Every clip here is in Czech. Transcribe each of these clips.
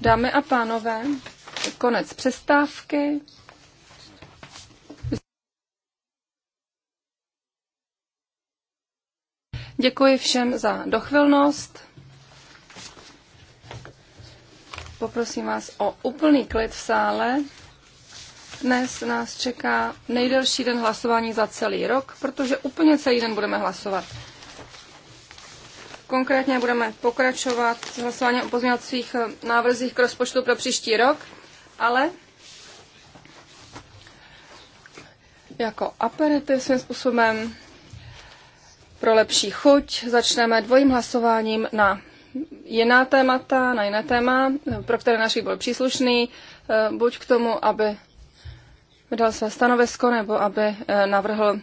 Dámy a pánové, konec přestávky. Děkuji všem za dochvilnost. Poprosím vás o úplný klid v sále. Dnes nás čeká nejdelší den hlasování za celý rok, protože úplně celý den budeme hlasovat. Konkrétně budeme pokračovat s hlasováním o pozměňovacích eh, návrzích k rozpočtu pro příští rok, ale jako aperitiv svým způsobem pro lepší chuť začneme dvojím hlasováním na jiná témata, na jiné téma, pro které náš byl příslušný, eh, buď k tomu, aby vydal své stanovisko, nebo aby eh, navrhl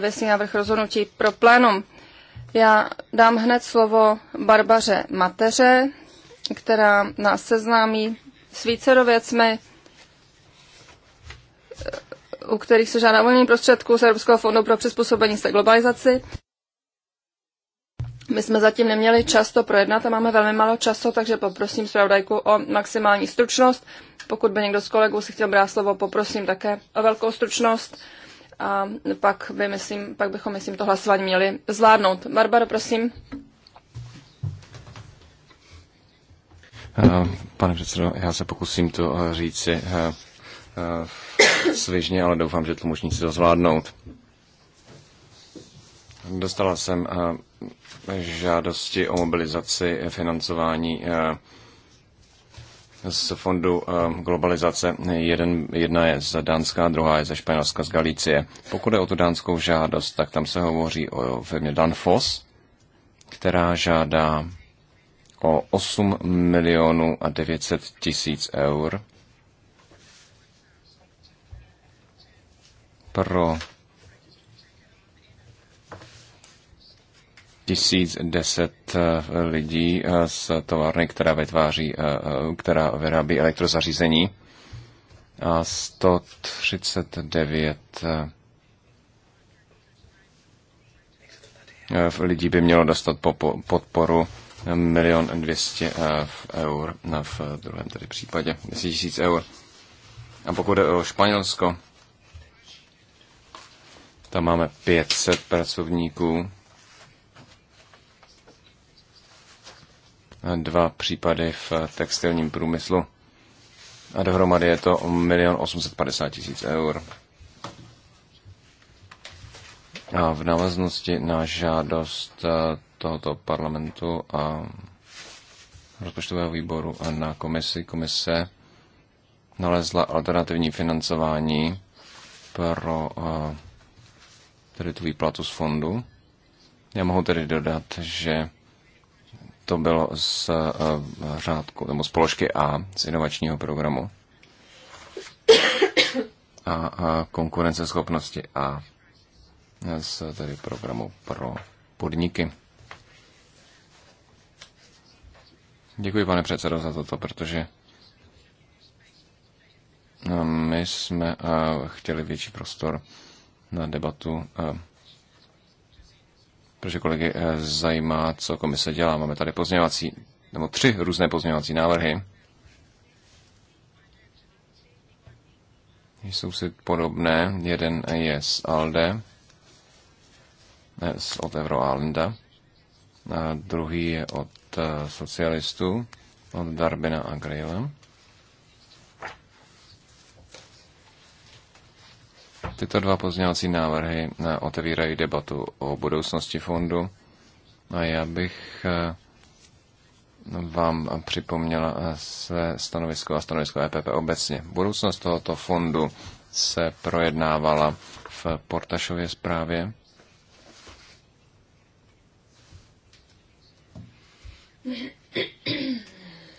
věcný návrh rozhodnutí pro plénum. Já dám hned slovo Barbaře Mateře, která nás seznámí s vícero věcmi, eh, u kterých se žádá uvolnění prostředků z Evropského fondu pro přizpůsobení se globalizaci. My jsme zatím neměli často projednat a máme velmi málo času, takže poprosím zpravodajku o maximální stručnost. Pokud by někdo z kolegů si chtěl brát slovo, poprosím také o velkou stručnost a pak, by, myslím, pak bychom, myslím, to hlasování měli zvládnout. Barbara, prosím. Eh, pane předsedo, já se pokusím to eh, říci eh, svižně, ale doufám, že tlumočníci to zvládnout. Dostala jsem žádosti o mobilizaci financování z fondu eh, globalizace. Jeden, jedna je z Dánska, druhá je ze Španělska, z Galicie. Pokud je o tu dánskou žádost, tak tam se hovoří o firmě Danfoss, která žádá o 8 milionů a 900 tisíc eur pro 1010 eh, lidí eh, z továrny, která vytváří, eh, která vyrábí elektrozařízení a 139 lidí by mělo dostat podporu milion 200 eur v druhém tedy případě 10 000 eur. A pokud jde o Španělsko, tam máme 500 pracovníků dva případy v textilním průmyslu. A dohromady je to 1 850 tisíc eur. A v návaznosti na žádost eh, tohoto parlamentu a rozpočtového výboru a na komisi, komise nalezla alternativní financování pro eh, tedy tu výplatu z fondu. Já mohu tedy dodat, že to bylo z eh, řádku nebo z položky A z inovačního programu a, a konkurenceschopnosti a z tedy programu pro podniky. Děkuji, pane předsedo, za toto, protože eh, my jsme eh, chtěli větší prostor na debatu protože kolegy eh, zajímá, co komise dělá. Máme tady pozměňovací, nebo tři různé pozměňovací návrhy. Jsou si podobné. Jeden je z ALDE, eh, z, od Euroalenda. A druhý je od eh, socialistů, od Darbina a Graila. Tyto dva pozměňovací návrhy eh, otevírají debatu o budoucnosti fondu a já bych eh, vám připomněla eh, své stanovisko a stanovisko EPP obecně. Budoucnost tohoto fondu se projednávala v Portašově zprávě.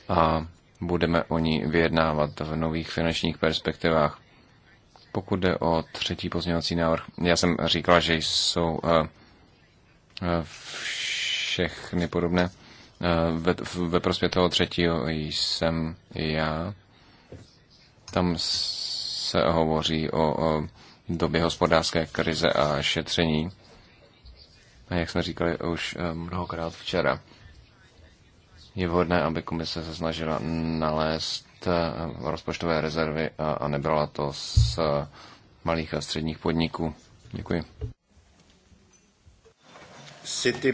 A budeme o ní vyjednávat v nových finančních perspektivách. Pokud jde o třetí pozměňovací návrh, já jsem říkala, že jsou eh, všechny podobné. Eh, ve, ve prospěch toho třetího jsem já. Tam se hovoří o, o době hospodářské krize a šetření. A jak jsme říkali už eh, mnohokrát včera, je vhodné, aby komise se snažila nalézt Eh, rozpočtové rezervy a, a nebrala to z eh, malých a středních podniků. Děkuji.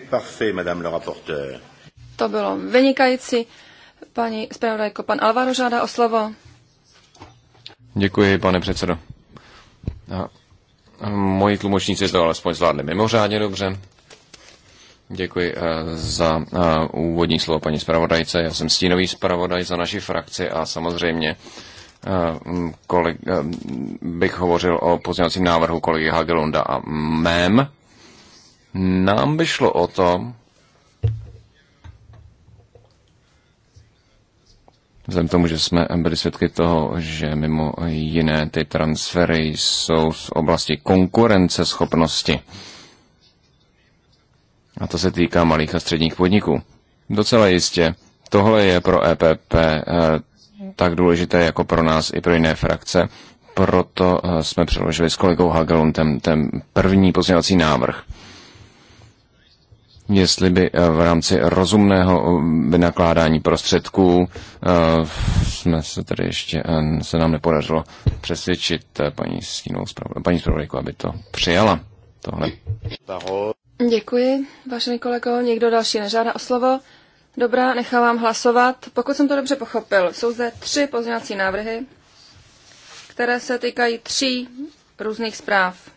Parfait, madame le rapporteur. To bylo vynikající. Paní zpravodajko, pan Alvaro žádá o slovo. Děkuji, pane předsedo. A moji tlumočníci to alespoň zvládli mimořádně dobře. Děkuji eh, za eh, úvodní slovo paní zpravodajce. Já jsem stínový zpravodaj za naši frakci a samozřejmě eh, kolik, bych hovořil o pozměňovacím návrhu kolegy Hagelunda a mém. Nám by šlo o to, Vzhledem tomu, že jsme byli svědky toho, že mimo jiné ty transfery jsou z oblasti konkurenceschopnosti. schopnosti a to se týká malých a středních podniků. Docela jistě. Tohle je pro EPP eh, tak důležité jako pro nás i pro jiné frakce. Proto eh, jsme přeložili s kolegou Hagelum ten, ten první pozměňovací návrh. Jestli by eh, v rámci rozumného vynakládání prostředků jsme se tady ještě, se nám nepodařilo přesvědčit paní Stínovou paní zpravodajku, aby to přijala. Tohle. Děkuji, vážený kolego. Někdo další nežádá o slovo? Dobrá, nechávám hlasovat. Pokud jsem to dobře pochopil, jsou zde tři pozměňovací návrhy, které se týkají tří různých zpráv.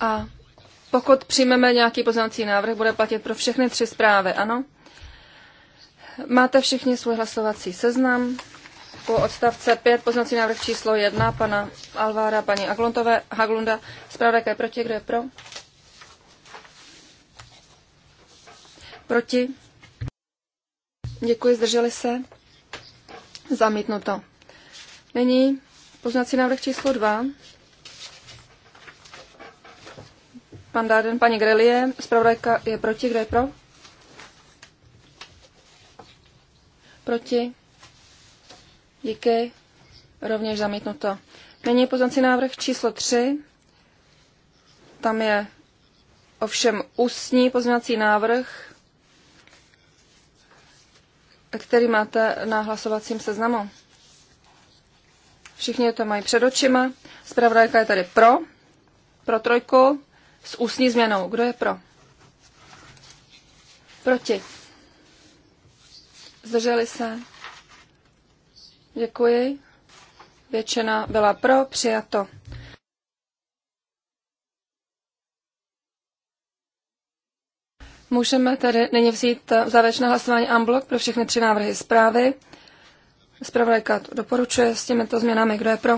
A pokud přijmeme nějaký pozměňovací návrh, bude platit pro všechny tři zprávy, ano? Máte všichni svůj hlasovací seznam po odstavce 5 poznací návrh číslo 1 pana Alvára, paní Aglontové, Haglunda. Zpravodajka je proti, kdo je pro? Proti? Děkuji, zdrželi se. Zamítnuto. Nyní poznací návrh číslo 2. Pan Darden, paní Grelie, zpravodajka je proti, kdo je pro? Proti? Díky. Rovněž zamítnuto. Není poznací návrh číslo 3. Tam je ovšem ústní pozměňovací návrh, který máte na hlasovacím seznamu. Všichni to mají před očima. Zpravodajka je tady pro, pro trojku s ústní změnou. Kdo je pro? Proti. Zdrželi se. Děkuji. Většina byla pro, přijato. Můžeme tedy nyní vzít závěrečné hlasování unblock pro všechny tři návrhy zprávy. Zpravodajka doporučuje s těmito změnami, kdo je pro.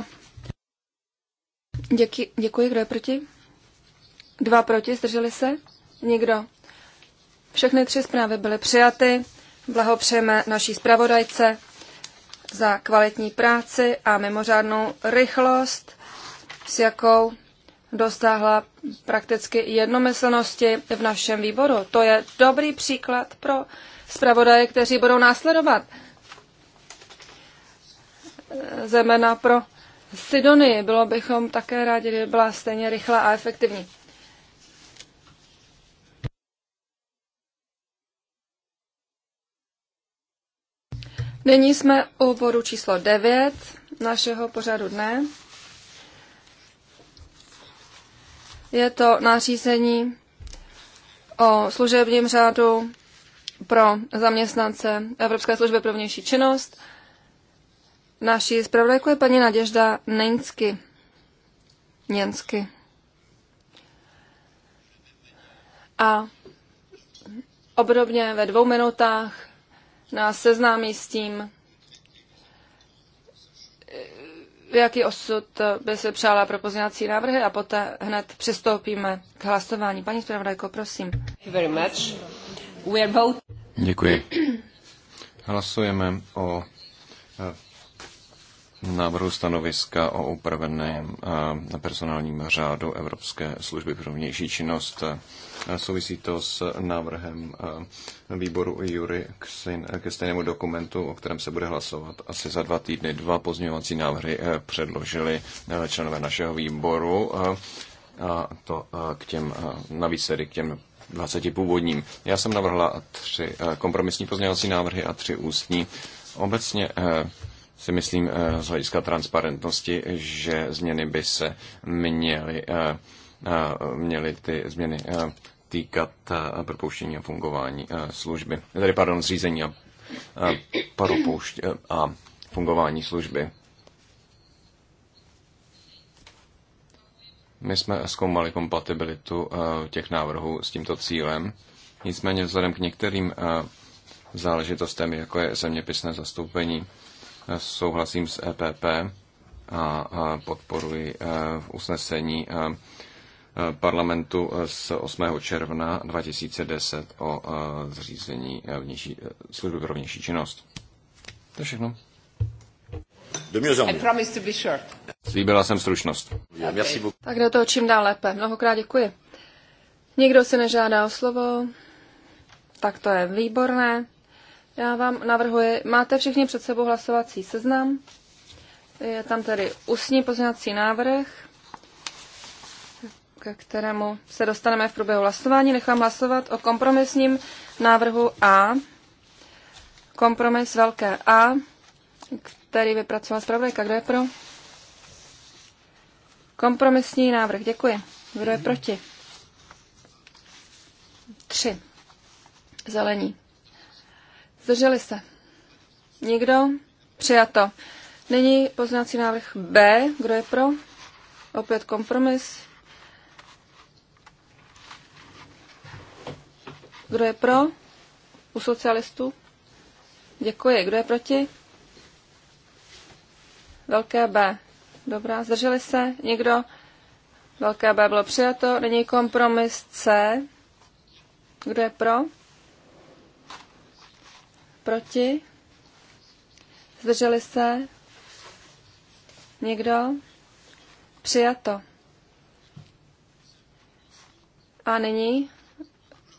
Děky, děkuji, kdo je proti? Dva proti, zdrželi se? Nikdo. Všechny tři zprávy byly přijaty. Blahopřejeme naší zpravodajce za kvalitní práci a mimořádnou rychlost, s jakou dosáhla prakticky jednomyslnosti v našem výboru. To je dobrý příklad pro zpravodaje, kteří budou následovat. Zemena pro Sidonii. Bylo bychom také rádi, kdyby byla stejně rychlá a efektivní. Nyní jsme u bodu číslo 9 našeho pořadu dne. Je to nařízení o služebním řádu pro zaměstnance Evropské služby pro vnější činnost. Naší zpravodajku je paní Naděžda Nensky. Nensky. A obdobně ve dvou minutách nás seznámí s tím, jaký osud by se přála pro pozměňovací návrhy a poté hned přistoupíme k hlasování. Paní zpravodajko, prosím. Very much. We are both... Děkuji. Hlasujeme o návrhu stanoviska o upraveném eh, personálním řádu Evropské služby pro vnější činnost. Eh, souvisí to s návrhem eh, výboru Jury ke stejnému dokumentu, o kterém se bude hlasovat asi za dva týdny. Dva pozměňovací návrhy předložili členové našeho výboru a to k těm, navíc k těm 20 původním. Já jsem navrhla tři kompromisní pozměňovací návrhy a tři ústní. Obecně si myslím eh, z hlediska transparentnosti, že změny by se měly, eh, eh, měly ty změny týkat propouštění a fungování služby. Tady, pardon, zřízení a, propoušť, a fungování služby. My jsme zkoumali kompatibilitu těch návrhů s tímto cílem. Nicméně vzhledem k některým záležitostem, jako je zeměpisné zastoupení, souhlasím s EPP a podporuji e, v usnesení e, parlamentu z 8. června 2010 o e, zřízení vnější, služby pro vnější činnost. To je všechno. Slíbila jsem stručnost. Okay. Tak do toho čím dál lépe. Mnohokrát děkuji. Nikdo se nežádá o slovo. Tak to je výborné. Já vám navrhuji, máte všichni před sebou hlasovací seznam. Je tam tedy ústní pozměňovací návrh, ke kterému se dostaneme v průběhu hlasování. Nechám hlasovat o kompromisním návrhu A. Kompromis velké A, který vypracoval zpravodajka. Kdo je pro? Kompromisní návrh. Děkuji. Kdo je proti? Tři. Zelení. Zdrželi se. Nikdo? Přijato. Nyní poznací návrh B. Kdo je pro? Opět kompromis. Kdo je pro? U socialistů? Děkuji. Kdo je proti? Velké B. Dobrá, zdrželi se? Někdo? Velké B bylo přijato. Nyní kompromis C. Kdo je pro? Proti? Zdrželi se? Někdo? Přijato. A nyní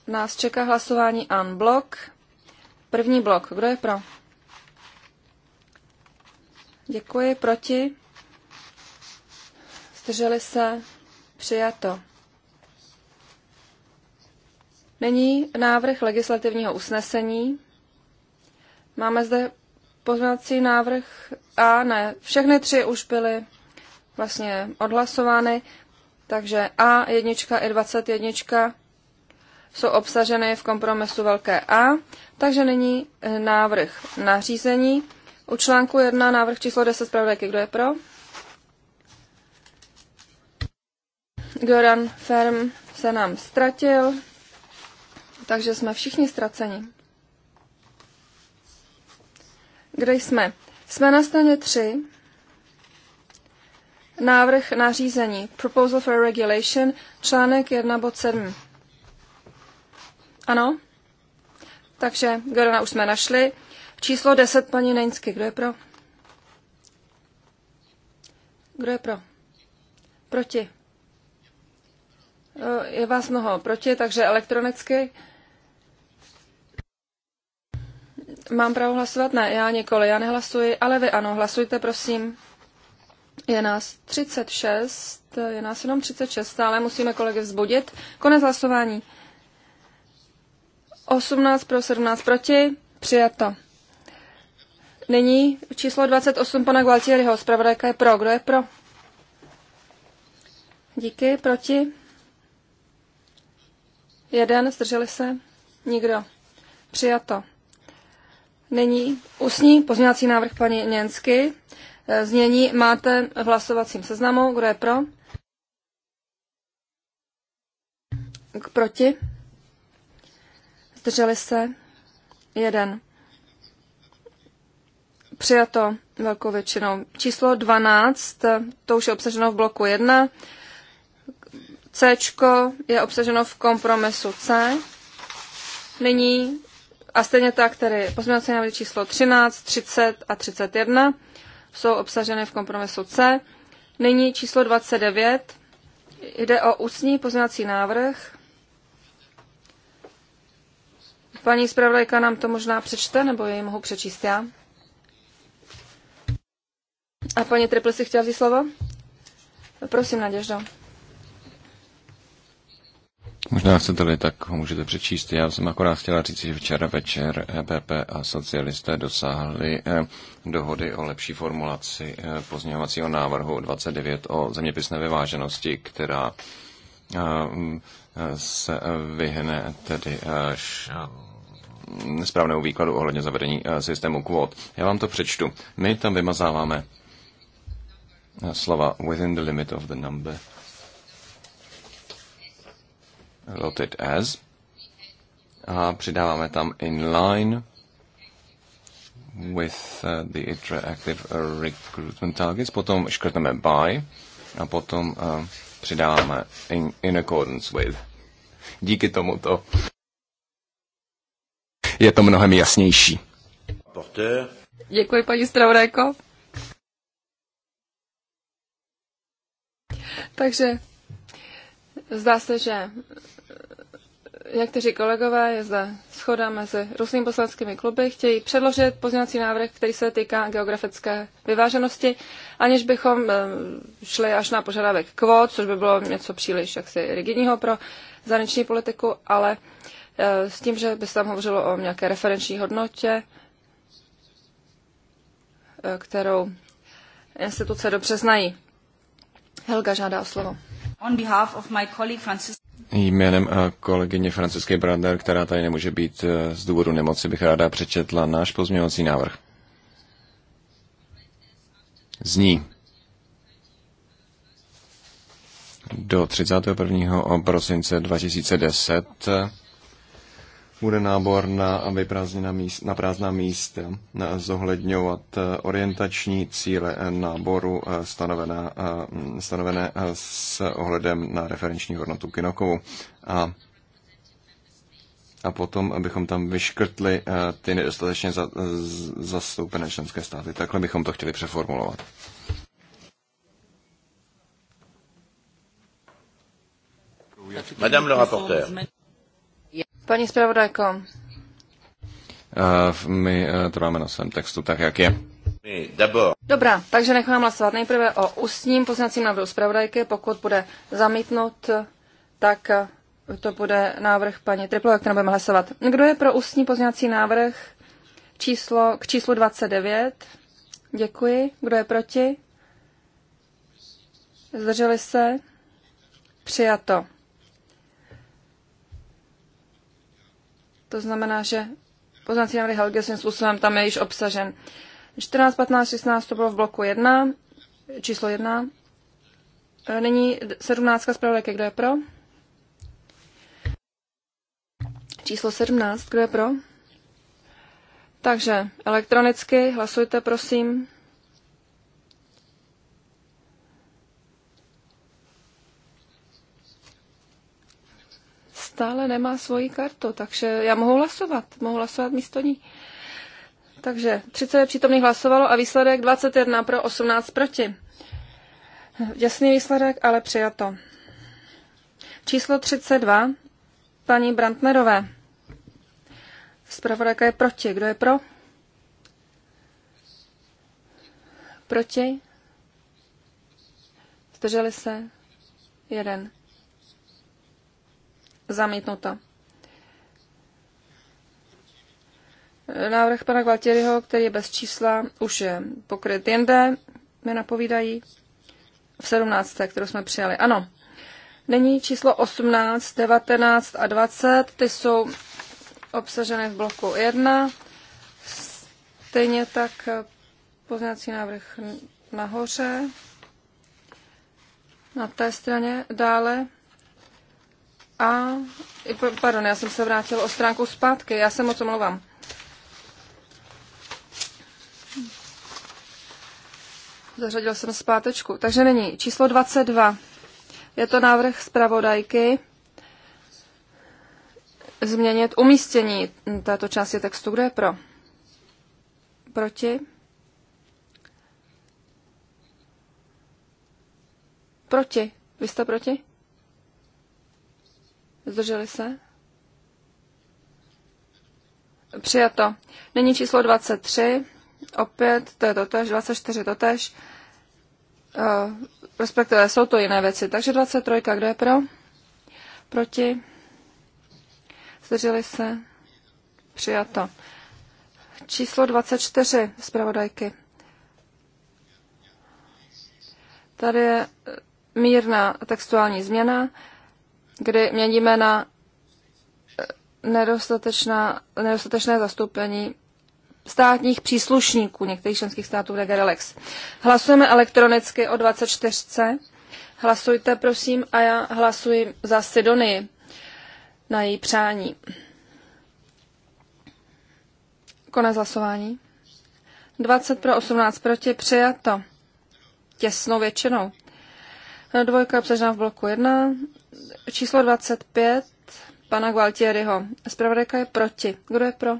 nás čeká hlasování an blok. První blok. Kdo je pro? Děkuji. Proti? Zdrželi se? Přijato. Nyní návrh legislativního usnesení. Máme zde pozměňovací návrh A, ne, všechny tři už byly vlastně odhlasovány, takže A1 i 21 jsou obsaženy v kompromisu velké A, takže není eh, návrh nařízení. U článku 1 návrh číslo 10 zpravodajky, kdo je pro? Goran Ferm se nám ztratil, takže jsme všichni ztraceni. Kde jsme? Jsme na straně 3. Návrh nařízení. Proposal for regulation. Článek 1 bod 7. Ano? Takže Gerona už jsme našli. Číslo 10, paní Neňsky. Kdo je pro? Kdo je pro? Proti. Eh, je vás mnoho proti, takže elektronicky. Mám právo hlasovat? Ne, já nikoli, já nehlasuji, ale vy ano, hlasujte, prosím. Je nás 36, je nás jenom 36, ale musíme kolegy vzbudit. Konec hlasování. 18 pro 17 proti, přijato. Nyní číslo 28 pana Gualtieriho, zpravodajka je pro. Kdo je pro? Díky, proti? Jeden, zdrželi se? Nikdo. Přijato. Nyní ústní pozměňovací návrh paní Něnsky. E, znění máte v hlasovacím seznamu. Kdo je pro? K proti? Zdrželi se? Jeden. Přijato velkou většinou. Číslo 12, e, to už je obsaženo v bloku 1. C je obsaženo v kompromisu C. Nyní a stejně tak tedy pozměňovací návrhy číslo 13, 30 a 31 jsou obsaženy v kompromisu C. Nyní číslo 29. Jde o ústní pozměňovací návrh. Paní zpravodajka nám to možná přečte, nebo jej mohu přečíst já. A paní Triple si chtěla vzít slovo? Prosím, Naděždo. Možná chcete-li, tak ho můžete přečíst. Já jsem akorát chtěla říct, že včera večer EPP a socialisté dosáhli eh, dohody o lepší formulaci eh, pozměňovacího návrhu 29 o zeměpisné vyváženosti, která eh, mm, se vyhne tedy nesprávnému výkladu ohledně zavedení systému kvót. Já vám to přečtu. My tam vymazáváme slova within the limit of the number loaded as a přidáváme tam in line with uh, the interactive eh, recruitment targets, potom škrtneme by a potom uh, přidáváme in, in accordance with. Díky tomuto je to mnohem jasnější. Děkuji, paní Stravodajko. Takže Zdá se, že někteří kolegové je zde schoda mezi různými poslaneckými kluby, chtějí předložit pozměňovací návrh, který se týká geografické vyváženosti, aniž bychom eh, šli až na požadavek kvót, což by bylo něco příliš jaksi rigidního pro zahraniční politiku, ale eh, s tím, že by se tam hovořilo o nějaké referenční hodnotě, eh, kterou instituce dobře znají. Helga žádá o slovo. Jménem eh, kolegyně Francisky Brander, která tady nemůže být eh, z důvodu nemoci, bych ráda přečetla náš pozměňovací návrh. Zní. Do 31. prosince 2010 bude nábor na, vyprázdněná míst, na prázdná místa zohledňovat eh, orientační cíle eh, náboru eh, stanovené, stanovené s ohledem na referenční hodnotu Kinokovu. A a potom, abychom tam vyškrtli ty nedostatečně za, zastoupené členské státy. Takhle bychom to chtěli přeformulovat. Madame le rapporteur. Paní zpravodajko. Uh, my uh, trváme na svém textu tak, jak je. Dobrá, takže nechám hlasovat nejprve o ústním poznacím návrhu zpravodajky. Pokud bude zamítnut, tak eh, to bude návrh paní Triplové, kterou budeme hlasovat. Kdo je pro ústní poznací návrh číslo, k číslu 29? Děkuji. Kdo je proti? Zdrželi se? Přijato. To znamená, že poznací návrhy Helge svým způsobem tam je již obsažen. 14, 15, 16 to bylo v bloku 1, číslo 1. E, nyní 17 zpravodajky, kdo je pro? Číslo 17, kdo je pro? Takže elektronicky hlasujte, prosím. stále nemá svoji kartu, takže já mohu hlasovat, mohu hlasovat místo ní. Takže 30 přítomných hlasovalo a výsledek 21 pro 18 proti. Jasný výsledek, ale přijato. Číslo 32, paní Brantnerové. Zpravodajka je proti. Kdo je pro? Proti? Zdrželi se? Jeden. Zamítnuto. Návrh pana Gvaltieriho, který je bez čísla, už je pokryt jinde, mi napovídají. V 17. kterou jsme přijali. Ano. Není číslo 18, 19 a 20. Ty jsou obsaženy v bloku 1. Stejně tak poznací návrh nahoře. Na té straně dále a, pardon, já jsem se vrátil o stránku zpátky, já se moc omlouvám. Zařadil jsem zpátečku. Takže není. Číslo 22. Je to návrh zpravodajky změnit umístění této části textu. Kdo je pro? Proti? Proti. Vy jste proti? Zdrželi se? Přijato. Nyní číslo 23. Opět, to je totež, 24 totež. Uh, respektive jsou to jiné věci. Takže 23, kdo je pro? Proti? Zdrželi se? Přijato. Číslo 24 zpravodajky. Tady je mírná textuální změna kdy měníme na eh, nedostatečná, nedostatečné zastoupení státních příslušníků některých členských států v Regerelex. Hlasujeme elektronicky o 24. Hlasujte, prosím, a já hlasuji za Sidonii na její přání. Konec hlasování. 20 pro 18 proti přijato. Těsnou většinou. Dvojka obsažená v bloku 1 číslo 25 pana Gualtieriho. Spravodajka je proti. Kdo je pro?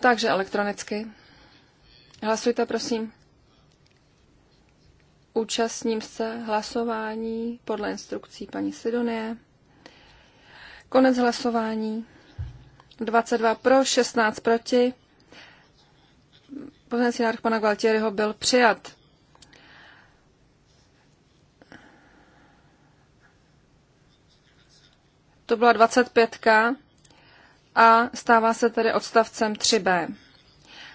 Takže elektronicky. Hlasujte, prosím. Účastním se hlasování podle instrukcí paní Sidonie. Konec hlasování. 22 pro, 16 proti. Pozměňovací návrh pana Gualtieriho byl přijat. To byla 25 a stává se tedy odstavcem 3b.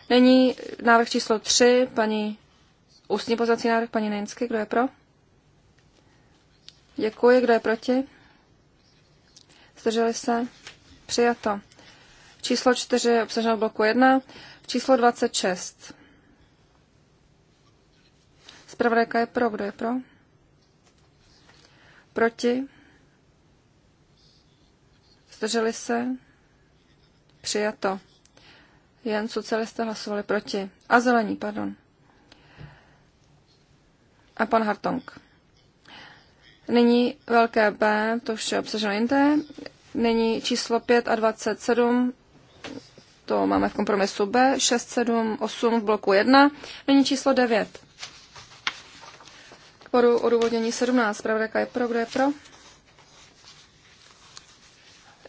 Není návrh číslo 3, paní ústní pozací návrh, paní Nejnsky, kdo je pro? Děkuji, kdo je proti? Zdrželi se? Přijato. Číslo 4 je obsaženo v bloku 1. Číslo 26. Zpravodajka je pro, kdo je pro? Proti? Zdrželi se? Přijato. Jen socialisté hlasovali proti. A zelení, pardon. A pan Hartong. Nyní velké B, to vše obsaženo jinde. Nyní číslo 5 a 27, to máme v kompromisu B, 6, 7, 8 v bloku 1. Nyní číslo 9. K bodu odůvodnění 17, pravda, je pro, kdo je pro?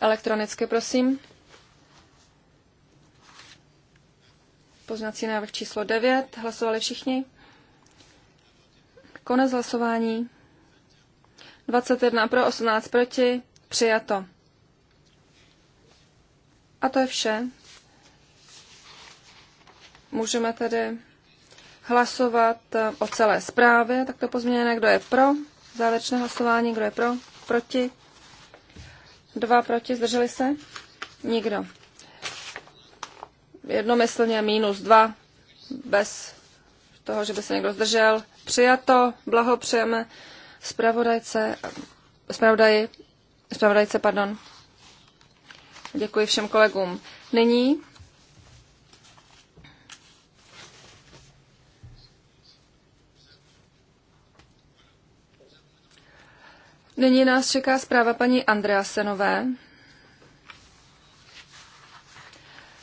Elektronicky, prosím. Poznací návrh číslo 9. Hlasovali všichni. Konec hlasování. 21 pro, 18 proti. Přijato. A to je vše. Můžeme tedy hlasovat o celé zprávě, takto pozměněné, kdo je pro, závěrečné hlasování, kdo je pro, proti, Dva proti, zdrželi se? Nikdo. Jednomyslně minus dva, bez toho, že by se někdo zdržel. Přijato, blahopřejeme zpravodajce, zpravodaji, zpravodajce, pardon. Děkuji všem kolegům. Nyní Nyní nás čeká zpráva paní Andrea Senové.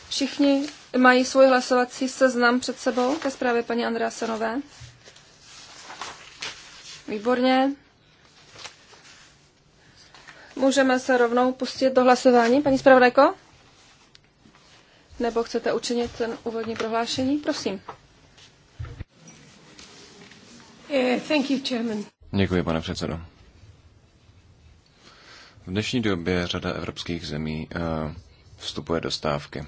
Všichni mají svůj hlasovací seznam před sebou ke zprávě paní Andrea Senové. Výborně. Můžeme se rovnou pustit do hlasování, paní zpravodajko? Nebo chcete učinit ten úvodní prohlášení? Prosím. Eh, thank you, Chairman. Děkuji, pane předsedo. V dnešní době řada evropských zemí eh, vstupuje do stávky.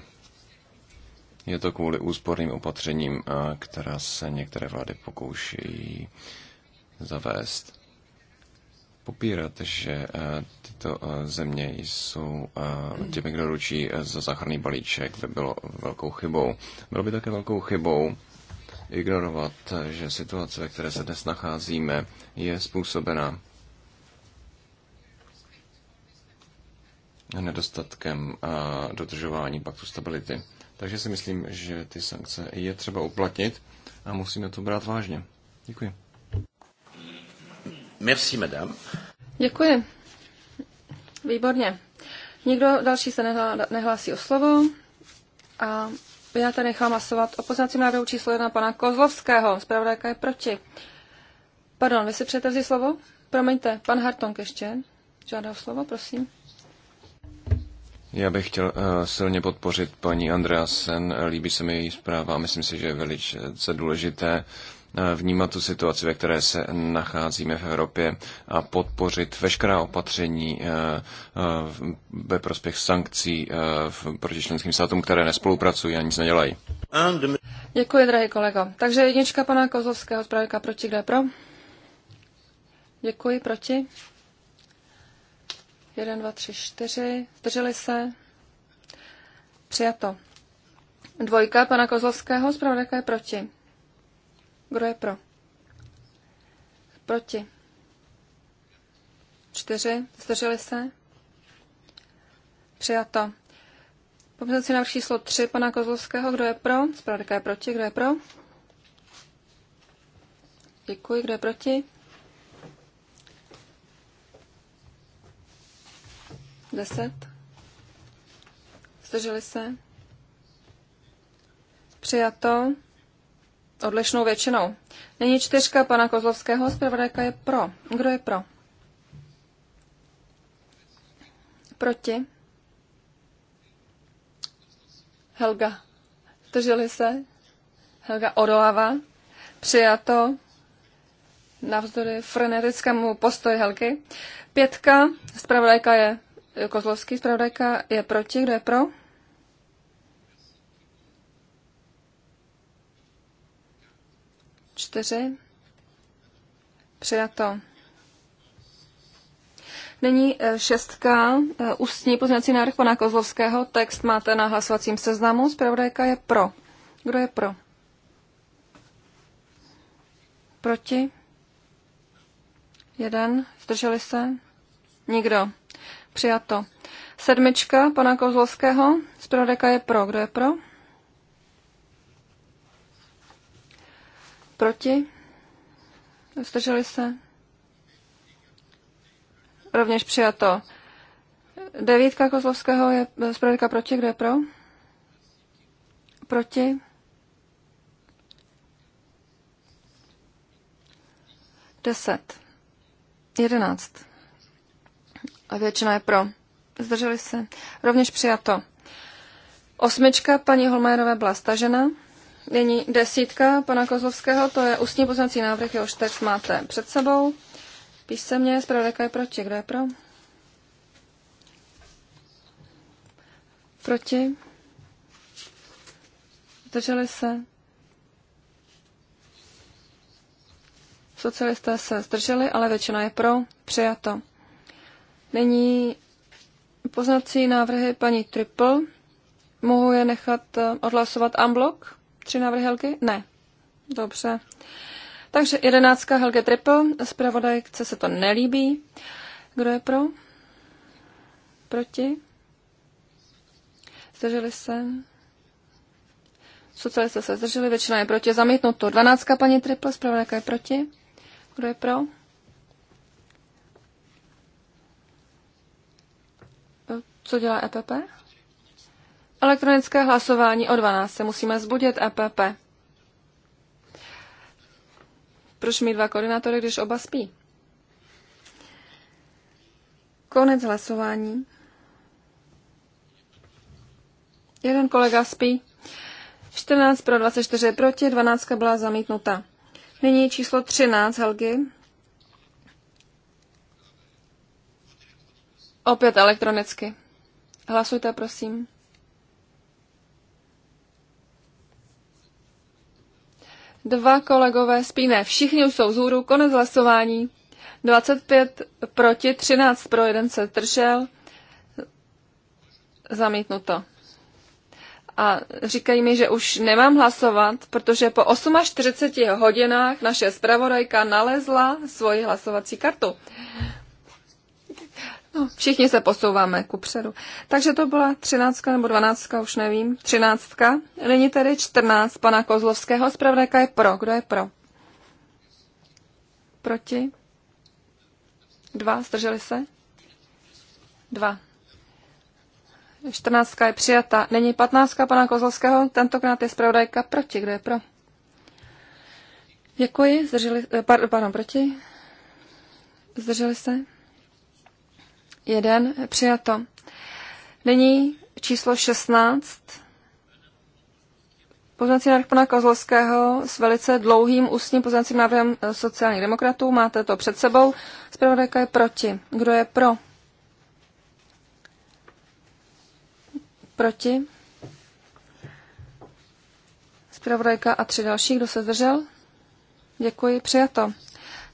Je to kvůli úsporným opatřením, eh, která se některé vlády pokouší zavést. Popírat, že eh, tyto země jsou těmi, kdo ručí za záchranný balíček, by bylo velkou chybou. Bylo by také velkou chybou ignorovat, že situace, ve které se dnes nacházíme, je způsobena nedostatkem eh, dodržování paktu stability. Takže si myslím, že ty sankce je třeba uplatnit a musíme to brát vážně. Děkuji. Merci, madame. Děkuji. Výborně. Nikdo další se nehlásí o slovo a já tady nechám hlasovat o poznacím návrhu číslo 1 pana Kozlovského. Zpravodajka je proti. Pardon, vy si přejete slovo? Promiňte, pan Hartong ještě. Žádá slovo, prosím. Já bych chtěl uh, silně podpořit paní Andreasen. Líbí se mi její zpráva a myslím si, že je velice důležité eh, vnímat tu situaci, ve které se nacházíme v Evropě a podpořit veškerá opatření eh, ve prospěch sankcí proti členským státům, které nespolupracují a nic nedělají. Děkuji, drahý kolego. Takže jednička pana Kozovského zpravodajka proti, kde pro? Děkuji, proti? 1, 2, 3, 4. Zdrželi se. Přijato. Dvojka pana Kozlovského, zpravodajka je proti. Kdo je pro? Proti. Čtyři. Zdrželi se? Přijato. Pomyslící návrh číslo 3 pana Kozlovského. Kdo je pro? Zpravodajka je proti. Kdo je pro? Děkuji. Kdo je proti? Deset. Zdrželi se? Přijato odlišnou většinou. Nyní čtyřka pana Kozlovského, zpravodajka je pro. Kdo je pro? Proti? Helga. Zdrželi se? Helga odolává. Přijato navzdory frenetickému postoji Helky. Pětka, zpravodajka je Kozlovský, zpravodajka je proti. Kdo je pro? Čtyři. Přijato. Nyní eh, šestka, eh, ústní pozměňovací návrh pana Kozlovského. Text máte na hlasovacím seznamu. Zpravodajka je pro. Kdo je pro? Proti? Jeden. Zdrželi se? Nikdo. Přijato. Sedmička pana Kozlovského. Zpravodajka je pro. Kdo je pro? Proti? Zdrželi se? Rovněž přijato. Devítka Kozlovského je zpravodajka proti. Kdo je pro? Proti? Deset. Jedenáct a většina je pro. Zdrželi se. Rovněž přijato. Osmička paní Holmajerové byla stažena. Nyní desítka pana Kozlovského, to je ústní poznací návrh, jehož text máte před sebou. Písemně, zpravodajka je proti. Kdo je pro? Proti? Zdrželi se? Socialisté se zdrželi, ale většina je pro. Přijato. Není poznací návrhy paní Triple. Mohu je nechat eh, odhlasovat unblock? Tři návrhy Helgy? Ne. Dobře. Takže jedenáctka Helge Triple. Zpravodajce se to nelíbí. Kdo je pro? Proti? Zdrželi se? Socialisté se zdrželi, většina je proti. Zamítnuto. Dvanáctka paní Triple, zpravodajka je proti. Kdo je pro? Co dělá EPP? Elektronické hlasování o 12 se musíme zbudit EPP. Proč mít dva koordinátory, když oba spí? Konec hlasování. Jeden kolega spí. 14 pro 24 proti, 12 byla zamítnuta. Nyní číslo 13 Helgy. Opět elektronicky. Hlasujte, prosím. Dva kolegové spíne. Všichni už jsou zůru. Konec hlasování. 25 proti, 13 pro, jeden se tržel. Zamítnuto. A říkají mi, že už nemám hlasovat, protože po 48 hodinách naše zpravodajka nalezla svoji hlasovací kartu. No, všichni se posouváme ku předu. Takže to byla třináctka nebo dvanáctka, už nevím. Třináctka. Nyní tedy čtrnáct pana Kozlovského. Zpravodajka je pro. Kdo je pro? Proti? Dva. Zdrželi se? Dva. Čtrnáctka je přijata. Není patnáctka pana Kozlovského. Tentokrát je zpravodajka proti. Kdo je pro? Děkuji. Zdrželi, eh, pardon, proti? Zdrželi se? jeden přijato. Nyní číslo 16. Poznací návrh pana Kozlovského s velice dlouhým ústním poznacím návrhem eh, sociálních demokratů. Máte to před sebou. Zpravodajka je proti. Kdo je pro? Proti. Zpravodajka a tři další. Kdo se zdržel? Děkuji. Přijato.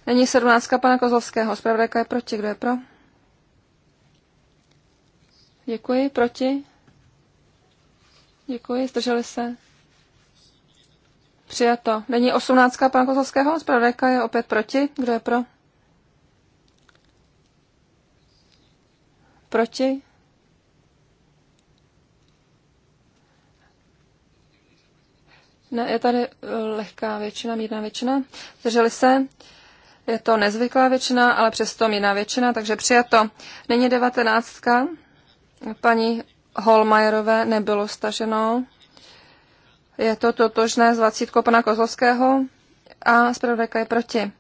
Není sedmnáctka pana Kozlovského. Zpravodajka je proti. Kdo je pro? Děkuji. Proti? Děkuji. Zdrželi se? Přijato. Není osmnáctka pana Kozlovského? Zpravodajka je opět proti. Kdo je pro? Proti? Ne, je tady eh, lehká většina, mírná většina. Zdrželi se? Je to nezvyklá většina, ale přesto mírná většina, takže přijato. Není devatenáctka paní Holmajerové nebylo staženo. Je to totožné s 20 pana Kozlovského a zpravodajka je proti.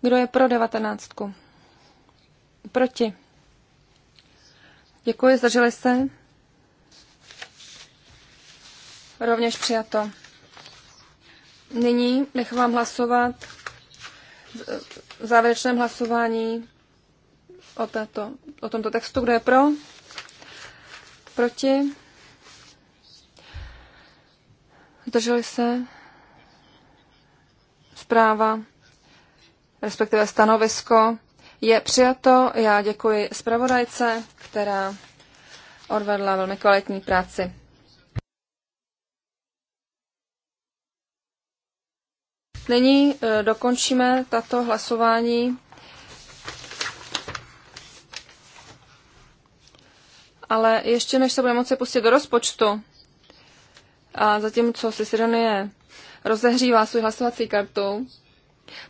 Kdo je pro devatenáctku? Proti. Děkuji, zdrželi se. Rovněž přijato. Nyní nechám hlasovat v závěrečném hlasování o, této, o tomto textu. Kdo je pro? Proti? Zdrželi se? Zpráva, respektive stanovisko je přijato. Já děkuji zpravodajce, která odvedla velmi kvalitní práci. Nyní eh, dokončíme tato hlasování ale ještě než se budeme moci pustit do rozpočtu, a zatímco si Sironie rozehřívá svůj hlasovací kartu,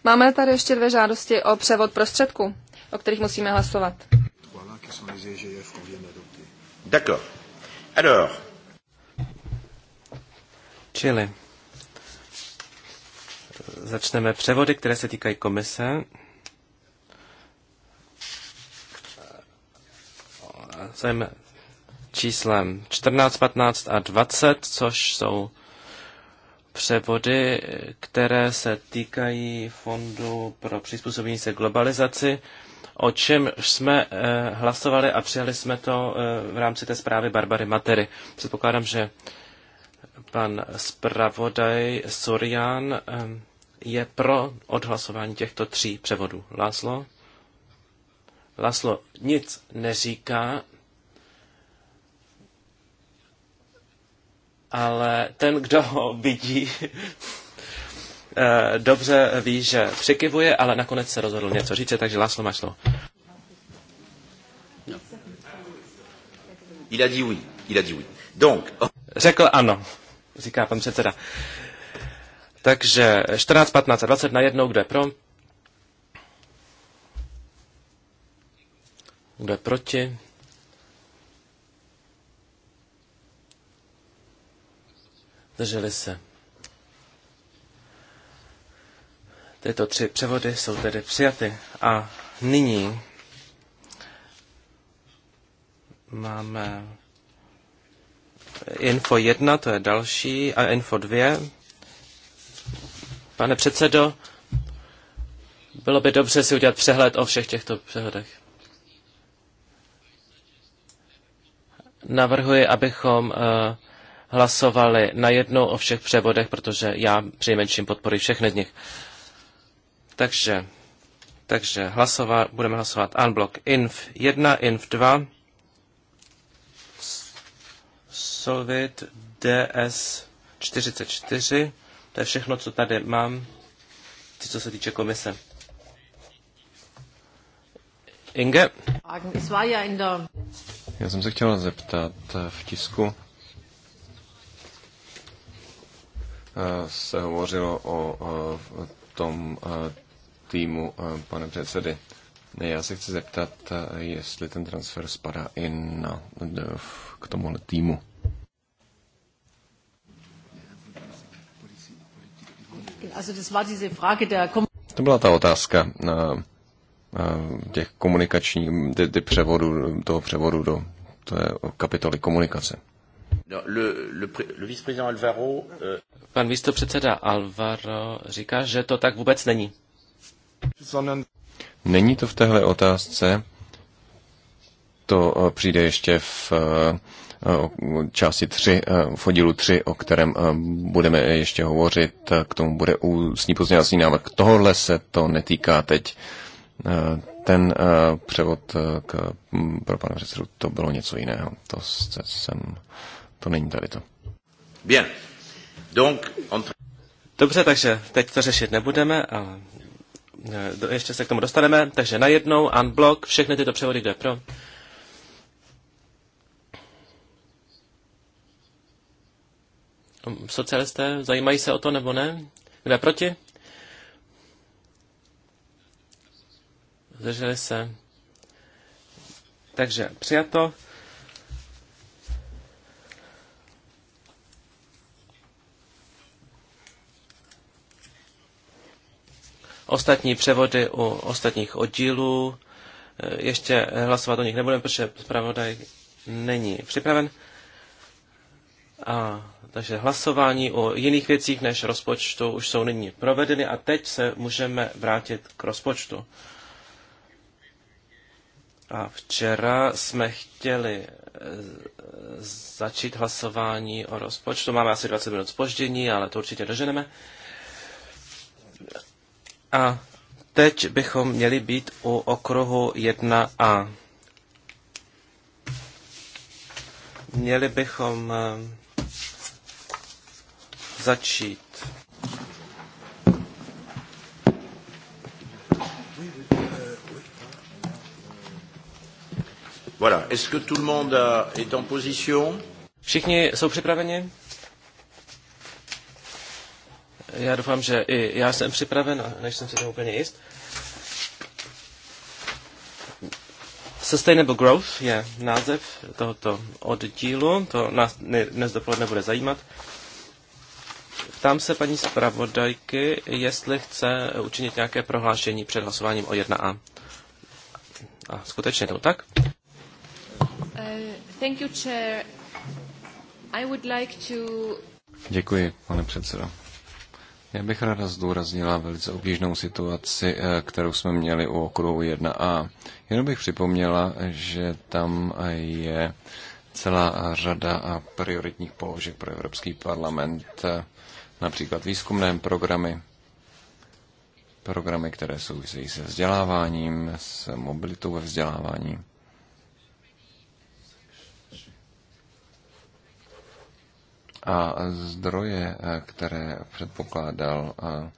máme tady ještě dvě žádosti o převod prostředků, o kterých musíme hlasovat. E D'accord. Alors. Čili začneme převody, které se týkají komise. Zajme číslem 14, 15 a 20, což jsou převody, které se týkají Fondu pro přizpůsobení se globalizaci, o čem jsme eh, hlasovali a přijali jsme to eh, v rámci té zprávy Barbary Matery. Předpokládám, že pan zpravodaj Sorian eh, je pro odhlasování těchto tří převodů. Láslo? Laslo nic neříká, ale ten, kdo ho vidí, eh, dobře ví, že přikivuje, ale nakonec se rozhodl něco říct, takže Láslo máš slovo. Il a dit oui. Il a dit oui. Donc... Oh. Řekl ano, říká pan předseda. Takže 14, 15 a 20 na jednou, kdo je pro? Kdo je proti? drželi se. Tyto tři převody jsou tedy přijaty. A nyní máme info 1, to je další, a info 2. Pane předsedo, bylo by dobře si udělat přehled o všech těchto přehodech Navrhuji, abychom uh, hlasovali najednou o všech převodech, protože já přinejmenším podporuji všechny z nich. Takže, takže hlasovat, budeme hlasovat unblock inf 1, inf 2, solvit ds 44, to je všechno, co tady mám, co se týče komise. Inge? Já jsem se chtěla zeptat eh, v tisku Eh, se hovořilo o eh, tom eh, týmu pane předsedy. Já se chci zeptat, jestli ten transfer spadá i na, k tomuhle týmu. To byla ta otázka na, na těch komunikačních, ty, ty převodu, toho převodu do té kapitoly komunikace. No, le, le, le vice Alvaro, euh, Pan místopředseda Alvaro říká, že to tak vůbec není. Není to v téhle otázce. To eh, přijde ještě v eh, části 3, eh, v hodilu 3, o kterém budeme ještě hovořit. K tomu bude ústní pozměňovací návrh. Tohle se to netýká teď. Ten převod k, hm, pro pana předsedu, to bylo něco jiného. To jsem to není tady to. Bien. Donc, on... Dobře, takže teď to řešit nebudeme, ale ještě se k tomu dostaneme. Takže najednou, unblock, všechny tyto převody, kde pro. Um, socialisté zajímají se o to nebo ne? Kde proti? Zdrželi se. Takže přijato. Ostatní převody u ostatních oddílů, eh, ještě hlasovat o nich nebudeme, protože zpravodaj není připraven. A, takže hlasování o jiných věcích než rozpočtu už jsou nyní provedeny a teď se můžeme vrátit k rozpočtu. A včera jsme chtěli eh, začít hlasování o rozpočtu. Máme asi 20 minut spoždění, ale to určitě doženeme. A teď bychom měli být u okruhu 1a. Měli bychom eh, začít. Voilà. Est-ce que tout le monde euh, est en position? Všichni jsou připraveni? Já doufám, že i já jsem připraven, než jsem si to úplně jist. Sustainable Growth je název tohoto oddílu, to nás dnes dopoledne bude zajímat. Ptám se paní zpravodajky, jestli chce učinit nějaké prohlášení před hlasováním o 1A. A skutečně to tak? Uh, thank you, chair. I would like to... Děkuji, pane předsedo. Já bych ráda zdůraznila velice obtížnou situaci, eh, kterou jsme měli u okruhu 1a. Jenom bych připomněla, že tam je celá řada prioritních položek pro Evropský parlament, eh, například výzkumné programy, programy, které souvisejí se vzděláváním, s mobilitou ve vzdělávání. a zdroje, eh, které předpokládal eh,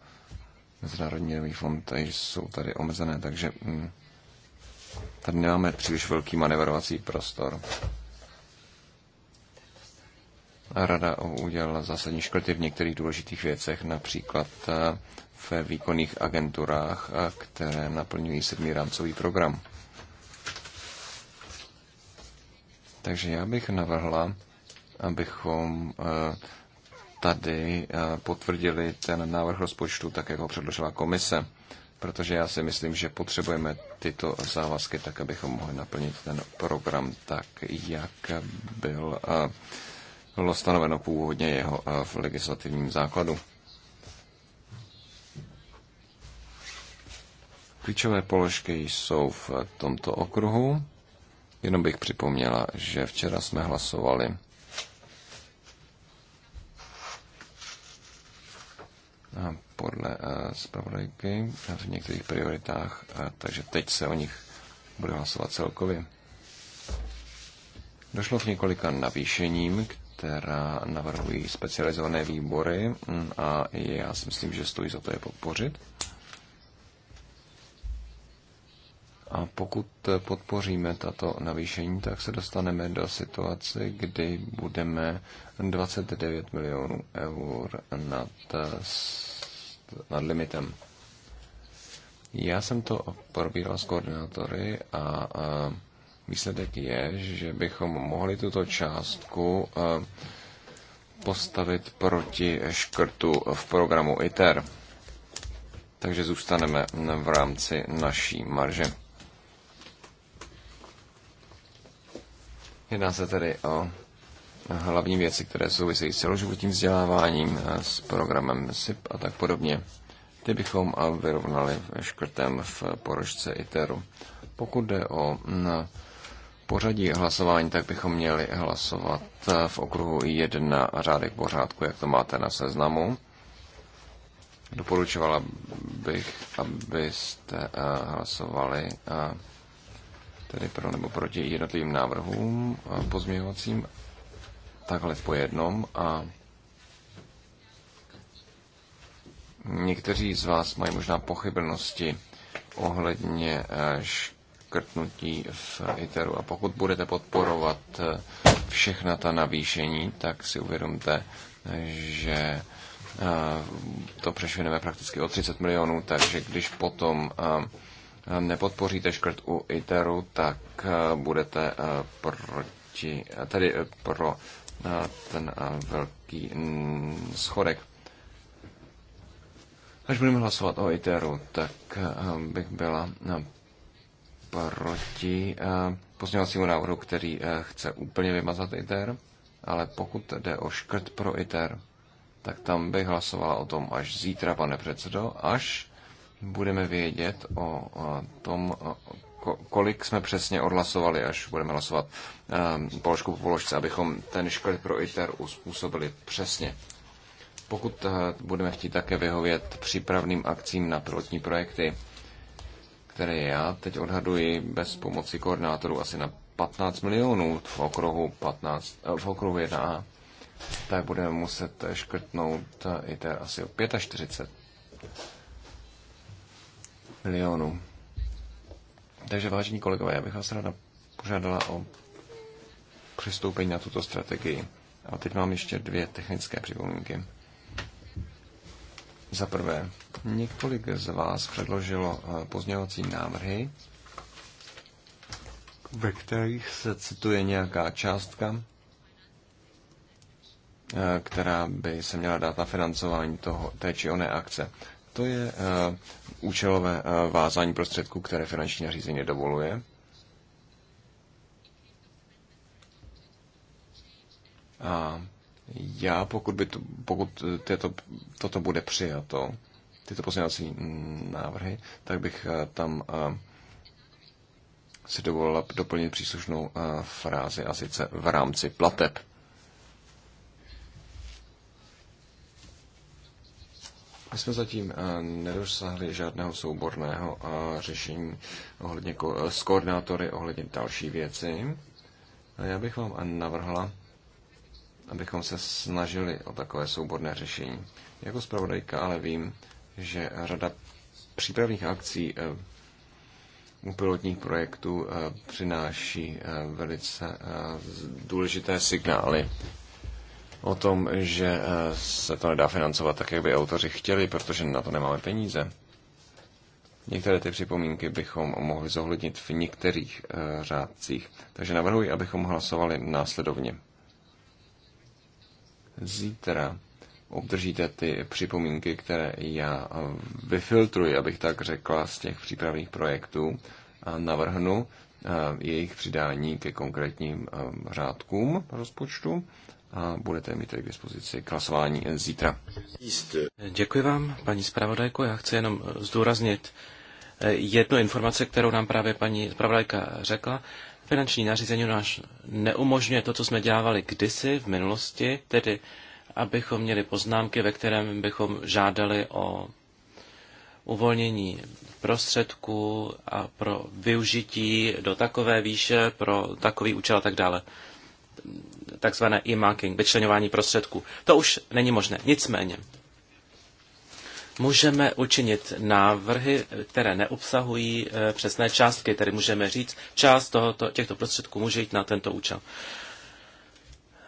Mezinárodní nový fond, eh, jsou tady omezené, takže mm, tady nemáme příliš velký manevrovací prostor. Rada udělala zásadní škrty v některých důležitých věcech, například v výkonných agenturách, které naplňují sedmý rámcový program. Takže já bych navrhla, abychom eh, tady eh, potvrdili ten návrh rozpočtu, tak jak ho předložila komise, protože já si myslím, že potřebujeme tyto závazky tak, abychom mohli naplnit ten program tak, jak byl, eh, bylo stanoveno původně jeho v legislativním základu. Klíčové položky jsou v tomto okruhu. Jenom bych připomněla, že včera jsme hlasovali podle eh, zpravodajky v některých prioritách, eh, takže teď se o nich bude hlasovat celkově. Došlo k několika navýšením, která navrhují specializované výbory mm, a já si myslím, že stojí za to je podpořit. A pokud podpoříme tato navýšení, tak se dostaneme do situace, kdy budeme 29 milionů eur nad, nad limitem. Já jsem to probíral s koordinátory a, výsledek je, že bychom mohli tuto částku postavit proti škrtu v programu ITER. Takže zůstaneme v rámci naší marže. Jedná se tedy o hlavní věci, které souvisejí s celoživotním vzděláváním, s programem SIP a tak podobně. Ty bychom vyrovnali škrtem v porožce ITERu. Pokud jde o mm, pořadí hlasování, tak bychom měli hlasovat eh, v okruhu 1 řádek pořádku, jak to máte na seznamu. Doporučovala bych, abyste eh, hlasovali eh, tedy pro nebo proti jednotlivým návrhům pozměňovacím takhle po jednom a někteří z vás mají možná pochybnosti ohledně eh, škrtnutí v ITERu a pokud budete podporovat eh, všechna ta navýšení, tak si uvědomte, že eh, to přešvineme prakticky o 30 milionů, takže když potom nepodpoříte škrt u ITERu, tak eh, budete eh, proti, eh, tedy pro ten velký mm, schodek. Až budeme hlasovat o ITERu, tak bych byla proti pozměňovacímu návrhu, který chce úplně vymazat ITER, ale pokud jde o škrt pro ITER, tak tam bych hlasovala o tom až zítra, pane předsedo, až budeme vědět o tom, kolik jsme přesně odhlasovali, až budeme hlasovat ehm, položku po položce, abychom ten škrt pro ITER uspůsobili přesně. Pokud eh, budeme chtít také vyhovět přípravným akcím na pilotní projekty, které já teď odhaduji bez pomoci koordinátorů asi na 15 milionů v okruhu, 15, eh, v okruhu 1A, tak budeme muset škrtnout eh, ITER asi o 45 milionů. Takže vážení kolegové, já bych vás ráda požádala o přistoupení na tuto strategii. A teď mám ještě dvě technické připomínky. Za prvé, několik z vás předložilo eh, pozměňovací návrhy, ve kterých se cituje nějaká částka, eh, která by se měla dát na financování toho, té či oné akce. To je eh, účelové eh, vázání prostředků, které finanční nařízení nedovoluje. A já, pokud, by to, pokud eh, tyto toto bude přijato, tyto pozměňovací mm, návrhy, tak bych tam si dovolila doplnit příslušnou frázi a sice v rámci plateb. My jsme zatím eh, nedosáhli žádného souborného eh, řešení ohledně ko- eh, s koordinátory ohledně další věci. Já bych vám navrhla, abychom se snažili o takové souborné řešení. Jako zpravodajka ale vím, že řada přípravných akcí u pilotních projektů přináší velice důležité signály o tom, že eh, se to nedá financovat tak, jak by autoři chtěli, protože na to nemáme peníze. Některé ty připomínky bychom mohli zohlednit v některých uh, řádcích. Takže navrhuji, abychom hlasovali následovně. Zítra obdržíte ty připomínky, které já eh, vyfiltruji, abych tak řekla, z těch přípravných projektů a navrhnu jejich přidání ke konkrétním řádkům rozpočtu a budete mít tedy k dispozici k hlasování zítra. Děkuji vám, paní zpravodajko. Já chci jenom zdůraznit eh, jednu informaci, kterou nám právě paní zpravodajka řekla. Finanční nařízení náš neumožňuje to, co jsme dělávali kdysi v minulosti, tedy abychom měli poznámky, ve kterém bychom žádali o uvolnění prostředků a pro využití do takové výše, pro takový účel a tak dále takzvané e-marking, vyčlenování prostředků. To už není možné. Nicméně, můžeme učinit návrhy, které neobsahují eh, přesné částky, tedy můžeme říct, část tohoto, těchto prostředků může jít na tento účel.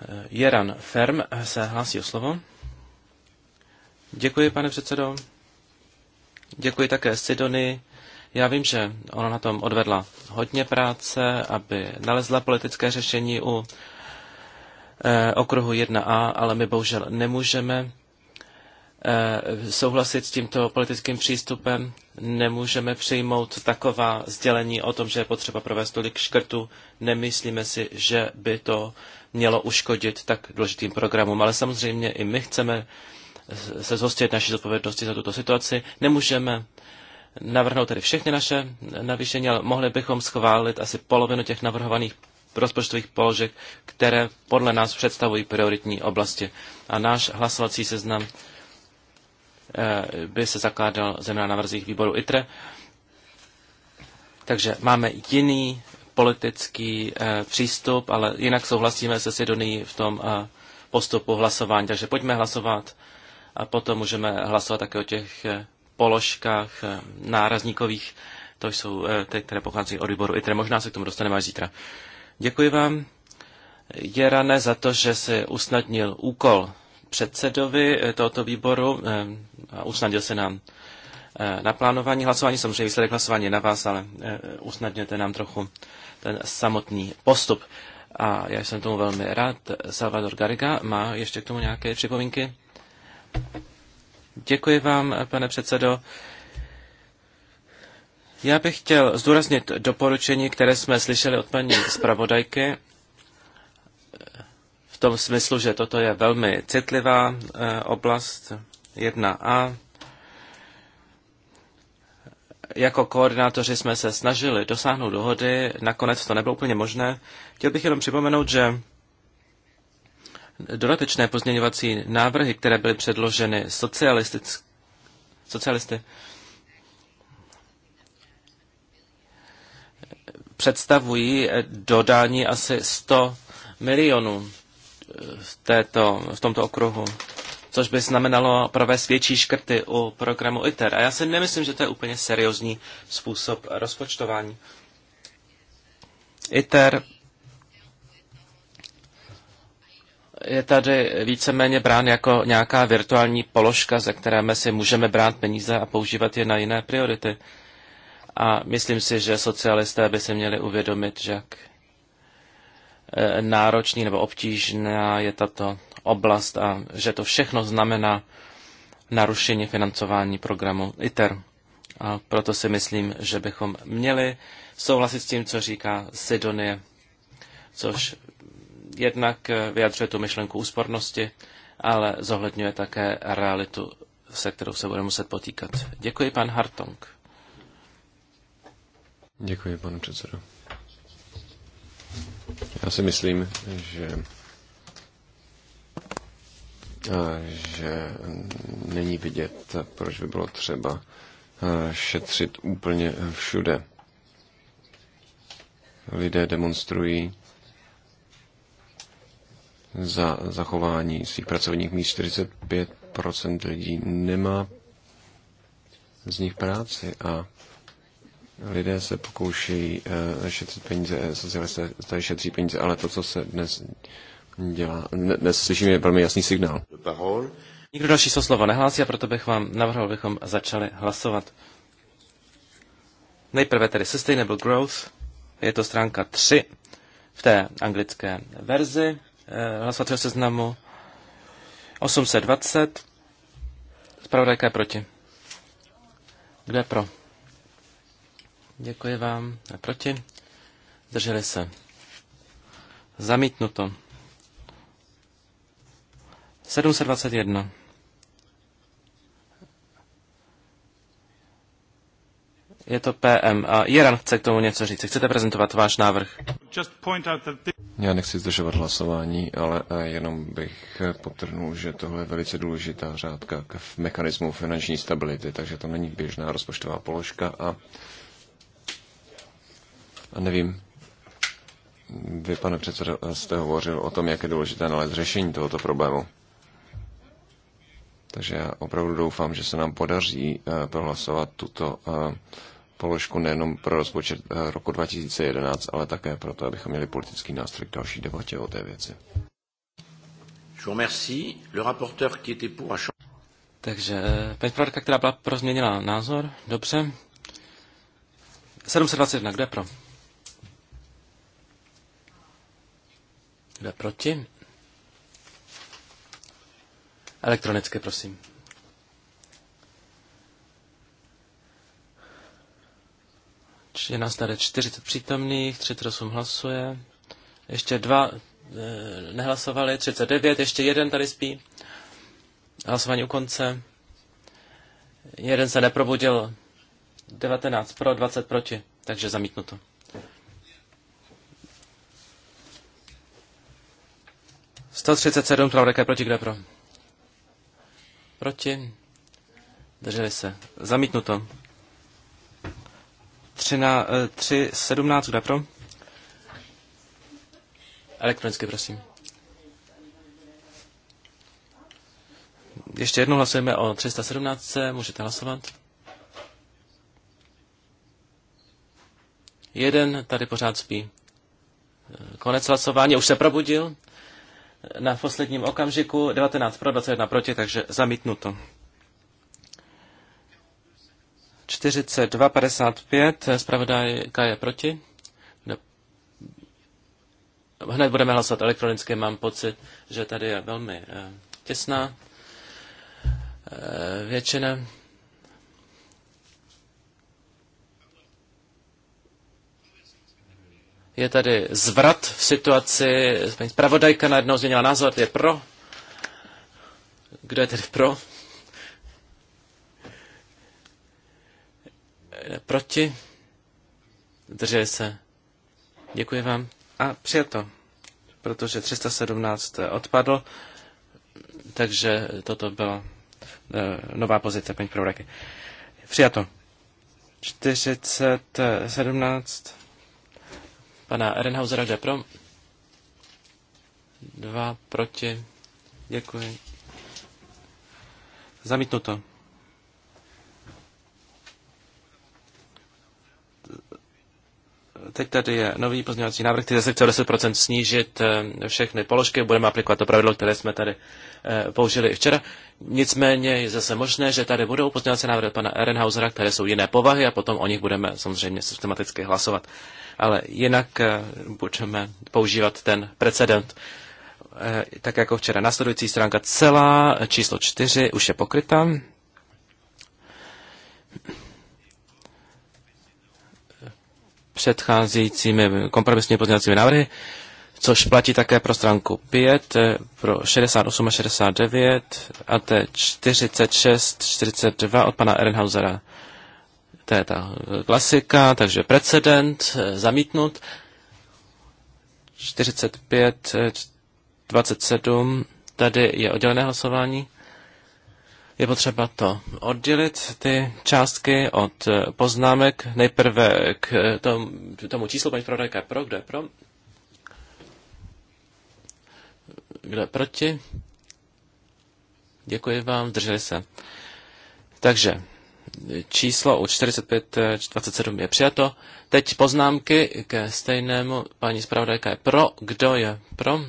Eh, Jeran Ferm se hlásí o slovo. Děkuji, pane předsedo. Děkuji také Sidony. Já vím, že ona na tom odvedla hodně práce, aby nalezla politické řešení u Eh, okruhu 1a, ale my bohužel nemůžeme eh, souhlasit s tímto politickým přístupem. Nemůžeme přijmout taková sdělení o tom, že je potřeba provést tolik škrtů. Nemyslíme si, že by to mělo uškodit tak důležitým programům. Ale samozřejmě i my chceme se zhostit naší zodpovědnosti za tuto situaci. Nemůžeme navrhnout tedy všechny naše navýšení, ale mohli bychom schválit asi polovinu těch navrhovaných rozpočtových položek, které podle nás představují prioritní oblasti. A náš hlasovací seznam eh, by se zakládal zejména na vrzích výboru ITRE. Takže máme jiný politický eh, přístup, ale jinak souhlasíme se Sidonií v tom eh, postupu hlasování. Takže pojďme hlasovat a potom můžeme hlasovat také o těch položkách nárazníkových. To jsou ty, které pocházejí od výboru ITRE. Možná se k tomu dostaneme až zítra. Děkuji vám, Jerane, za to, že si usnadnil úkol předsedovi eh, tohoto výboru eh, a usnadnil se nám eh, naplánování hlasování. Samozřejmě výsledek hlasování je na vás, ale usnadněte nám trochu ten samotný postup. A já jsem tomu velmi rád. Salvador Gariga má ještě k tomu nějaké připomínky? Děkuji vám, pane předsedo. Já bych chtěl zdůraznit doporučení, které jsme slyšeli od paní zpravodajky, v tom smyslu, že toto je velmi citlivá eh, oblast 1a. Jako koordinátoři jsme se snažili dosáhnout dohody, nakonec to nebylo úplně možné. Chtěl bych jenom připomenout, že dodatečné pozměňovací návrhy, které byly předloženy socialisty, představují eh, dodání asi 100 milionů eh, v, této, v tomto okruhu, což by znamenalo provést větší škrty u programu ITER. A já si nemyslím, že to je úplně seriózní způsob rozpočtování. ITER je tady víceméně brán jako nějaká virtuální položka, ze které my si můžeme brát peníze a používat je na jiné priority. A myslím si, že socialisté by se měli uvědomit, jak e, náročný nebo obtížná je tato oblast a že to všechno znamená narušení financování programu ITER. A proto si myslím, že bychom měli souhlasit s tím, co říká Sidonie, což jednak vyjadřuje tu myšlenku úspornosti, ale zohledňuje také realitu, se kterou se bude muset potýkat. Děkuji, pan Hartong. Děkuji, pane předsedo. Já si myslím, že že není vidět, proč by bylo třeba šetřit úplně všude. Lidé demonstrují za zachování svých pracovních míst. 45% lidí nemá z nich práci a Lidé se pokoušejí eh, šetřit peníze, eh, socialisté tady šetří peníze, ale to, co se dnes dělá, dnes slyším, je velmi jasný signál. Nikdo další se slovo nehlásí a proto bych vám navrhl, abychom začali hlasovat. Nejprve tedy Sustainable Growth, je to stránka 3 v té anglické verzi eh, hlasovacího seznamu 820. Spravodajka je proti. Kde pro? Děkuji vám. A proti? Drželi se. Zamítnuto. 721. Je to PM. A Jiran chce k tomu něco říct. Chcete prezentovat váš návrh? Já nechci zdržovat hlasování, ale eh, jenom bych eh, potrhnul, že tohle je velice důležitá řádka k mechanismu finanční stability, takže to není běžná rozpočtová položka a Nevím, vy, pane předsedo, jste hovořil o tom, jak je důležité nalézt řešení tohoto problému. Takže já opravdu doufám, že se nám podaří eh, prohlasovat tuto eh, položku nejenom pro rozpočet eh, roku 2011, ale také proto, abychom měli politický nástroj k další debatě o té věci. Takže paní zpravodajka, která byla pro, změnila názor. Dobře. 721, kde pro? Kdo je proti? Elektronicky, prosím. Je nás tady 40 přítomných, 38 hlasuje. Ještě dva e, nehlasovali, 39, ještě jeden tady spí. Hlasování u konce. Jeden se neprobudil, 19 pro, 20 proti, takže zamítnuto. 137 pravodeka proti kde pro? Proti. Drželi se. Zamítnuto. 3, na, 3 17 kde pro? Elektronicky, prosím. Ještě jednou hlasujeme o 317. Můžete hlasovat. Jeden tady pořád spí. Eh, konec hlasování. Už se probudil na posledním okamžiku, 19 pro, 21 proti, takže zamítnuto. 42.55, zpravodajka je proti. Hned budeme hlasovat elektronicky, mám pocit, že tady je velmi eh, těsná eh, většina. Je tady zvrat v situaci, paní zpravodajka najednou změnila názor, je pro. Kdo je tedy pro? Proti? Drželi se. Děkuji vám. A přijato, protože 317 odpadl, takže toto byla eh, nová pozice paní zpravodajky. Přijato. 417 pana Erenhausera kde pro? Dva proti. Děkuji. Zamítnuto. Teď tady je nový pozměňovací návrh, který zase chce 10% snížit eh, všechny položky. Budeme aplikovat to pravidlo, které jsme tady eh, použili i včera. Nicméně je zase možné, že tady budou pozměňovací návrhy pana Ehrenhausera, které jsou jiné povahy a potom o nich budeme samozřejmě systematicky hlasovat ale jinak budeme eh, používat ten precedent. Eh, tak jako včera. Následující stránka celá, číslo čtyři, už je pokryta. Předcházejícími kompromisními pozměňovacími návrhy což platí také pro stránku 5, eh, pro 68 a 69 a to 46, 42 od pana Ehrenhausera. To je ta klasika, takže precedent eh, zamítnut. 45, 27, eh, tady je oddělené hlasování. Je potřeba to oddělit, ty částky od eh, poznámek. Nejprve k tomu, tomu číslu, paní zpravodajka pro, kdo je pro? Kdo je proti? Děkuji vám, drželi se. Takže číslo u 4527 je přijato. Teď poznámky ke stejnému. Paní zpravodajka je pro. Kdo je pro?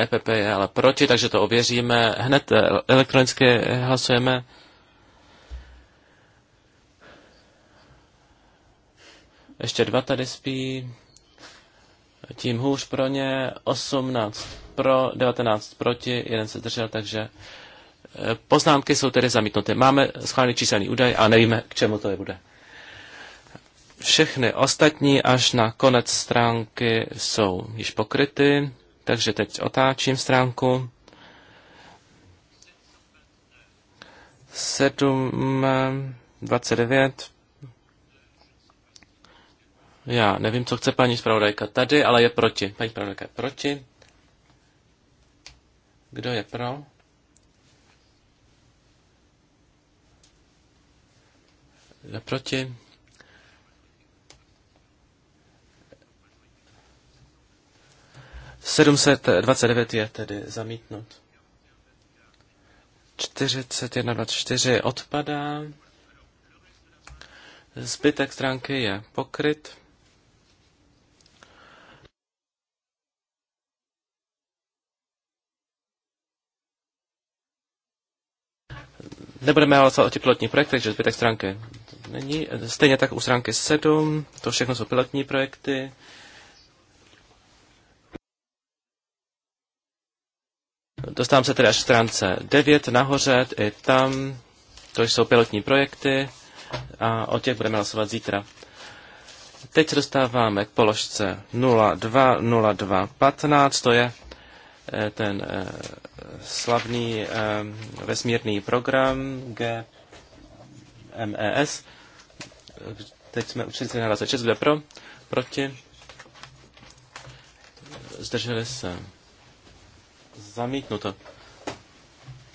EPP je ale proti, takže to ověříme. Hned eh, elektronicky hlasujeme. Ještě dva tady spí. Tím hůř pro ně. 18 pro, 19 proti, jeden se držel, takže poznámky jsou tedy zamítnuté. Máme schválený číselný údaj a nevíme, k čemu to je bude. Všechny ostatní až na konec stránky jsou již pokryty, takže teď otáčím stránku. 7, 29. Já nevím, co chce paní zpravodajka tady, ale je proti. Paní zpravodajka je proti. Kdo je pro? naproti. Sedmset dvacet devět je tedy zamítnut. Čtyřicet jedna dvacet čtyři odpadá. Zbytek stránky je pokryt. Nebudeme ale o ty pilotní projekty, takže zbytek stránky není. Stejně tak u stránky 7, to všechno jsou pilotní projekty. Dostávám se tedy až stránce 9 nahoře, i tam, to jsou pilotní projekty a o těch budeme hlasovat zítra. Teď se dostáváme k položce 020215, to je Eh, ten eh, slavný eh, vesmírný program GMES. Teď jsme u 31 kde pro, proti. Zdrželi se. Zamítnuto.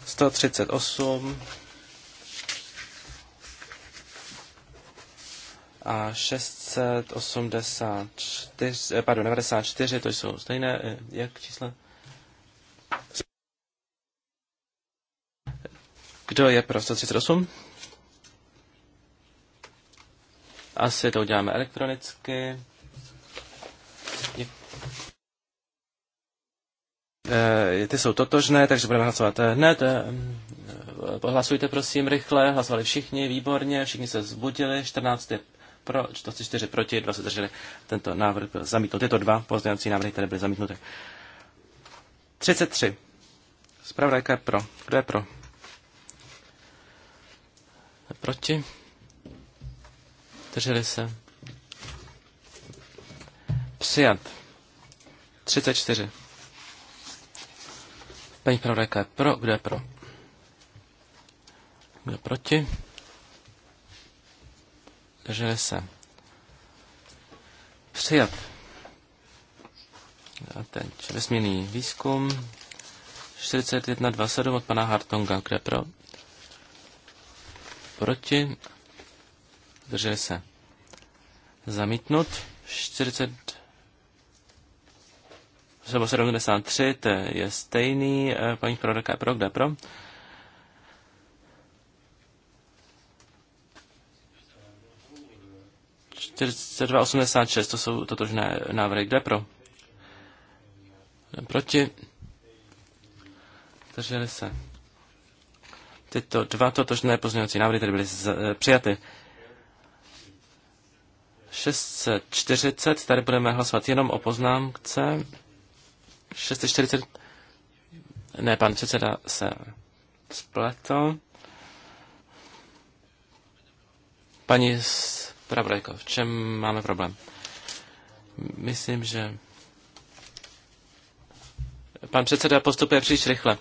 138 a 684, pardon, 94, to jsou stejné, jak čísla? Kdo je pro 138? Asi to uděláme elektronicky. E, ty jsou totožné, takže budeme hlasovat hned. Eh, Pohlasujte mm, eh, prosím rychle, hlasovali všichni, výborně, všichni se zbudili, 14 je pro, 24 proti, 2 se drželi. Tento návrh byl zamítnut. Tyto dva pozdějící návrhy, které byly zamítnuty. 33. Spravodajka je pro. Kdo je pro? Proti? Drželi se. Přijat. 34. Paní pravodajka je pro. Kdo je pro? Kdo je proti? Drželi se. Přijat. A ten vesmírný výzkum 41.27 od pana Hartonga. Kdo je pro? proti, zdrželi se zamítnut, 40 73, to je stejný, eh, paní proroka je pro, kde pro? to jsou totožné návrhy, kde pro? Proti? Drželi se Tyto dva totožné pozměňovací návrhy tedy byly z, e, přijaty. 640, tady budeme hlasovat jenom o poznámce. 640, ne, pan předseda se spletl. Paní Spravodajko, v čem máme problém? Myslím, že pan předseda postupuje příliš rychle.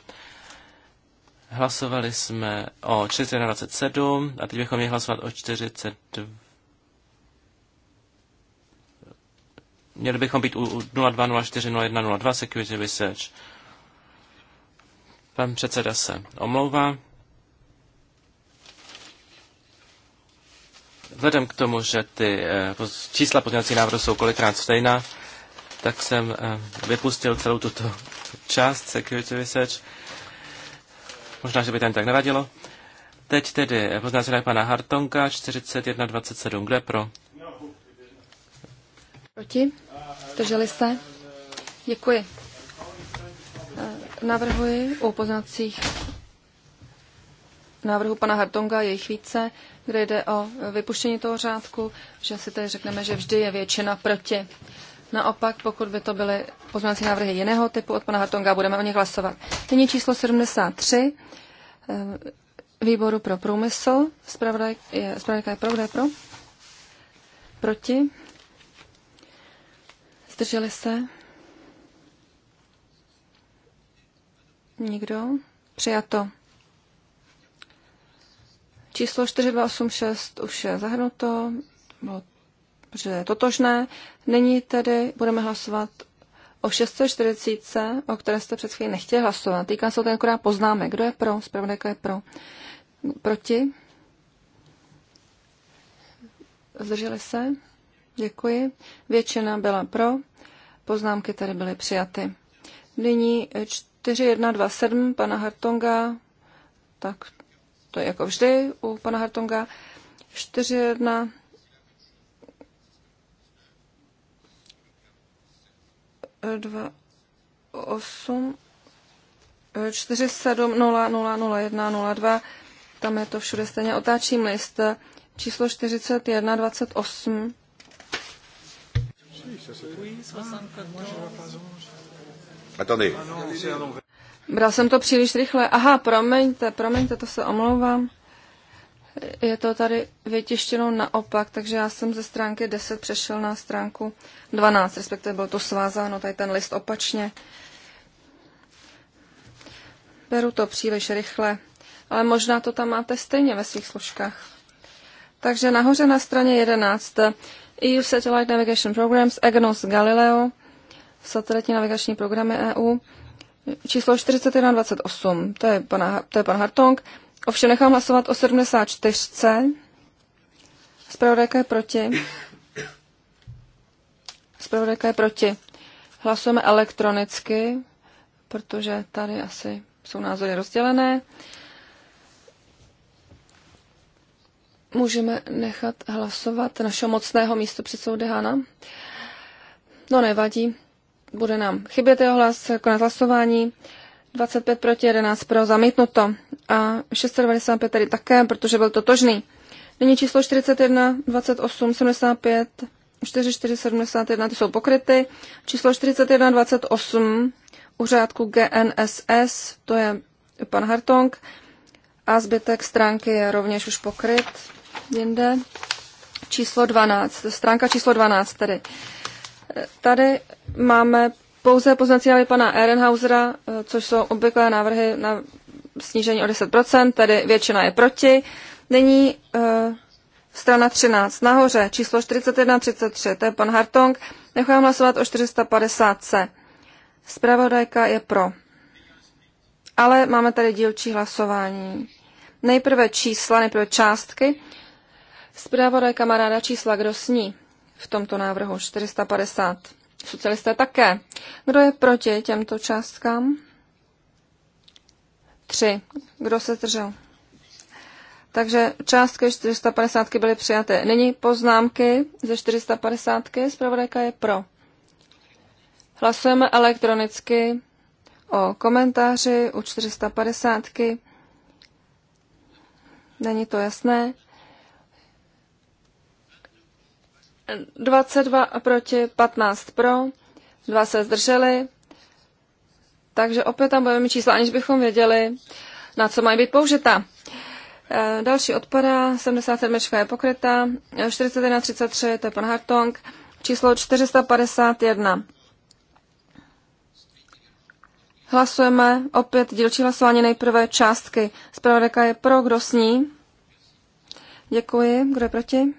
Hlasovali jsme o 427 a teď bychom měli hlasovat o 42. Měli bychom být u 02040102 Security Research. Pan předseda se omlouvá. Vzhledem k tomu, že ty eh, čísla pozměňovacích návrhů jsou kolikrát stejná, tak jsem eh, vypustil celou tuto část Security Research Možná, že by ten tak nevadilo. Teď tedy poznáte pana Hartonka 4127. Kde pro? Proti? Zdrželi se? Děkuji. Eh, navrhuji u poznacích návrhu pana Hartonga, jejich více, kde jde o vypuštění toho řádku, že si tady řekneme, že vždy je většina proti. Naopak, pokud by to byly pozměňovací návrhy jiného typu od pana Hartonga, budeme o nich hlasovat. Nyní číslo 73 eh, výboru pro průmysl. Spravodajka je, je pro, kde je pro? Proti? Zdrželi se? Nikdo? Přijato. Číslo 4286 už je zahrnuto, bylo protože je totožné. Nyní tedy budeme hlasovat o 640, o které jste před chvíli nechtěli hlasovat. Týká se to akorát poznámek. Kdo je pro? Zpravodajka je pro. Proti? Zdrželi se? Děkuji. Většina byla pro. Poznámky tady byly přijaty. Nyní 4127 pana Hartonga. Tak to je jako vždy u pana Hartonga. 4127 2, Tam je to všude stejně. Otáčím list. Číslo 41, 28. tady. Bral jsem to příliš rychle. Aha, promiňte, promiňte, to se omlouvám je to tady vytištěno naopak, takže já jsem ze stránky 10 přešel na stránku 12, respektive bylo to svázáno, tady ten list opačně. Beru to příliš rychle, ale možná to tam máte stejně ve svých složkách. Takže nahoře na straně 11 EU Satellite Navigation Programs, EGNOS Galileo, satelitní navigační programy EU, číslo 4128, to je, pana, to je pan Hartong, Ovšem nechám hlasovat o 74. Zpravodajka je proti. Zpravodajka je proti. Hlasujeme elektronicky, protože tady asi jsou názory rozdělené. Můžeme nechat hlasovat našeho mocného místo soudy Hana. No nevadí, bude nám chybět jeho hlas, konec hlasování. 25 proti 11 pro zamítnuto. A 695 tedy také, protože byl totožný. Nyní číslo 41, 28, 75, 44, 71, ty jsou pokryty. Číslo 41, 28 u řádku GNSS, to je pan Hartong. A zbytek stránky je rovněž už pokryt jinde. Číslo 12, stránka číslo 12 tedy. Tady máme pouze poznací návrhy pana Ehrenhausera, eh, což jsou obvyklé návrhy na snížení o 10%, tedy většina je proti. Nyní e, strana 13 nahoře, číslo 4133, to je pan Hartong. Nechám hlasovat o 450C. Zpravodajka je pro. Ale máme tady dílčí hlasování. Nejprve čísla, nejprve částky. Zpravodajka má ráda čísla, kdo sní v tomto návrhu 450. Socialisté také. Kdo je proti těmto částkám? Tři. Kdo se zdržel? Takže částky 450 byly přijaté. Nyní poznámky ze 450. Zpravodajka je pro. Hlasujeme elektronicky o komentáři u 450. Není to jasné. 22 proti, 15 pro, dva se zdrželi, takže opět tam budeme čísla, aniž bychom věděli, na co mají být použita. Eh, další odpadá, 77 je pokryta, 33, to je pan Hartong, číslo 451. Hlasujeme opět dílčí hlasování nejprve částky. Zpravodajka je pro, kdo sní? Děkuji. Kdo je proti?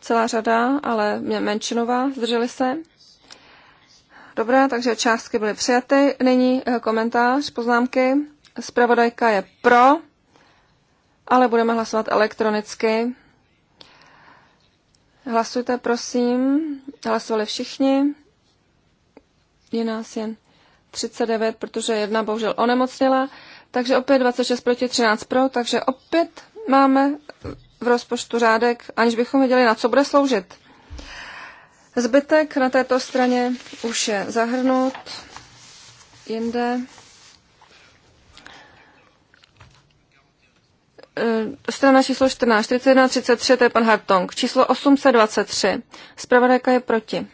celá řada, ale menšinová, zdrželi se. Dobré, takže částky byly přijaty. Nyní eh, komentář, poznámky. Zpravodajka je pro, ale budeme hlasovat elektronicky. Hlasujte, prosím. Hlasovali všichni. Je nás jen 39, protože jedna bohužel onemocněla. Takže opět 26 proti 13 pro, takže opět máme v rozpočtu řádek, aniž bychom věděli, na co bude sloužit. Zbytek na této straně už je zahrnut jinde. Eh, strana číslo 14, 41, 33, to je pan Hartong. Číslo 823. Zpravodajka je proti.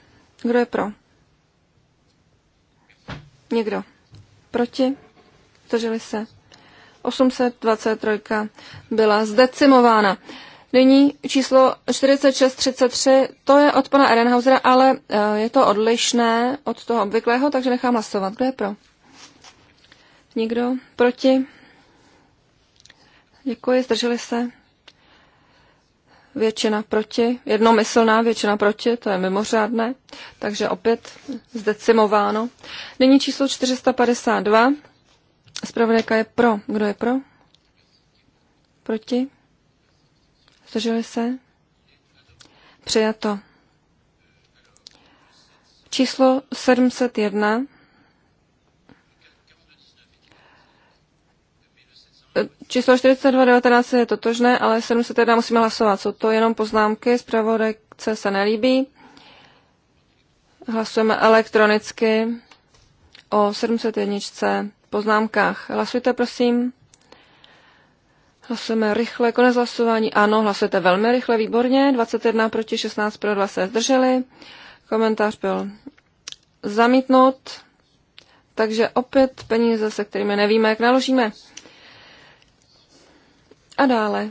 Kdo je pro? Někdo. Proti? Zdrželi se. 823 byla zdecimována. Nyní číslo 4633, to je od pana Erenhausera, ale eh, je to odlišné od toho obvyklého, takže nechám hlasovat. Kdo je pro? Nikdo? Proti? Děkuji, zdrželi se. Většina proti, jednomyslná většina proti, to je mimořádné, takže opět zdecimováno. Nyní číslo 452 Zpravodajka je pro. Kdo je pro? Proti? Zdrželi se? Přijato. Číslo 701. Číslo 42.19 je totožné, ale 701 musíme hlasovat. Jsou to jenom poznámky, zpravodajce se nelíbí. Hlasujeme elektronicky o 701 poznámkách. Hlasujte, prosím. Hlasujeme rychle, konec hlasování. Ano, hlasujete velmi rychle, výborně. 21 proti 16 pro 2 se zdrželi. Komentář byl zamítnut. Takže opět peníze, se kterými nevíme, jak naložíme. A dále.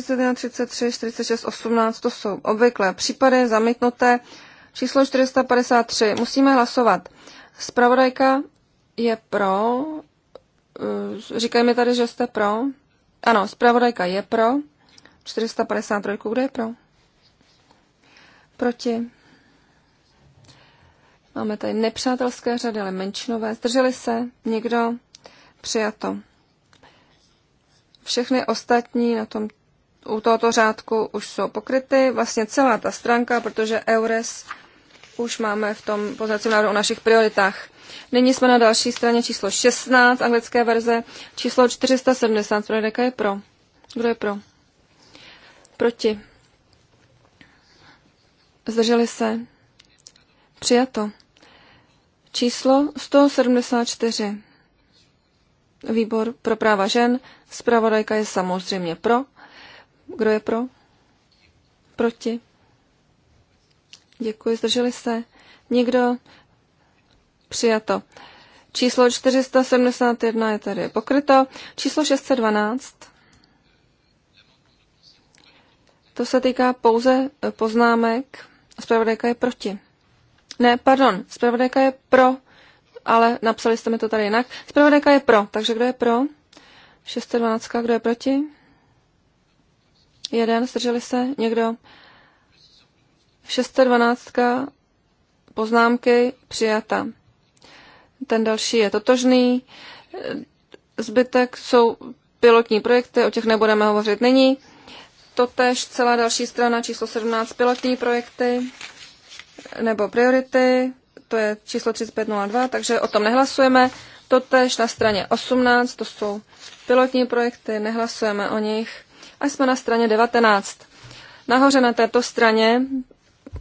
41, 33, 46, 18, to jsou obvyklé případy, zamítnuté. Číslo 453, musíme hlasovat. Spravodajka je pro, eh, říkají mi tady, že jste pro. Ano, spravodajka je pro. 453, kde je pro? Proti. Máme tady nepřátelské řady, ale menšinové. Zdrželi se? Někdo? Přijato. Všechny ostatní na tom u tohoto řádku už jsou pokryty, vlastně celá ta stránka, protože EURES už máme v tom pozdravcím návrhu o našich prioritách. Nyní jsme na další straně číslo 16 anglické verze, číslo 470. Zpravodajka je pro. Kdo je pro? Proti. Zdrželi se. Přijato. Číslo 174. Výbor pro práva žen. Zpravodajka je samozřejmě pro. Kdo je pro? Proti? Děkuji, zdrželi se. Nikdo? Přijato. Číslo 471 je tady pokryto. Číslo 612. To se týká pouze eh, poznámek. Zpravodajka je proti. Ne, pardon, zpravodajka je pro, ale napsali jste mi to tady jinak. Zpravodajka je pro, takže kdo je pro? 612, kdo je proti? jeden, zdrželi se, někdo. 612 poznámky přijata. Ten další je totožný. Zbytek jsou pilotní projekty, o těch nebudeme hovořit nyní. Totež celá další strana číslo 17 pilotní projekty nebo priority, to je číslo 3502, takže o tom nehlasujeme. Totež na straně 18, to jsou pilotní projekty, nehlasujeme o nich a jsme na straně 19. Nahoře na této straně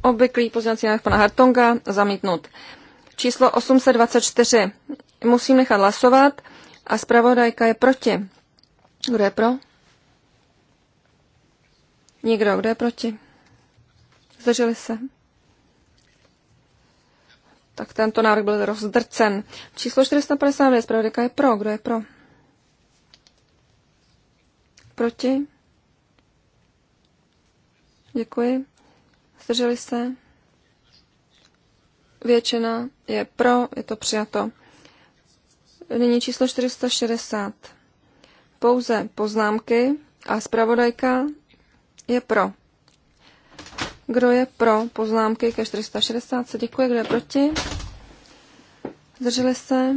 obvyklý pozměňovací návrh pana Hartonga zamítnut. Číslo 824. Musím nechat hlasovat a zpravodajka je proti. Kdo je pro? Nikdo. Kdo je proti? Zdrželi se. Tak tento návrh byl rozdrcen. Číslo 459. Zpravodajka je pro. Kdo je pro? Proti? Děkuji. Zdrželi se? Většina je pro, je to přijato. Nyní číslo 460. Pouze poznámky a zpravodajka je pro. Kdo je pro poznámky ke 460 se děkuji, kdo je proti? Zdrželi se?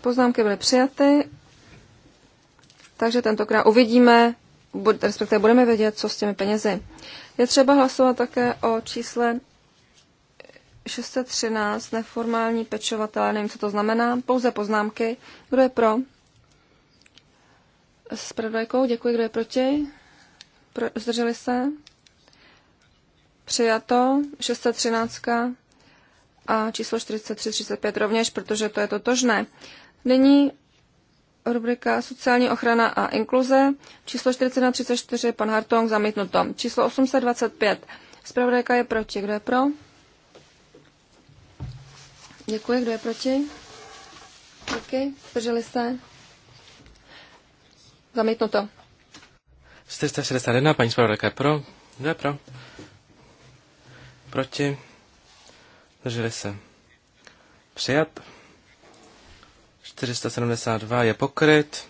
Poznámky byly přijaty. Takže tentokrát uvidíme, bud, respektive budeme vědět, co s těmi penězi. Je třeba hlasovat také o čísle 613, neformální pečovatelé, nevím, co to znamená, pouze poznámky. Kdo je pro? S pravdajkou, děkuji, kdo je proti? Pro, zdrželi se? Přijato, 613 a číslo 4335 rovněž, protože to je totožné. Nyní rubrika Sociální ochrana a inkluze. Číslo 4134, pan Hartong, zamítnuto. Číslo 825, zpravodajka je proti. Kdo je pro? Děkuji, kdo je proti? Díky, zdrželi se. Zamítnuto. 461, paní zpravodajka je pro. Kdo je pro? Proti? Zdrželi se. Přijat. 472 je pokryt.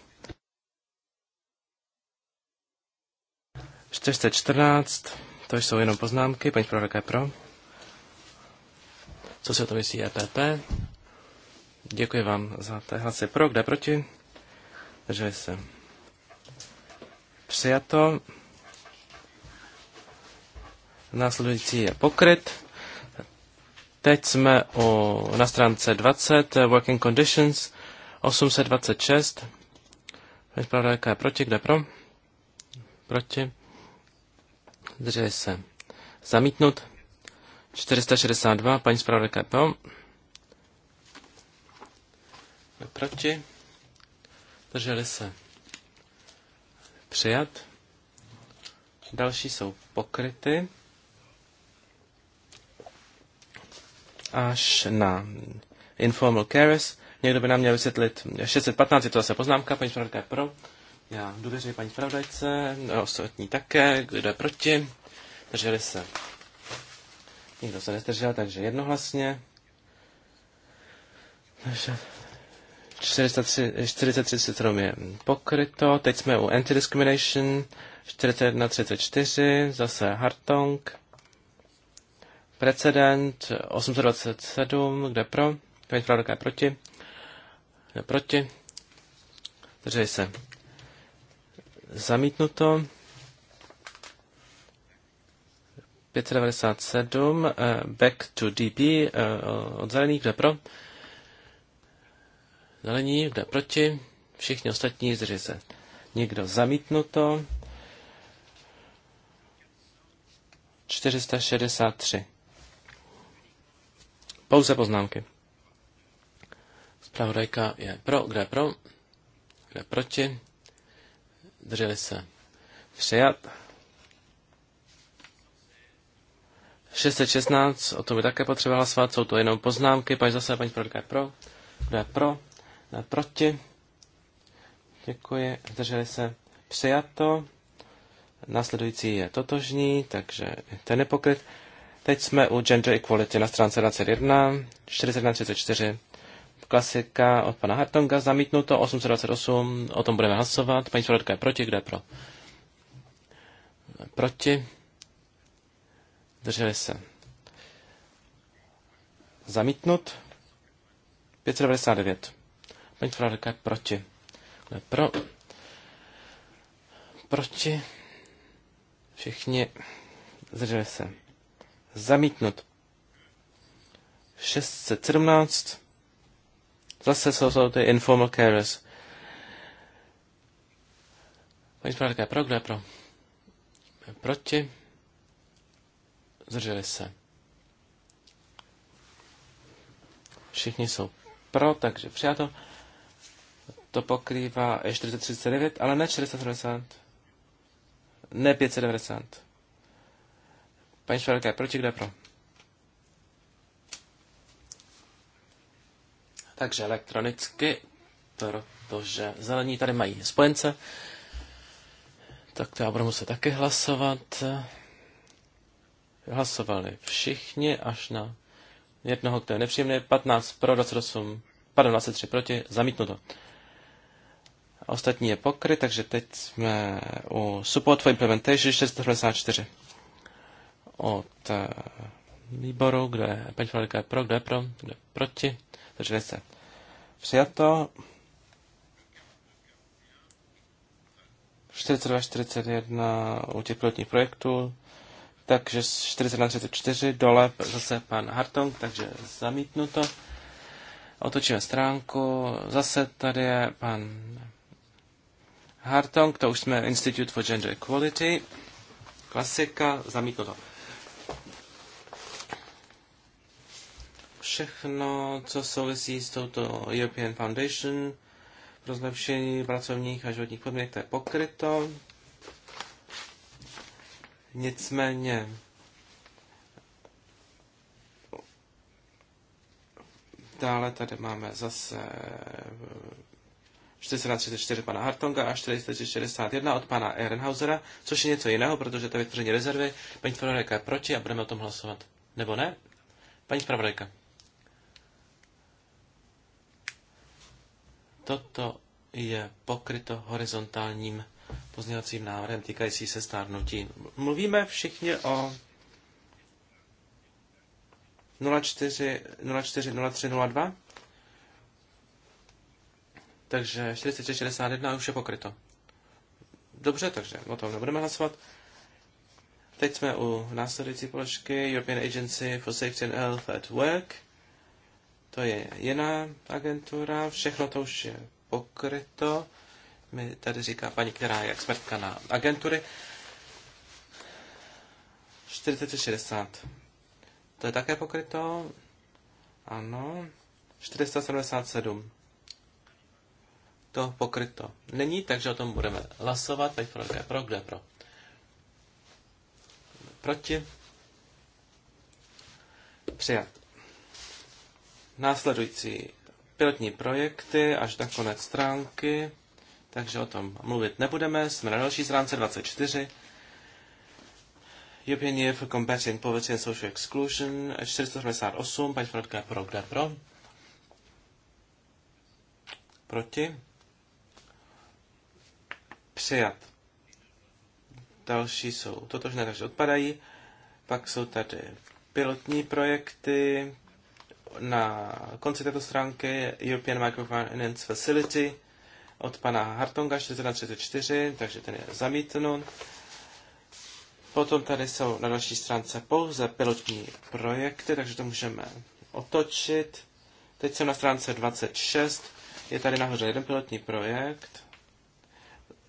414, to jsou jenom poznámky, paní zpravodajka je pro. Co si o to myslí EPP? Děkuji vám za té hlasy pro, kde proti? že se. Přijato. Následující je pokryt. Teď jsme o, na stránce 20, Working Conditions. 826. Paní zpravodajka je proti. Kde pro? Proti. Zdrželi se. Zamítnut. 462. Paní zpravodajka je pro. Proti. Drželi se. Přijat. Další jsou pokryty. Až na informal carers. Někdo by nám měl vysvětlit 615, je to zase poznámka, paní zpravodajka je pro. Já důvěřuji paní zpravodajce, ostatní také, kdo je proti. Drželi se. Nikdo se nezdržel, takže jednohlasně. Takže 43 je pokryto. Teď jsme u anti-discrimination 4134, zase Hartong. Precedent 827, kde pro? Paní zpravodajka je proti. Kdo proti? Držej se. Zamítnuto. 597, eh, back to DB, eh, od zelených, kde pro? Zelení, kde proti? Všichni ostatní, zdržej se. Někdo zamítnuto. 463. Pouze poznámky. Spravodajka je pro, kde je pro, kde je proti. Drželi se. Přijat. 616, o tom by také potřeba hlasovat, jsou to jenom poznámky, pak zase paní Prodka je pro, kdo je pro, kdo je proti. Děkuji, drželi se. Přijato. Následující je totožní, takže ten je pokryt. Teď jsme u Gender Equality na stránce 21, 41, 34. Klasika od pana Hartonga, zamítnuto, 828, o tom budeme hlasovat. Paní Svrodka je proti, kde je pro? Proti. Drželi se. Zamítnut. 599. Paní Svrodka je proti. Kde je pro? Proti. Všichni Drželi se. Zamítnut. 617. Zase jsou ty informal carers. Oni jsme také pro, kdo je pro? Proti? Zdrželi se. Všichni jsou pro, takže přijato. To pokrývá e 439, ale ne 490. Ne 590. Paní Švarka, proč kde pro? Takže elektronicky, protože zelení tady mají spojence, tak to já budu muset taky hlasovat. Hlasovali všichni až na jednoho, kdo je nepříjemný, 15 pro, 28, pardon, 23 proti, zamítnuto. Ostatní je pokry, takže teď jsme u Support for Implementation 694 od eh, výboru, kde je je pro, kde je pro, kde je proti. Zdrželi se. Přijato. 42, 41 u těch pilotních projektů. Takže 41 34, dole zase pan Hartong, takže zamítnuto. Otočíme stránku, zase tady je pan Hartong, to už jsme Institute for Gender Equality, klasika, zamítnuto. všechno, co souvisí s touto European Foundation pro zlepšení pracovních a životních podmínek, to je pokryto. Nicméně dále tady máme zase 434 pana Hartonga a 461 od pana Ehrenhausera, což je něco jiného, protože to je vytvoření rezervy. Paní zpravodajka je proti a budeme o tom hlasovat. Nebo ne? Paní zpravodajka. Toto je pokryto horizontálním pozměňovacím návrhem týkající se stárnutí. Mluvíme všichni o 04, 04 03, 02, takže 4361 už je pokryto. Dobře, takže o tom nebudeme hlasovat. Teď jsme u následující položky European Agency for Safety and Health at Work – to je jiná agentura, všechno to už je pokryto. Mi tady říká paní, která je expertka na agentury. 460. To je také pokryto. Ano. 477. To pokryto není, takže o tom budeme hlasovat. Teď pro, kde pro, kde pro. Proti. Přijat následující pilotní projekty až na konec stránky, takže o tom mluvit nebudeme. Jsme na další stránce 24. European Year for Combating Poverty and Social Exclusion 488, paní Frodka je pro, kde pro? Proti? Přijat. Další jsou totožné, takže odpadají. Pak jsou tady pilotní projekty, na konci této stránky European Microfinance Facility od pana Hartonga 4134, takže ten je zamítnut. Potom tady jsou na další stránce pouze pilotní projekty, takže to můžeme otočit. Teď jsem na stránce 26, je tady nahoře jeden pilotní projekt,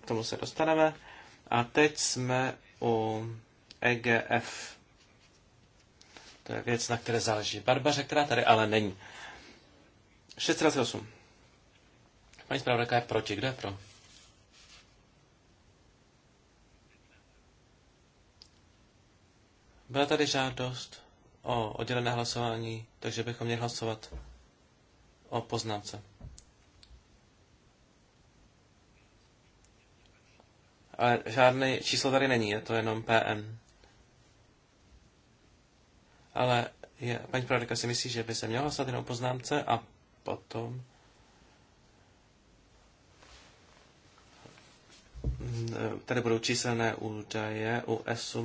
k tomu se dostaneme. A teď jsme u EGF to je věc, na které záleží Barbaře, která tady ale není. 628. Paní zpravodajka je proti. Kdo je pro? Byla tady žádost o oddělené hlasování, takže bychom měli hlasovat o poznámce. Ale žádné číslo tady není, je to jenom PN ale je, paní Pradeka si myslí, že by se měla stát jenom poznámce a potom tady budou číselné údaje u s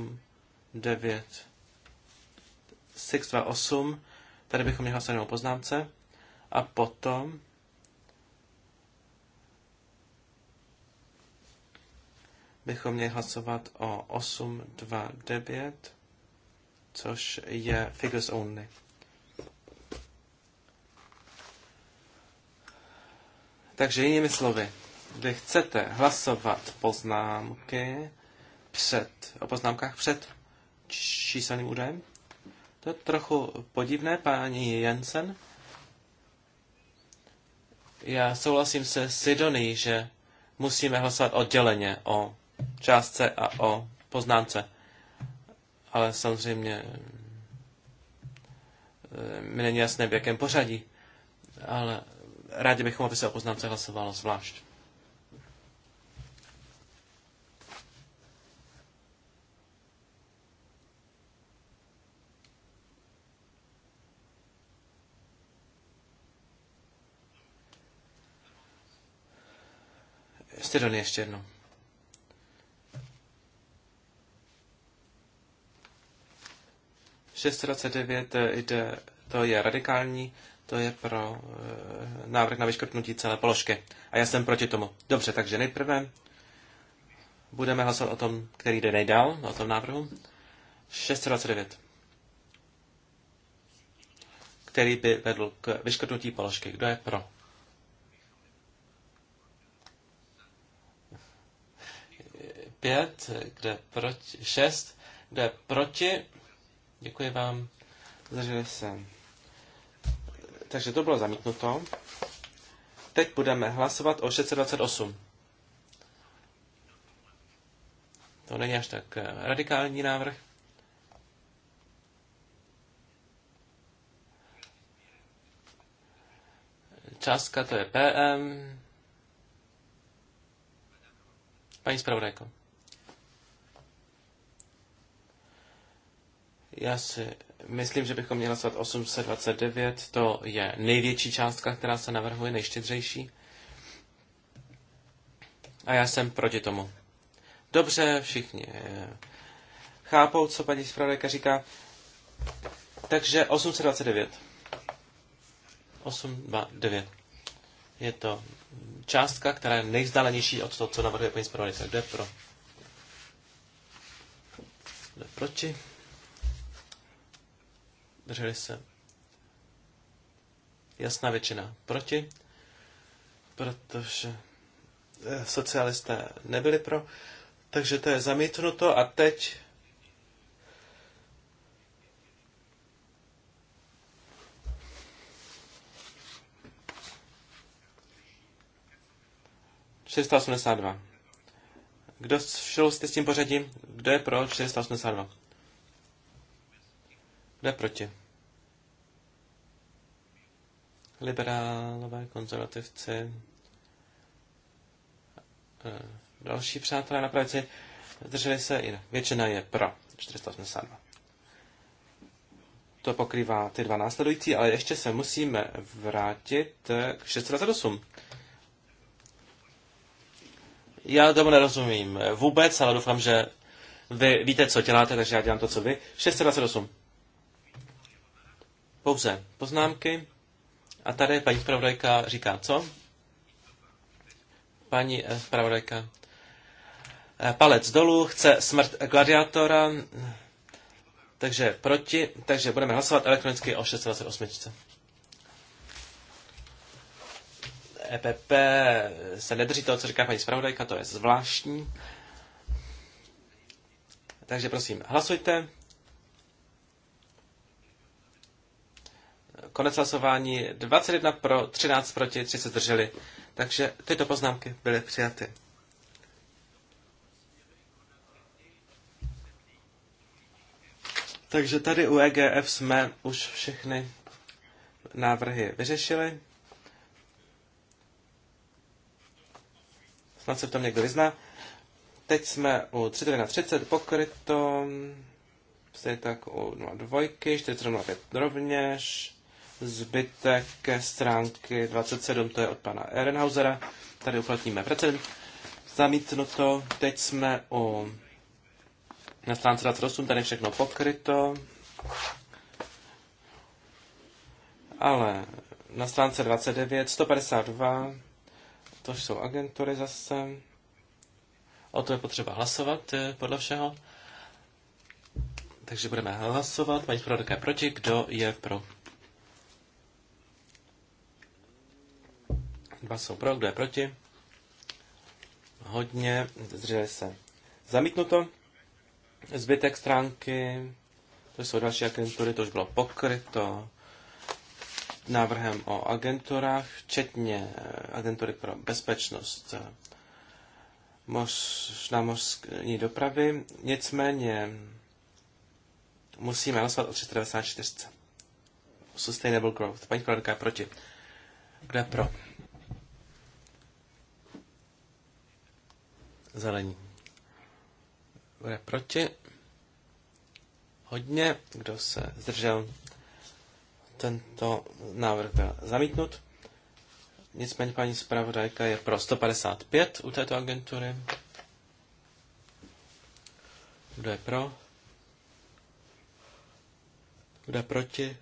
9, 628. Tady bychom měli hlasovat o poznámce. A potom bychom měli hlasovat o 829 což je figures only. Takže jinými slovy, kdy chcete hlasovat poznámky před, o poznámkách před číselným údajem, to je trochu podivné, paní Jensen. Já souhlasím se Sidony, že musíme hlasovat odděleně o částce a o poznámce ale samozřejmě eh, mi není jasné, v jakém pořadí, ale rádi bychom, aby se o poznámce hlasovalo zvlášť. Styron ještě jednou. 629 eh, jde, to je radikální, to je pro e, návrh na vyškrtnutí celé položky. A já jsem proti tomu. Dobře, takže nejprve budeme hlasovat o tom, který jde nejdál, o tom návrhu. 629. Který by vedl k vyškrtnutí položky. Kdo je pro? Pět, kde proti, šest, kde proti, Děkuji vám. Zdrželi se. Takže to bylo zamítnuto. Teď budeme hlasovat o 628. To není až tak eh, radikální návrh. Částka to je PM. Paní zpravodajko. Já si myslím, že bychom měli hlasovat 829, to je největší částka, která se navrhuje, nejštědřejší. A já jsem proti tomu. Dobře, všichni eh, chápou, co paní zpravodajka říká. Takže 829. 829. Je to částka, která je nejvzdálenější od toho, co navrhuje paní zpravodajka. Kdo je pro? Kdo je proti? Drželi se. Jasná většina proti, protože eh, socialisté nebyli pro. Takže to je zamítnuto a teď Kdo šel jste s tím pořadím? Kdo je pro 482? jde proti? Liberálové, konzervativci, eh, další přátelé na pravici, zdrželi se i Většina je pro 482. To pokrývá ty dva následující, ale ještě se musíme vrátit k 628. Já tomu nerozumím vůbec, ale doufám, že vy víte, co děláte, takže já dělám to, co vy. 628 pouze poznámky. A tady paní zpravodajka říká co? Paní eh, zpravodajka. Eh, palec dolů, chce smrt gladiátora, takže proti, takže budeme hlasovat elektronicky o 628. EPP se nedrží toho, co říká paní zpravodajka, to je zvláštní. Takže prosím, hlasujte. Konec hlasování 21 pro, 13 proti, 3 se zdrželi. Takže tyto poznámky byly přijaty. Takže tady u EGF jsme už všechny návrhy vyřešili. Snad se v tom někdo vyzná. Teď jsme u 32 na 30 pokryto, stejně tak u 02, 405 rovněž, Zbytek stránky 27, to je od pana Ehrenhausera. Tady uplatníme precedent. Zamítnuto. Teď jsme u na stránce 28, tady je všechno pokryto. Ale na stránce 29, 152, to jsou agentury zase. O to je potřeba hlasovat, eh, podle všeho. Takže budeme hlasovat. Paní zpravodajka je proti. Kdo je pro? Dva jsou pro, kdo je proti? Hodně, zdrželi se. Zamítnuto. Zbytek stránky, to jsou další agentury, to už bylo pokryto návrhem o agenturách, včetně eh, agentury pro bezpečnost eh, na mořské dopravy. Nicméně musíme hlasovat o 394. Sustainable Growth. Paní Kladka je proti. Kde pro? zelení. Bude proti? Hodně. Kdo se zdržel? Tento návrh byl zamítnut. Nicméně paní zpravodajka je pro 155 u této agentury. Kdo je pro? Kdo je proti?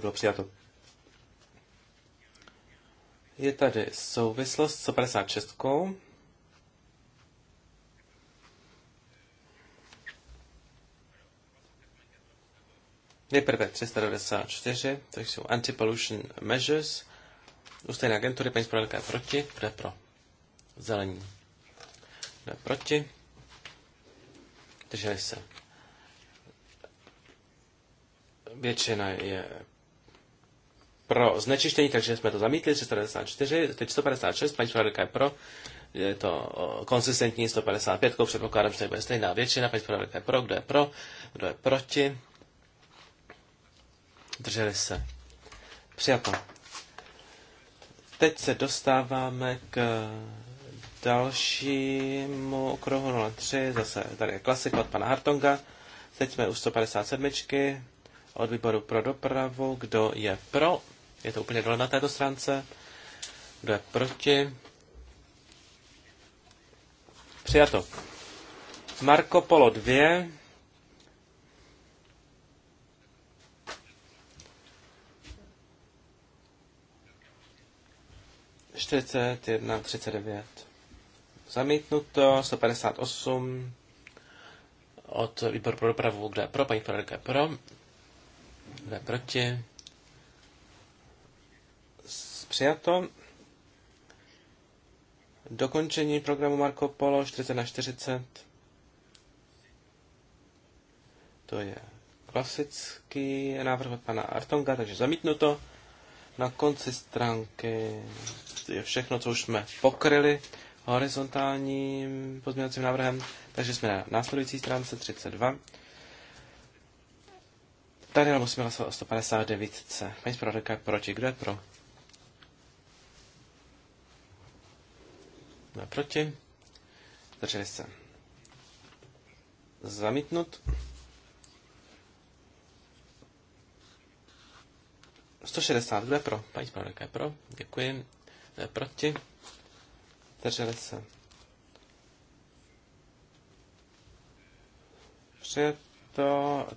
bylo přijato. Je tady souvislost s 156. Nejprve 394, to jsou anti-pollution measures. U stejné agentury paní zpravodajka je proti, kdo pro? Zelení. Kdo proti? Drželi se. Většina je pro znečištění, takže jsme to zamítli, 394, teď 156, paní zpravodajka je pro, je to konsistentní 155, předpokládám, že to bude stejná většina, paní zpravodajka je pro, kdo je pro, kdo je proti, drželi se. Přijato. Teď se dostáváme k dalšímu okruhu 03, zase tady je klasik od pana Hartonga. Teď jsme u 157 od výboru pro dopravu. Kdo je pro? Je to úplně dole na této stránce. Kdo je proti? Přijato. Marco Polo 2. Čtyřicet jedna, třicet devět. Zamítnuto, 158 od výboru pro dopravu, kde je pro, paní Ferrerka je pro, kde je proti přijato. Dokončení programu Marco Polo 40 na 40. To je klasický návrh od pana Artonga, takže zamítnuto. Na konci stránky je všechno, co už jsme pokryli horizontálním pozměňovacím návrhem, takže jsme na následující stránce 32. Tady musíme hlasovat o 159. Paní zpravodajka je proti. Kdo je pro? naproti. Drželi se. Zamítnut. 160, kdo je pro? Paní zpravodajka je pro. Děkuji. Kdo je proti? Drželi se. Přijeto.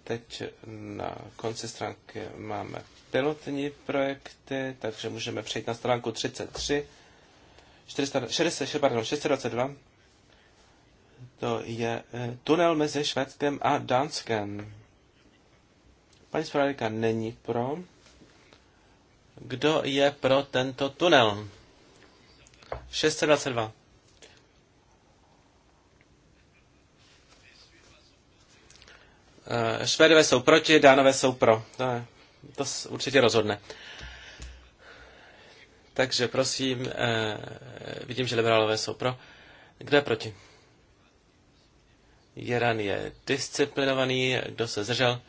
Teď na konci stránky máme pilotní projekty, takže můžeme přejít na stránku 33. 622, to je eh, tunel mezi Švédskem a Dánskem. Paní zpravodajka není pro. Kdo je pro tento tunel? 622. Eh, Švédové jsou proti, Dánové jsou pro. To, je, to určitě rozhodne. Takže prosím, eh, vidím, že liberálové jsou pro. Kdo je proti? Jeran je disciplinovaný, kdo se zdržel,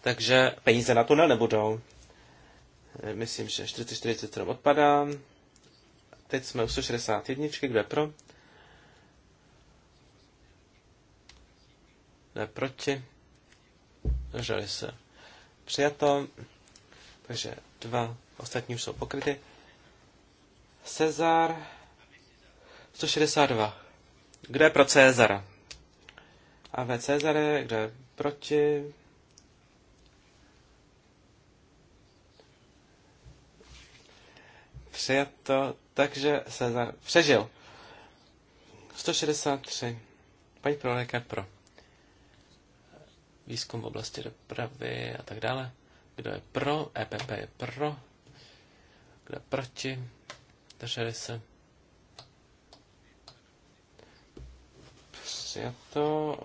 takže peníze na tunel nebudou. Eh, myslím, že 447 odpadá. Teď jsme u 161, kdo je pro? Kdo je proti? Zdrželi se. Přijato. Takže dva ostatní už jsou pokryty. Cezar 162. Kdo je pro Cezara? A ve Cezare, kdo je proti? Přijato, takže Cezar přežil. 163. Paní Proleka pro. Výzkum v oblasti dopravy a tak dále. Kdo je pro? EPP je pro. Kdo je proti? Drželi se. Přijato.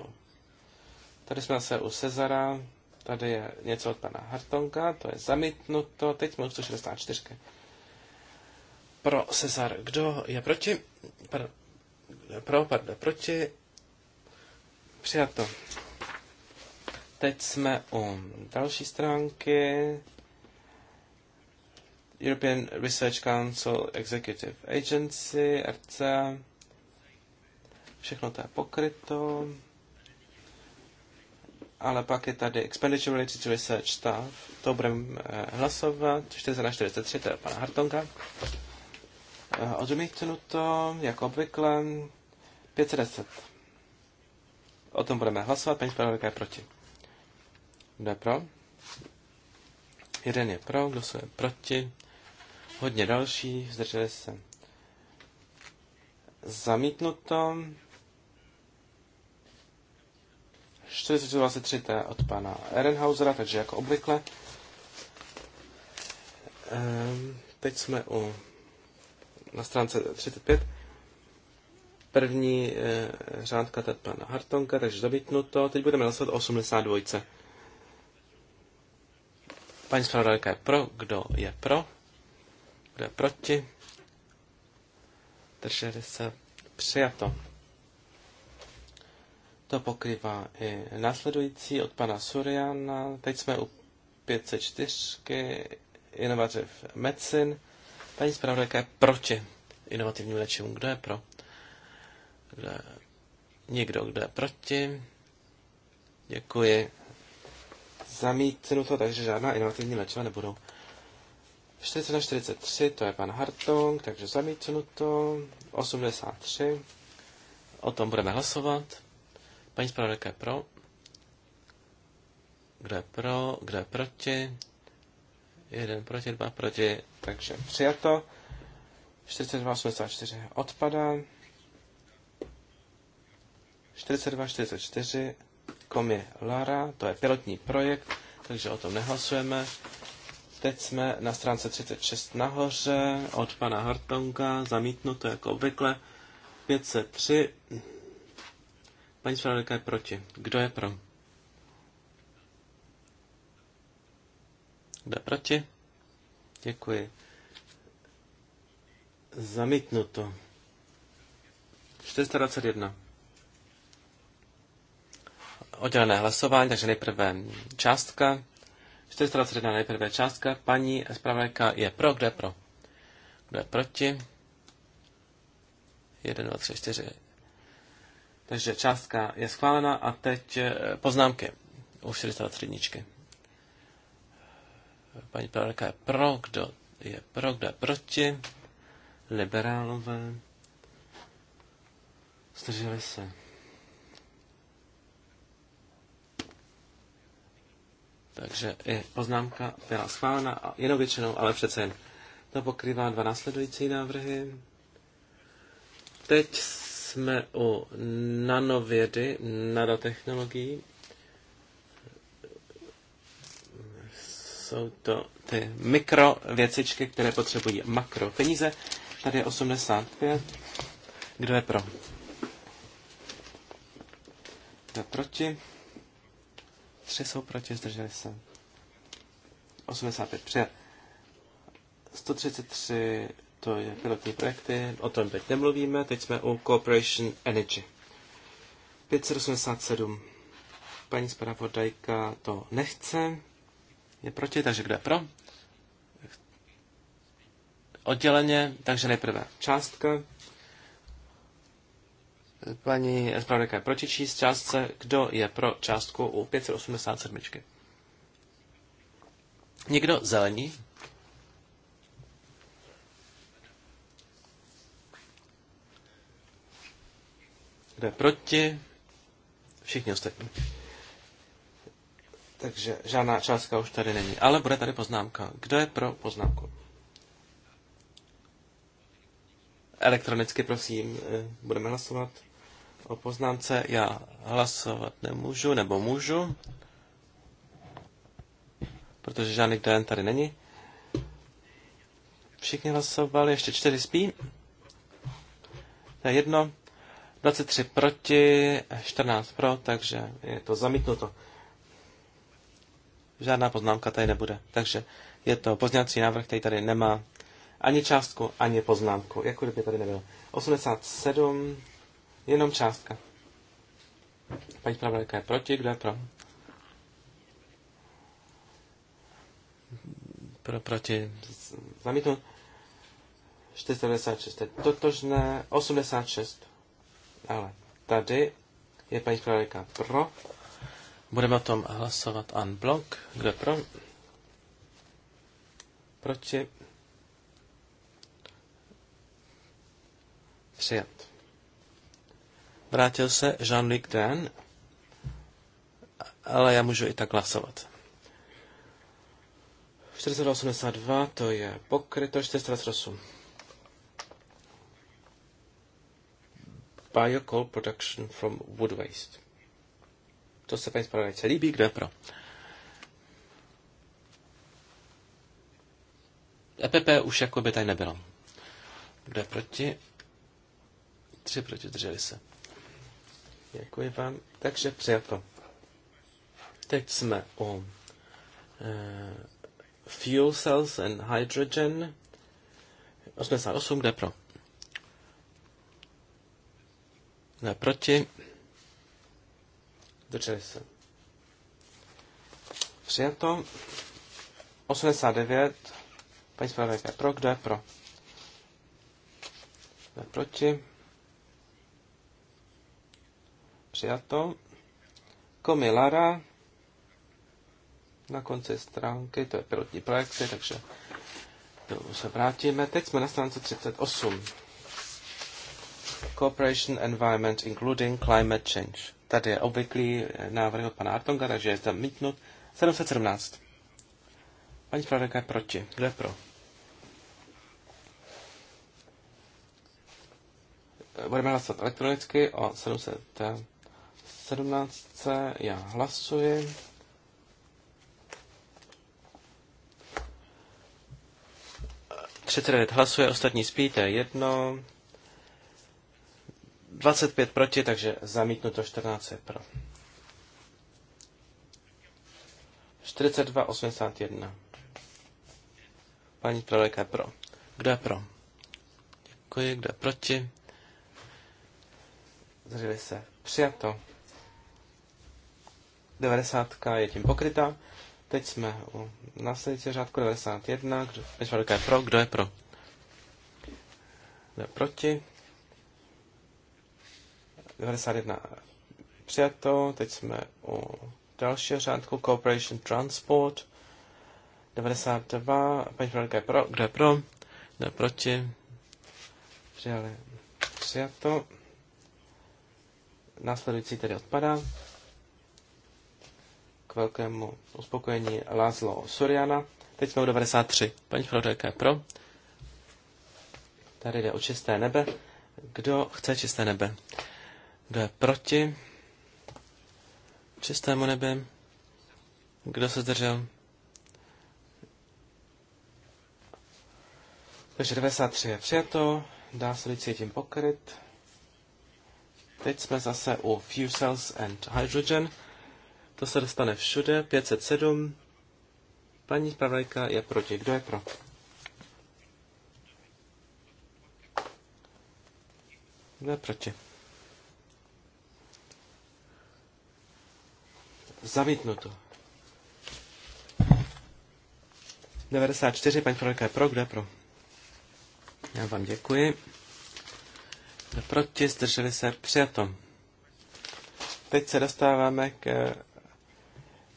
Tady jsme se u Cezara. Tady je něco od pana Hartonka. To je zamítnuto. Teď jsme 164. Pro Cezar. Kdo je proti? Pardon. Pro, pardon, proti. Přijato. Teď jsme u další stránky. European Research Council Executive Agency, RC, všechno to je pokryto, ale pak je tady Expenditure Related to Research Staff, to budeme eh, hlasovat, 40 to je pana Hartonga. Eh, Odmítnuto, jako obvykle, 510. O tom budeme hlasovat, paní zpravodajka je proti. Kdo je pro? Jeden je pro, kdo se je proti? hodně další, zdrželi se. Zamítnuto. 423. od pana Ehrenhausera, takže jako obvykle. Ehm, teď jsme u, na stránce 35. První e, eh, řádka od pana Hartonka, takže zamítnuto. Teď budeme hlasovat 82. Paní zpravodajka je pro, kdo je pro? Kdo je proti? Drželi se přijato. To pokrývá i následující od pana Suriana. Teď jsme u 504 inovativ medicin. Paní zpravodajka je proti inovativním léčivům. Kdo je pro? Kdo je... Nikdo, kdo je proti? Děkuji. Zamítnuto, takže žádná inovativní léčiva nebudou. 40 na 43, to je pan Hartong, takže zamítnuto. 83, o tom budeme hlasovat. Paní zpravodajka je pro. Kdo je pro, kdo je proti? Jeden proti, dva proti, takže přijato. 42,84 odpadá. 42,44 kom je Lara, to je pilotní projekt, takže o tom nehlasujeme. Teď jsme na stránce 36 nahoře od pana Hartonka, zamítnuto jako obvykle. 503. Paní zpravodajka je proti. Kdo je pro? Kdo je proti? Děkuji. Zamítnuto. 421. Oddělené hlasování, takže nejprve částka 421 nejprve částka. Paní zpravodajka je pro, kde pro? Kdo je proti? 1, 2, 3, 4. Takže částka je schválena a teď eh, poznámky u 43 dničky. Paní zpravodajka je pro, kdo je pro, kdo je proti. Liberálové. Zdrželi se. Takže i poznámka byla schválena jenom většinou, ale přece jen. To pokrývá dva následující návrhy. Teď jsme u nanovědy, nanotechnologií. Jsou to ty mikrověcičky, které potřebují makro peníze. Tady je 85. Kdo je pro? Kdo proti? 3 jsou proti, zdrželi se. 85 přijat. 133 to je pilotní projekty, o tom teď nemluvíme, teď jsme u Corporation Energy. 587. Paní zpravodajka to nechce, je proti, takže kdo je pro? Odděleně, takže nejprve částka. Paní zpravodajka je proti číst částce. Kdo je pro částku u 587? Někdo zelení? Kdo je proti? Všichni ostatní. Takže žádná částka už tady není. Ale bude tady poznámka. Kdo je pro poznámku? Elektronicky, prosím, eh, budeme hlasovat o poznámce já hlasovat nemůžu, nebo můžu, protože žádný dojen tady není. Všichni hlasovali, ještě čtyři spí. To je jedno. 23 proti, 14 pro, takže je to zamítnuto. Žádná poznámka tady nebude. Takže je to pozněvací návrh, který tady nemá ani částku, ani poznámku, jako kdyby tady nebylo. 87 Jenom částka. Paní zpravodajka je proti, kdo je pro? Pro, proti. Zamítnu. 496 je totožné. 86. Ale tady je paní zpravodajka pro. Budeme o tom hlasovat en unblock. Kdo je pro? Proti. Přijat. Vrátil se Jean-Luc Dan, ale já můžu i tak hlasovat. 482 to je pokryto, 428. Biocoal production from wood waste. To se paní zpravodajce líbí, kdo je pro? EPP už jako by tady nebylo. Kdo je proti? Tři proti, drželi se. Děkuji vám. Takže přijato. Teď jsme o uh, eh, fuel cells and hydrogen. 88, kde pro? Ne proti. Drželi se. Přijato. 89. Paní zpravodajka pro, kdo je pro? Ne proti přijato. Komi Lara na konci stránky, to je pilotní projekty, takže tomu se vrátíme. Teď jsme na stránce 38. Cooperation Environment Including Climate Change. Tady je obvyklý návrh od pana Artonga, takže je mítnut 717. Paní zpravodajka je proti. Kdo je pro? Budeme hlasovat elektronicky o 700. 17. já hlasuji. Třicet hlasuje, ostatní spíte jedno. 25 proti, takže zamítnuto 14 je pro. 42,81. Paní zpravodajka je pro. Kdo je pro? Děkuji, kdo je proti? Zřeli se. Přijato. 90 je tím pokryta. Teď jsme u následujícího řádku 91. Kdo, je pro, kdo je pro? Kdo je proti? 91 přijato. Teď jsme u dalšího řádku Cooperation Transport. 92. Paní je pro. Kdo je pro? Kdo je proti? Přijali. Přijato. Následující tedy odpadá velkému uspokojení Lázlo Soriana. Teď jsme u 93. Paní Frodejka pro. Tady jde o čisté nebe. Kdo chce čisté nebe? Kdo je proti čistému nebi? Kdo se zdržel? Takže 93 je přijato, se lidi tím pokryt. Teď jsme zase u Fuel Cells and Hydrogen. To se dostane všude. 507. Paní zpravodajka je proti. Kdo je pro? Kdo je proti? Zamítnuto. 94, paní zpravodajka je pro. Kdo je pro? Já vám děkuji. Kdo proti? Zdrželi se přijatom. Teď se dostáváme k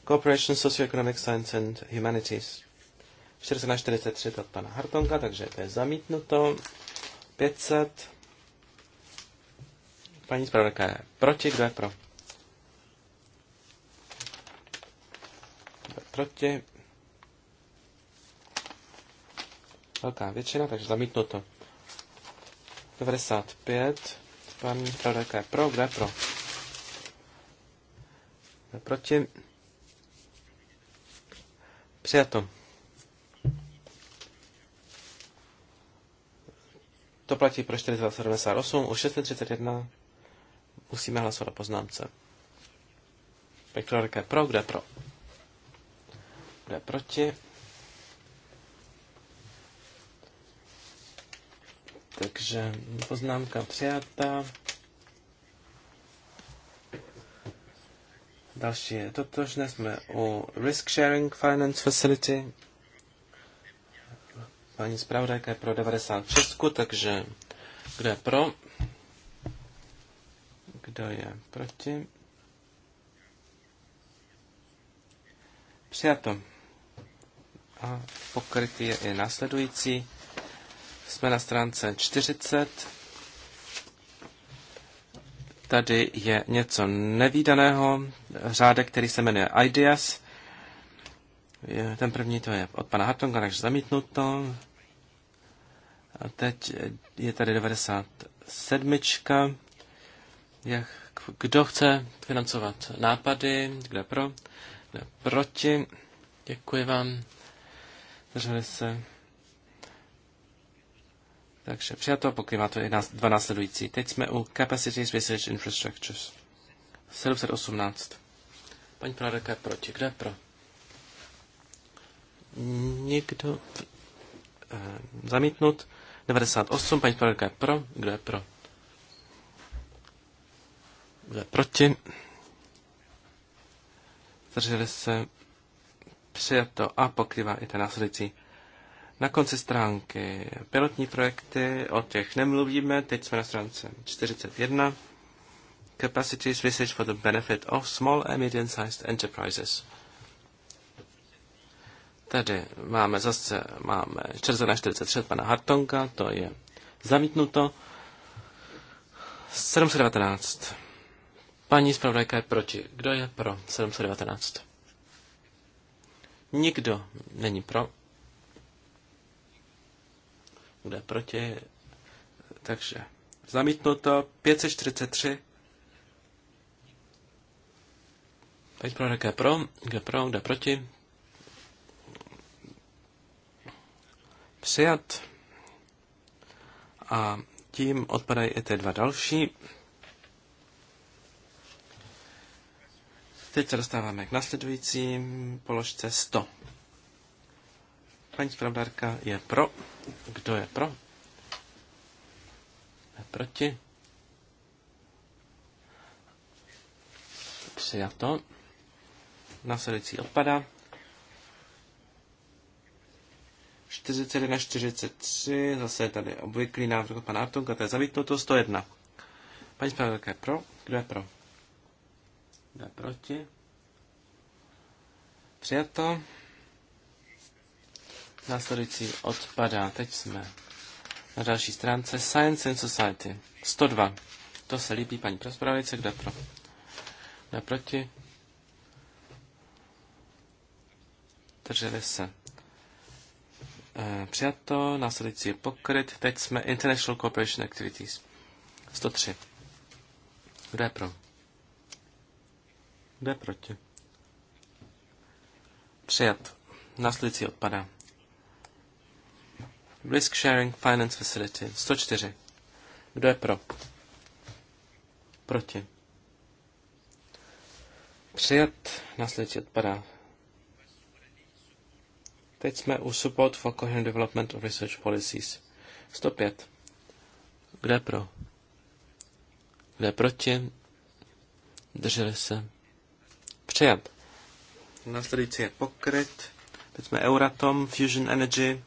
Cooperation, Socioeconomic Science and Humanities. 443 od pana Hartonka, takže to je zamítnuto. 500. Paní zpravodajka je proti, kdo je pro? je proti? Velká většina, takže zamítnuto. 95. Paní zpravodajka je pro, kdo je pro? je proti? Přijato. To platí pro 4278. U 631 musíme hlasovat o poznámce. Peklarka pro, kde pro? Kde proti? Takže poznámka přijata. Další je totožné, jsme u Risk Sharing Finance Facility. Paní zpravodajka je pro 96, takže kdo je pro? Kdo je proti? Přijato. A pokrytý je i následující. Jsme na stránce 40. Tady je něco nevýdaného, řádek, který se jmenuje Ideas. Ten první to je od pana Hartonga, takže zamítnuto. A teď je tady 97. Jak, kdo chce financovat nápady, kde pro, kde proti. Děkuji vám. Drželi se. Takže přijato, pokrývá to i nás, dva následující. Teď jsme u Capacities Research Infrastructures. 718. Paní Praderka je proti. Kdo je pro? Někdo e, zamítnut. 98. Paní Praderka je pro. Kdo je pro? Kdo je proti? Zdrželi se přijato a pokrývá i ten následující na konci stránky pilotní projekty, o těch nemluvíme, teď jsme na stránce 41. Capacities research for the benefit of small and medium-sized enterprises. Tady máme zase, máme červená 43 pana Hartonka, to je zamítnuto. 719. Paní zpravodajka je proti. Kdo je pro 719? Nikdo není pro bude proti? Takže zamítnuto 543. Teď pro, jaké pro, kde pro, kde proti. Přijat. A tím odpadají i ty dva další. Teď se dostáváme k nasledujícím položce 100. Paní zpravodárka je pro. Kdo je pro? Je proti? Přijato. Následující odpada. 41 43, zase je tady obvyklý návrh od pana Artunka, to je zavítnuto 101. Paní zpravodajka je pro, kdo je pro? Kdo je proti? Přijato. Následující odpadá. Teď jsme na další stránce. Science and Society. 102. To se líbí paní prospravice. kde pro? Kdo proti? Drželi se. E, přijato. Následující je pokryt. Teď jsme International Cooperation Activities. 103. Kde pro? Kde proti? Přijat. Následující odpadá. Risk Sharing Finance Facility 104. Kdo je pro? Proti. Přijat následně odpadá. Teď jsme u Support for Coherent Development of Research Policies 105. Kdo je pro? Kdo je proti? Drželi se. Přijat. Následující je pokryt. Teď jsme Euratom, Fusion Energy,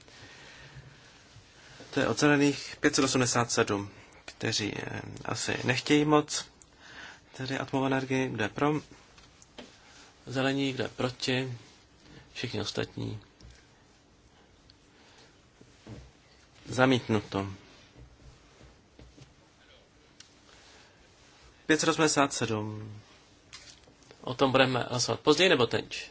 to je ocenených zelených 587, kteří eh, asi nechtějí moc tedy atmovou energii, kde pro zelení, kde proti, všichni ostatní. Zamítnuto. 587. O tom budeme hlasovat později nebo teď?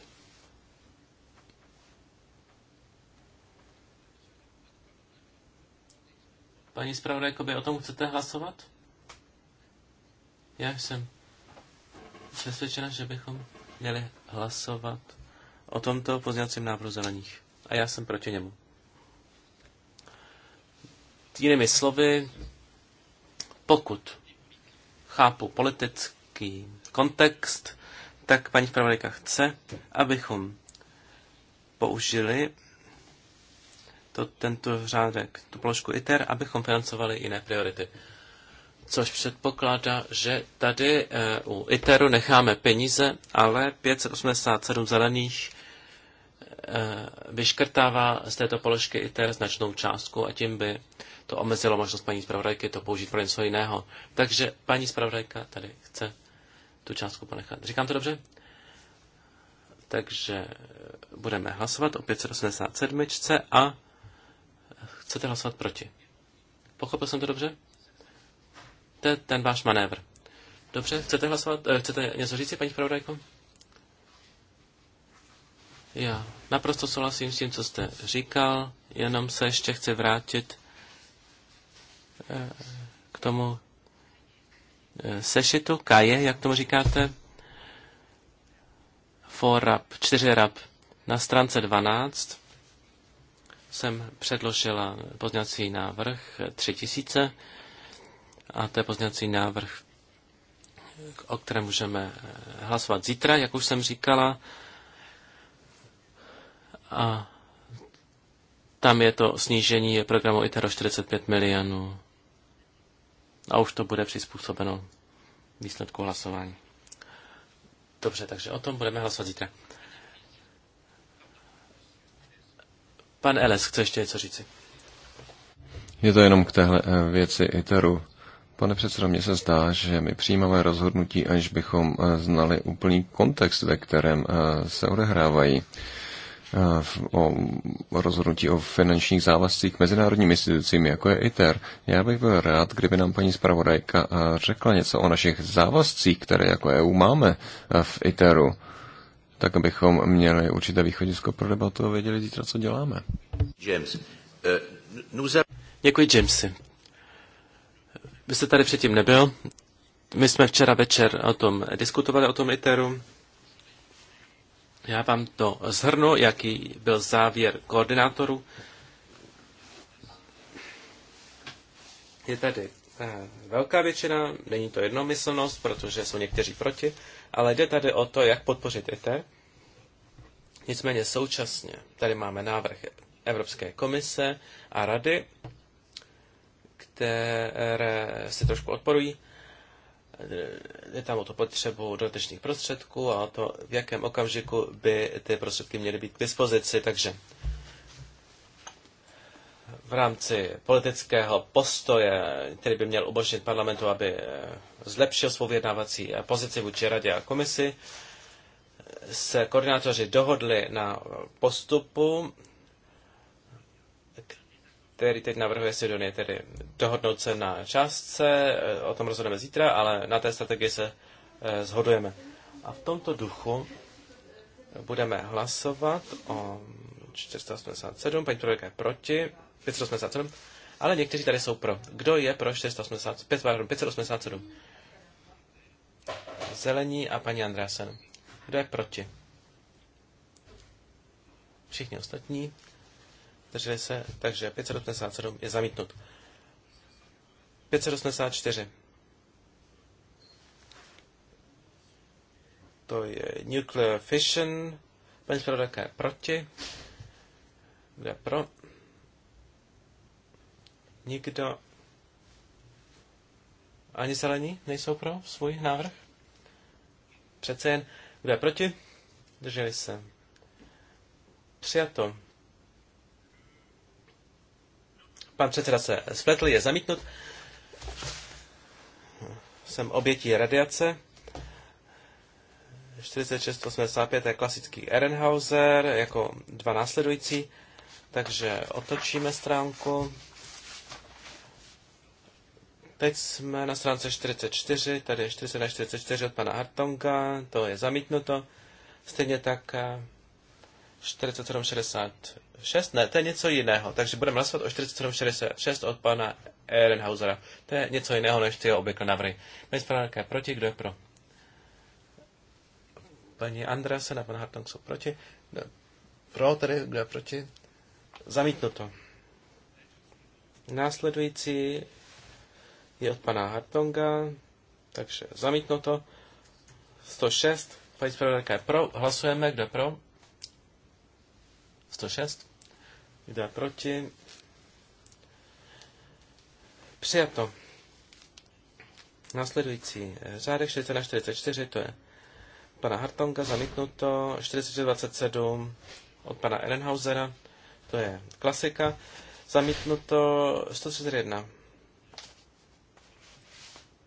Paní zpravodajko, vy o tom chcete hlasovat? Já jsem přesvědčena, že bychom měli hlasovat o tomto pozněvacím návrhu zelených. A já jsem proti němu. Jinými slovy, pokud chápu politický kontext, tak paní zpravodajka chce, abychom použili to, tento řádek, tu položku ITER, abychom financovali jiné priority. Což předpokládá, že tady eh, u ITERu necháme peníze, ale 587 zelených eh, vyškrtává z této položky ITER značnou částku a tím by to omezilo možnost paní zpravodajky to použít pro něco jiného. Takže paní zpravodajka tady chce tu částku ponechat. Říkám to dobře? Takže budeme hlasovat o 587 a Chcete hlasovat proti. Pochopil jsem to dobře? To je ten váš manévr. Dobře, chcete hlasovat? Eh, chcete něco říct, paní zpravodajko? Já naprosto souhlasím s tím, co jste říkal, jenom se ještě chci vrátit eh, k tomu eh, sešitu, kaje, jak tomu říkáte, for rap, čtyři rap, na stránce 12 jsem předložila pozněcí návrh 3000 a to je pozněcí návrh, o kterém můžeme hlasovat zítra, jak už jsem říkala. A tam je to snížení programu itero 45 milionů. A už to bude přizpůsobeno výsledku hlasování. Dobře, takže o tom budeme hlasovat zítra. Pan Eles, chce ještě něco říci? Je to jenom k téhle eh, věci ITERu. Pane předsedo, mně se zdá, že my přijímáme rozhodnutí, aniž bychom eh, znali úplný kontext, ve kterém eh, se odehrávají o rozhodnutí o finančních závazcích mezinárodním institucím, jako je ITER. Já bych byl rád, kdyby nám paní zpravodajka řekla něco o našich závazcích, které jako EU máme v ITERu tak abychom měli určité východisko pro debatu a věděli zítra, co děláme. James. Eh, Děkuji, Jamesy. Vy jste tady předtím nebyl. My jsme včera večer o tom diskutovali, o tom ITERu. Já vám to zhrnu, jaký byl závěr koordinátoru. Je tady eh, velká většina, není to jednomyslnost, protože jsou někteří proti ale jde tady o to, jak podpořit ITER. Nicméně současně tady máme návrh Evropské komise a rady, které si trošku odporují. Je tam o to potřebu dodatečných prostředků a o to, v jakém okamžiku by ty prostředky měly být k dispozici. Takže v rámci politického postoje, který by měl umožnit parlamentu, aby eh, zlepšil svou vyjednávací eh, pozici vůči radě a komisi, se koordinátoři dohodli na postupu, který teď navrhuje Sidonie, tedy dohodnout se na částce, eh, o tom rozhodneme zítra, ale na té strategii se zhodujeme. A v tomto duchu budeme hlasovat o 487, paní Trojka je proti, 587, ale někteří tady jsou pro. Kdo je pro 480, 5, pardon, 587? Zelení a paní Andrásen. Kdo je proti? Všichni ostatní drželi se, takže 587 je zamítnut. 584. To je nuclear fission. Paní zpravodajka je proti. Kdo je pro? Nikdo? Ani zelení nejsou pro svůj návrh? Přece jen. Kdo je proti? Drželi se. Přijato. Pan předseda se spletl, je zamítnut. Jsem obětí radiace. 4685 je klasický Ehrenhauser jako dva následující. Takže otočíme stránku. Teď jsme na stránce 44, tady je 40 na 44 od pana Hartonga, to je zamítnuto. Stejně tak 4766, eh, ne, to je něco jiného. Takže budeme hlasovat o 4766 od pana Ehrenhausera. To je něco jiného než ty obvyklé návrhy. Paní zpravodajka je proti, kdo je pro? Paní Andrase a pan Hartong jsou proti. Kdo pro, tedy kdo je proti? Zamítnuto. Následující je od pana Hartonga, takže to 106, paní zpravodajka je pro, hlasujeme, kdo je pro? 106, kdo je proti? Přijato. Následující řádek 40 na 44, to je pana Hartonga, zamítnuto, 4627 od pana Ellenhausera. to je klasika, zamítnuto 131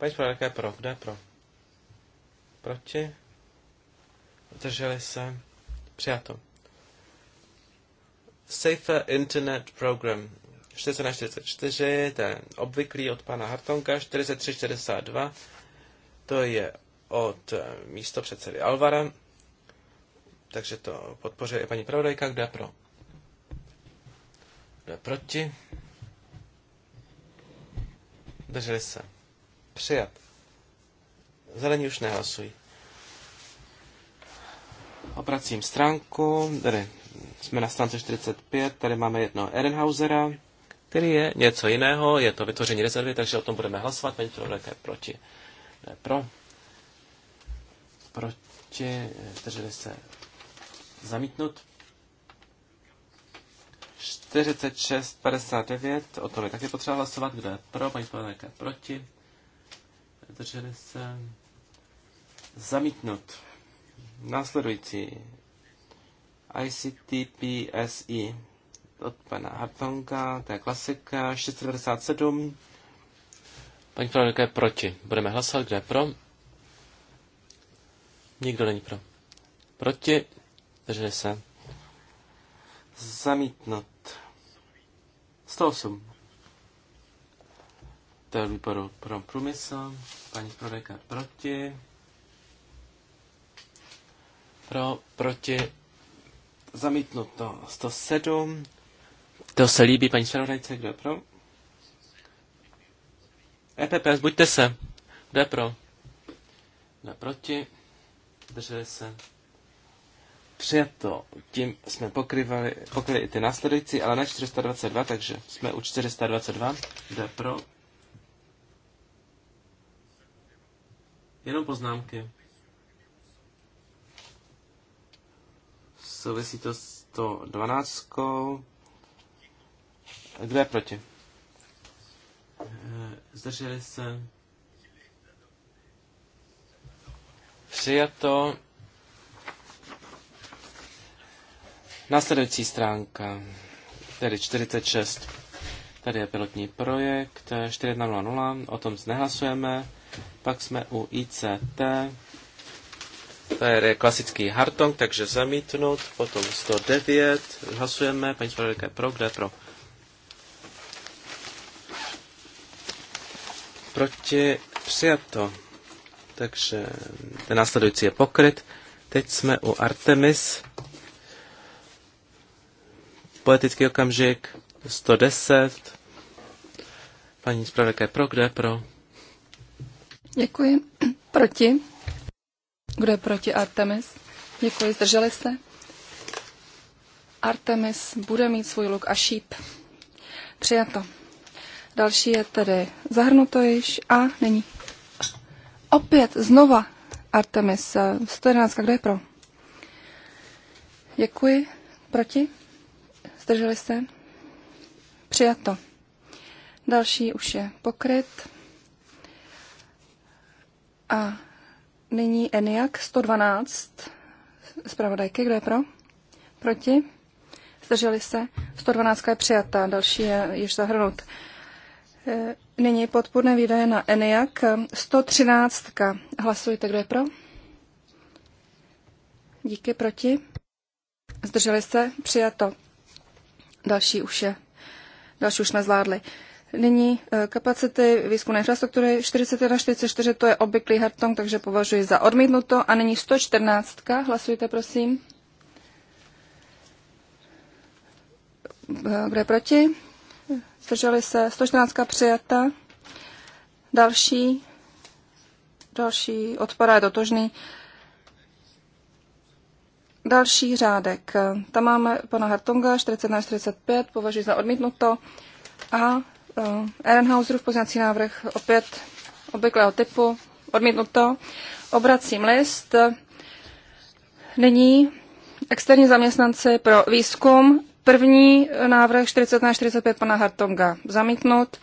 Pojď pro je pro. kde pro? Proti? Drželi se. Přijato. Safer Internet Program 4144, to je obvyklý od pana Hartonka, 4342, to je od eh, místo předsedy Alvara, takže to podpořuje i paní pravodajka, kde pro? Kde proti? Drželi se. Přijat. Zelení už nehlasují. Opracím stránku, tady jsme na stránce 45, tady máme jednoho Erenhausera, který je něco jiného, je to vytvoření rezervy, takže o tom budeme hlasovat, není to je proti. Ne, pro. Proti, zdrželi se zamítnut. 46, 59, o tom je taky potřeba hlasovat, kdo je pro, paní zpravodajka proti zdrželi se, zamítnout Následující ICTPSE od pana Hartonga, to je klasika, 697. Paní Klaudika je proti. Budeme hlasovat, kde je pro. Nikdo není pro. Proti. Drželi se. Zamítnout. 108. Del výboru pro průmysl. Paní zpravodajka proti. Pro, proti. Zamítnuto 107. To se líbí, paní zpravodajce, kdo je pro? EPP, zbuďte se. Kdo je pro? Kdo je proti? Drželi se. Přijato. Tím jsme pokryvali, pokryli i ty následující, ale na 422, takže jsme u 422. Kdo je pro? Jenom poznámky. Souvisí to s to dvanáctkou. Kdo je proti? Eh, zdrželi se. Přijato. Následující stránka, tedy 46. Tady je pilotní projekt 4100, eh, o tom znehlasujeme. Pak jsme u ICT. To je klasický hartong, takže zamítnout. Potom 109. Hlasujeme. Paní zpravodajka pro. Kde je pro? Proti přijato. Takže ten následující je pokryt. Teď jsme u Artemis. Poetický okamžik 110. Paní zpravodajka pro. Kde pro? Děkuji. Proti? Kdo je proti Artemis? Děkuji, zdrželi se. Artemis bude mít svůj luk a šíp. Přijato. Další je tedy zahrnuto již a není. Opět znova Artemis 111, Kdo je pro? Děkuji. Proti? Zdrželi se? Přijato. Další už je pokryt. A nyní Eniak 112 zpravodajky. Kdo je pro? Proti? Zdrželi se? 112 je přijatá, další je již zahrnut. E, nyní podpůrné výdaje na ENIAC 113. Hlasujte, kdo je pro? Díky, proti. Zdrželi se, přijato. Další už je. Další už jsme zvládli. Nyní eh, kapacity výzkumné infrastruktury 41-44, to je obvyklý hartong, takže považuji za odmítnuto. A nyní 114, hlasujte prosím. Eh, kdo je proti? Zdrželi se 114 přijata. Další, další odpora je totožný. Další řádek. Tam máme pana Hartonga 41-45, považuji za odmítnuto. A Eh, Ehrenhauserův poznací návrh opět obvyklého typu, odmítnuto. Obracím list. Nyní externí zaměstnanci pro výzkum. První návrh 40 na 45 pana Hartonga zamítnut.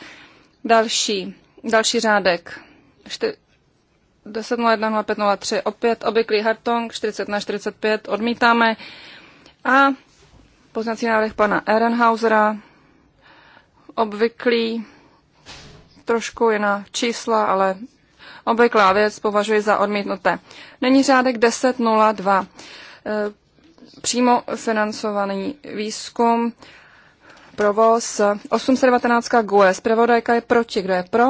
Další, další řádek 10.01.05.03 opět obvyklý Hartong 40 na 45 odmítáme. A poznací návrh pana Ehrenhausera obvyklý, trošku jiná čísla, ale obvyklá věc považuji za odmítnuté. Není řádek 10.02. E, přímo financovaný výzkum, provoz 819 GUE. Zpravodajka je proti. Kdo je pro?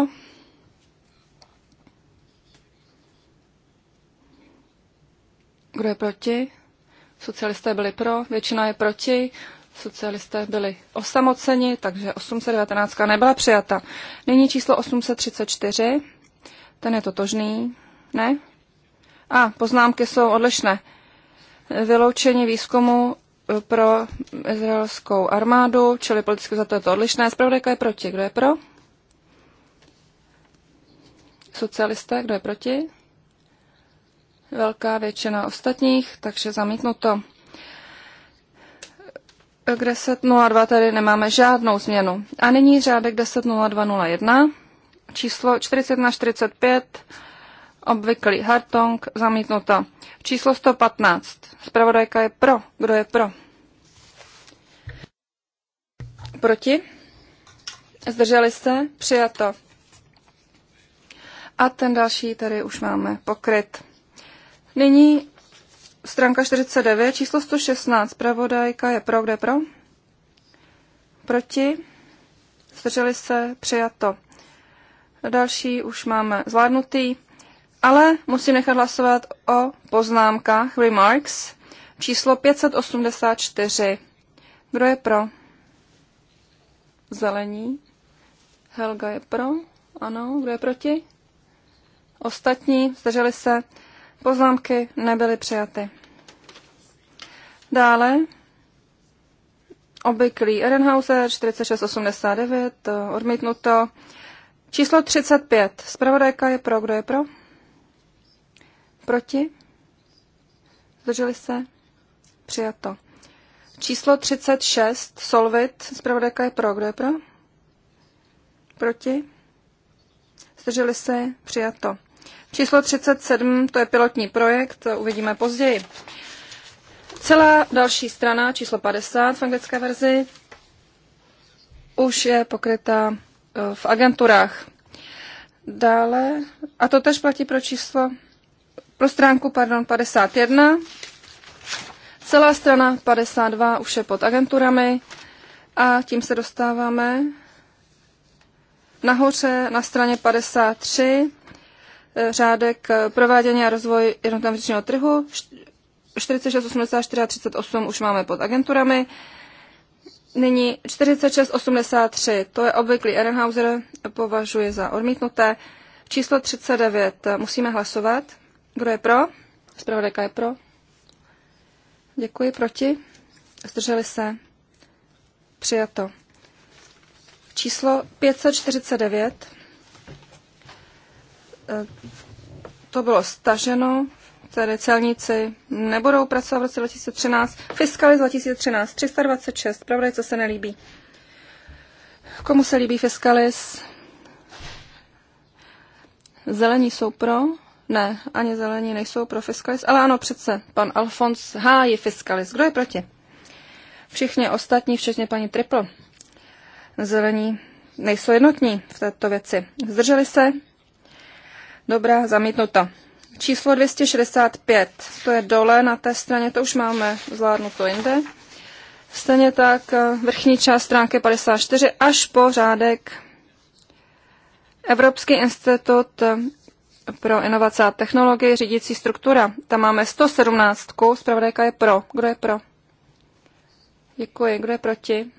Kdo je proti? Socialisté byli pro, většina je proti socialisté byli osamoceni, takže 819 nebyla přijata. Nyní číslo 834, ten je totožný, ne? A poznámky jsou odlišné. Vyloučení výzkumu eh, pro izraelskou armádu, čili politicky za to je to odlišné. Zpravodajka je proti. Kdo je pro? Socialisté, kdo je proti? Velká většina ostatních, takže zamítnuto. to. K 10.02 tady nemáme žádnou změnu. A nyní řádek 10.02.01, číslo 4145, obvyklý Hartong, zamítnuto. Číslo 115, zpravodajka je pro. Kdo je pro? Proti? Zdrželi se? Přijato. A ten další tady už máme pokryt. Nyní stránka 49, číslo 116, pravodajka je pro, kde pro? Proti? Zdrželi se, přijato. Další už máme zvládnutý, ale musím nechat hlasovat o poznámkách, remarks, číslo 584. Kdo je pro? Zelení. Helga je pro. Ano, kdo je proti? Ostatní zdrželi se Poznámky nebyly přijaty. Dále obvyklý Ehrenhauser 4689, odmítnuto. Číslo 35. Spravodajka je pro. Kdo je pro? Proti? Zdrželi se? Přijato. Číslo 36. Solvit. Spravodajka je pro. Kdo je pro? Proti? Zdrželi se? Přijato. Číslo 37, to je pilotní projekt, uvidíme později. Celá další strana, číslo 50 v anglické verzi, už je pokryta eh, v agenturách. Dále, a to tež platí pro číslo, pro stránku, pardon, 51. Celá strana 52 už je pod agenturami a tím se dostáváme nahoře na straně 53 řádek eh, provádění a rozvoj jednotného vnitřního trhu, 46, 84 a 38 už máme pod agenturami. Nyní 4683, to je obvyklý Ehrenhauser, považuji za odmítnuté. Číslo 39, musíme hlasovat. Kdo je pro? Zpravodajka je pro. Děkuji, proti. Zdrželi se. Přijato. Číslo 549. Eh, to bylo staženo, tedy celníci nebudou pracovat v roce 2013, fiskalis 2013 326, pravda co se nelíbí. Komu se líbí fiskalis? Zelení jsou pro? Ne, ani zelení nejsou pro fiskalis, ale ano přece, pan Alfons hájí fiskalis. Kdo je proti? Všichni ostatní, včetně paní Triple. Zelení nejsou jednotní v této věci. Zdrželi se? Dobrá, zamítnuta. Číslo 265, to je dole na té straně, to už máme zvládnuto jinde. Stejně tak eh, vrchní část stránky 54 až po řádek Evropský institut eh, pro inovace a technologie řídící struktura. Tam máme 117, zpravodajka je pro. Kdo je pro? Děkuji. Kdo je proti?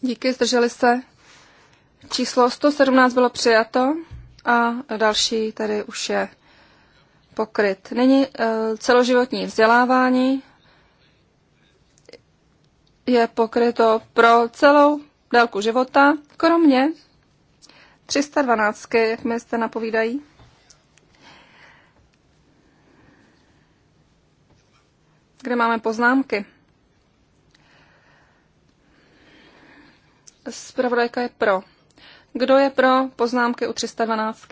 Díky, zdrželi se. Číslo 117 bylo přijato a další tady už je pokryt. Nyní eh, celoživotní vzdělávání je pokryto pro celou délku života, kromě 312, jak mi jste napovídají. Kde máme poznámky? Spravodajka je pro. Kdo je pro poznámky u 312?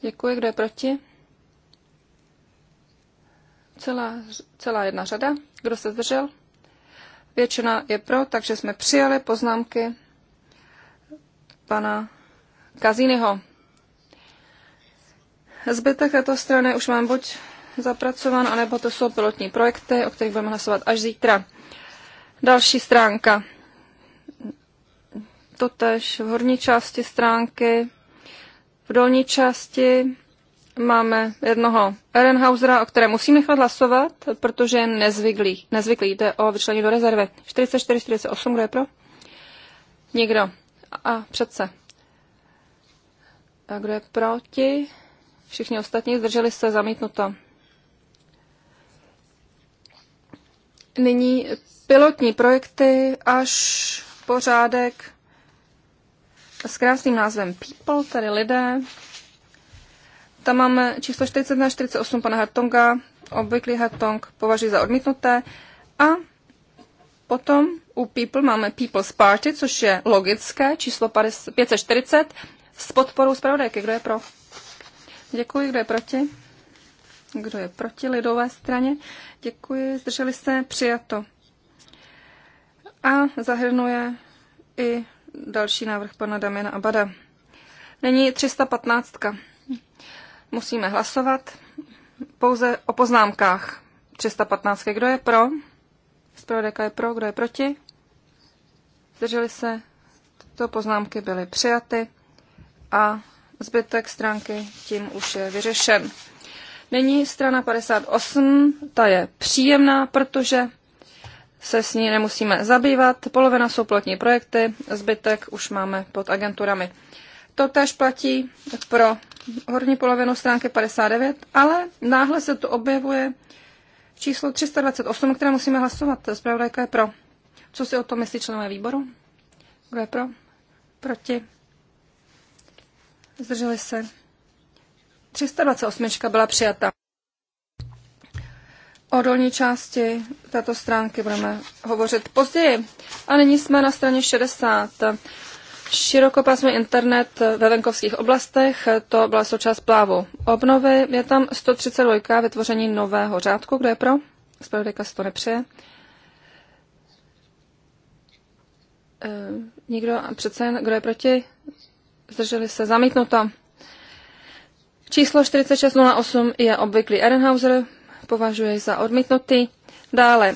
Děkuji. Kdo je proti? Celá, celá jedna řada. Kdo se zdržel? Většina je pro, takže jsme přijali poznámky pana Kazínyho. Zbytek této strany už mám buď zapracovan, anebo to jsou pilotní projekty, o kterých budeme hlasovat až zítra. Další stránka totež v horní části stránky. V dolní části máme jednoho Ehrenhausera, o kterém musím nechat hlasovat, protože je nezvyklý. nezvyklý. Jde o vyčlení do rezervy. 44, 48, kdo je pro? Nikdo. A přece. A kdo je proti? Všichni ostatní zdrželi se zamítnuto. Nyní pilotní projekty až pořádek s krásným názvem People, tady lidé. Tam máme číslo 41 48 pana Hartonga, obvyklý Hartong považuji za odmítnuté. A potom u People máme People's Party, což je logické, číslo 540 s podporou zpravodajky. Kdo je pro? Děkuji, kdo je proti? Kdo je proti lidové straně? Děkuji, zdrželi se, přijato. A zahrnuje i další návrh pana Damiana Abada. Není 315. Musíme hlasovat pouze o poznámkách. 315. Kdo je pro? Zpravodajka je pro, kdo je proti? Zdrželi se? Tyto poznámky byly přijaty a zbytek stránky tím už je vyřešen. Nyní strana 58, ta je příjemná, protože se s ní nemusíme zabývat. Polovina jsou plotní projekty, zbytek už máme pod agenturami. To též platí pro horní polovinu stránky 59, ale náhle se tu objevuje číslo 328, které musíme hlasovat. Zpravodajka je pro. Co si o tom myslí členové výboru? Kdo je pro? Proti? Zdrželi se. 328 byla přijata. O dolní části této stránky budeme hovořit později. A nyní jsme na straně 60. Širokopásmový internet ve venkovských oblastech, to byla součást plávu obnovy. Je tam 132 vytvoření nového řádku. Kdo je pro? Spravodajka si to nepřeje. E, nikdo? Přece jen, kdo je proti? Zdrželi se. Zamítnuto. Číslo 4608 je obvyklý Ehrenhauser považuje za odmítnutý. Dále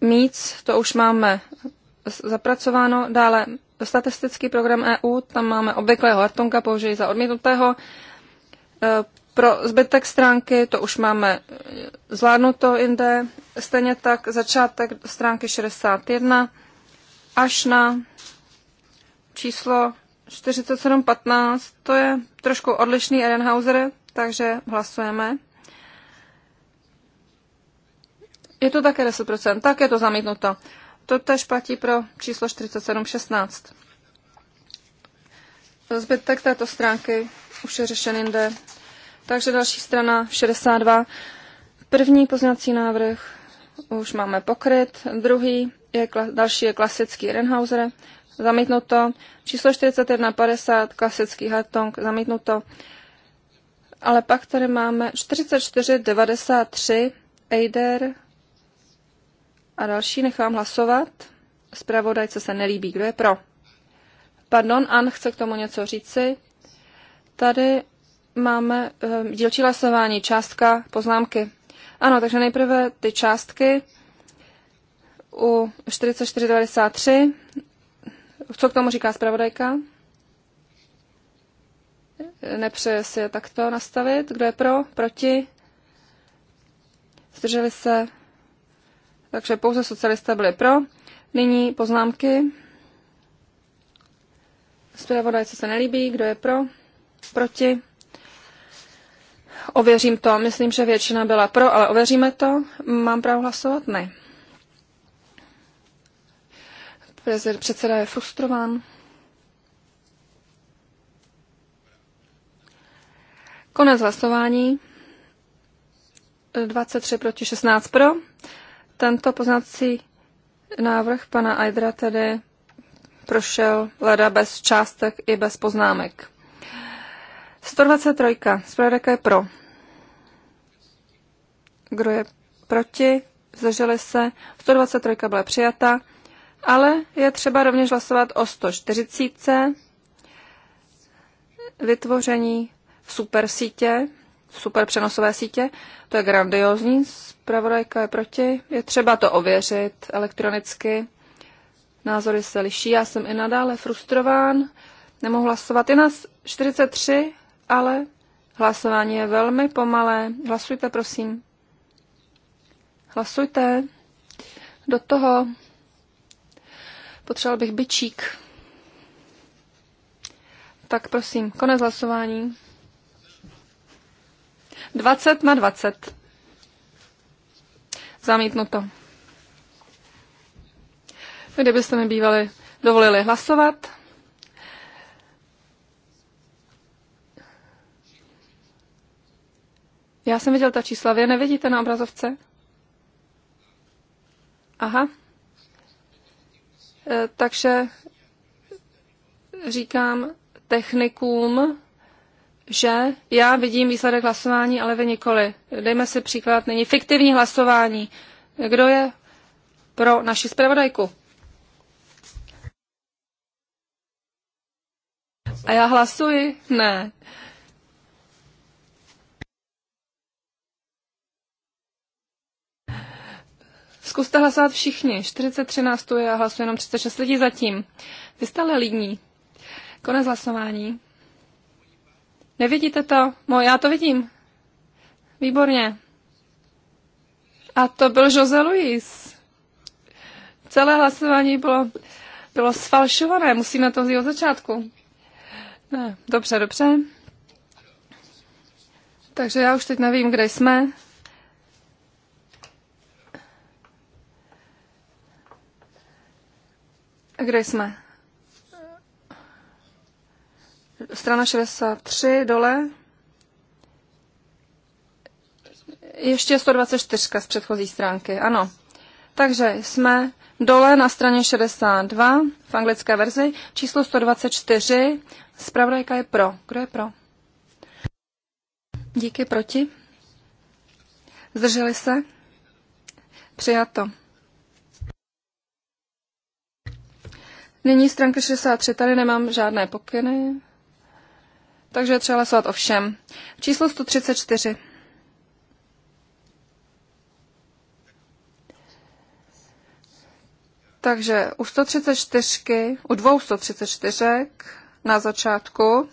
MIC, to už máme zapracováno. Dále statistický program EU, tam máme obvyklého Hartunga, použijí za odmítnutého. E, pro zbytek stránky to už máme e, zvládnuto jinde. Stejně tak začátek stránky 61 až na číslo 4715, to je trošku odlišný Ehrenhauser, takže hlasujeme. Je to také 10%, tak je to zamítnuto. To tež platí pro číslo 4716. Zbytek této stránky už je řešen jinde. Takže další strana 62. První poznací návrh už máme pokryt, druhý je, další je klasický Renhauser, zamítnuto, číslo 4150, klasický Hartong, zamítnuto, ale pak tady máme 4493 Eider a další nechám hlasovat. Zpravodajce se nelíbí. Kdo je pro? Pardon, An chce k tomu něco říci. Tady máme um, dílčí hlasování, částka, poznámky. Ano, takže nejprve ty částky u 4493. Co k tomu říká zpravodajka? Nepřeje si je takto nastavit. Kdo je pro? Proti? Zdrželi se? Takže pouze socialisté byli pro. Nyní poznámky. Zpravodajce se nelíbí. Kdo je pro? Proti? Ověřím to. Myslím, že většina byla pro, ale ověříme to. Mám právo hlasovat? Ne. Prezident předseda je frustrován. Konec hlasování. 23 proti 16 pro. Tento poznací návrh pana Aydra tedy prošel leda bez částek i bez poznámek. 123. Zpravodajka je pro. Kdo je proti? Zdrželi se. 123 byla přijata. Ale je třeba rovněž hlasovat o 140. Vytvoření super sítě, super přenosové sítě. To je grandiozní, zpravodajka je proti. Je třeba to ověřit elektronicky. Názory se liší, já jsem i nadále frustrován, nemohu hlasovat. Je nás 43, ale hlasování je velmi pomalé. Hlasujte, prosím. Hlasujte. Do toho potřeboval bych byčík. Tak prosím, konec hlasování. 20 na 20. Zamítnuto. Kdybyste mi bývali dovolili hlasovat. Já jsem viděl ta čísla. Vy je nevidíte na obrazovce? Aha. E, takže říkám technikům, že já vidím výsledek hlasování, ale vy nikoli. Dejme si příklad, není fiktivní hlasování. Kdo je pro naši zpravodajku? A já hlasuji? Ne. Zkuste hlasovat všichni. 43 nás tu je a hlasuje jenom 36 lidí zatím. Vy jste ale lidní. Konec hlasování. Nevidíte to? No, já to vidím. Výborně. A to byl Jose Luis. Celé hlasování bylo, bylo sfalšované. Musíme to vzít od začátku. Ne, dobře, dobře. Takže já už teď nevím, kde jsme. Kde jsme? Strana 63 dole. Ještě 124 z předchozí stránky, ano. Takže jsme dole na straně 62 v anglické verzi, číslo 124. Zpravodajka je pro. Kdo je pro? Díky proti. Zdrželi se? Přijato. Nyní stránka 63, tady nemám žádné pokyny. Takže je třeba hlasovat o všem. Číslo 134. Takže u 134, u dvou 134 na začátku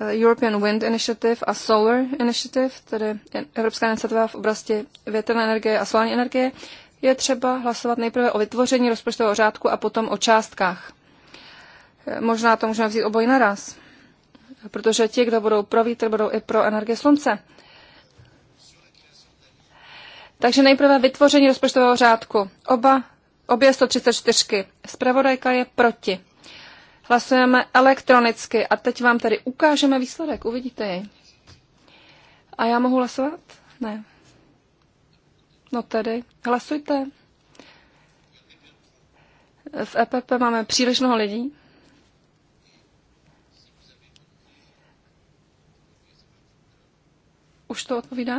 eh, European Wind Initiative a Solar Initiative, tedy Evropská iniciativa v oblasti větrné energie a solární energie, je třeba hlasovat nejprve o vytvoření rozpočtového řádku a potom o částkách. Možná to můžeme vzít obojí naraz, protože ti, kdo budou pro vítr, budou i pro energie slunce. Takže nejprve vytvoření rozpočtového řádku. Oba, obě 134. Spravodajka je proti. Hlasujeme elektronicky a teď vám tady ukážeme výsledek, uvidíte jej. A já mohu hlasovat? Ne. No tedy, hlasujte. V EPP máme příliš mnoho lidí. Už to odpovídá?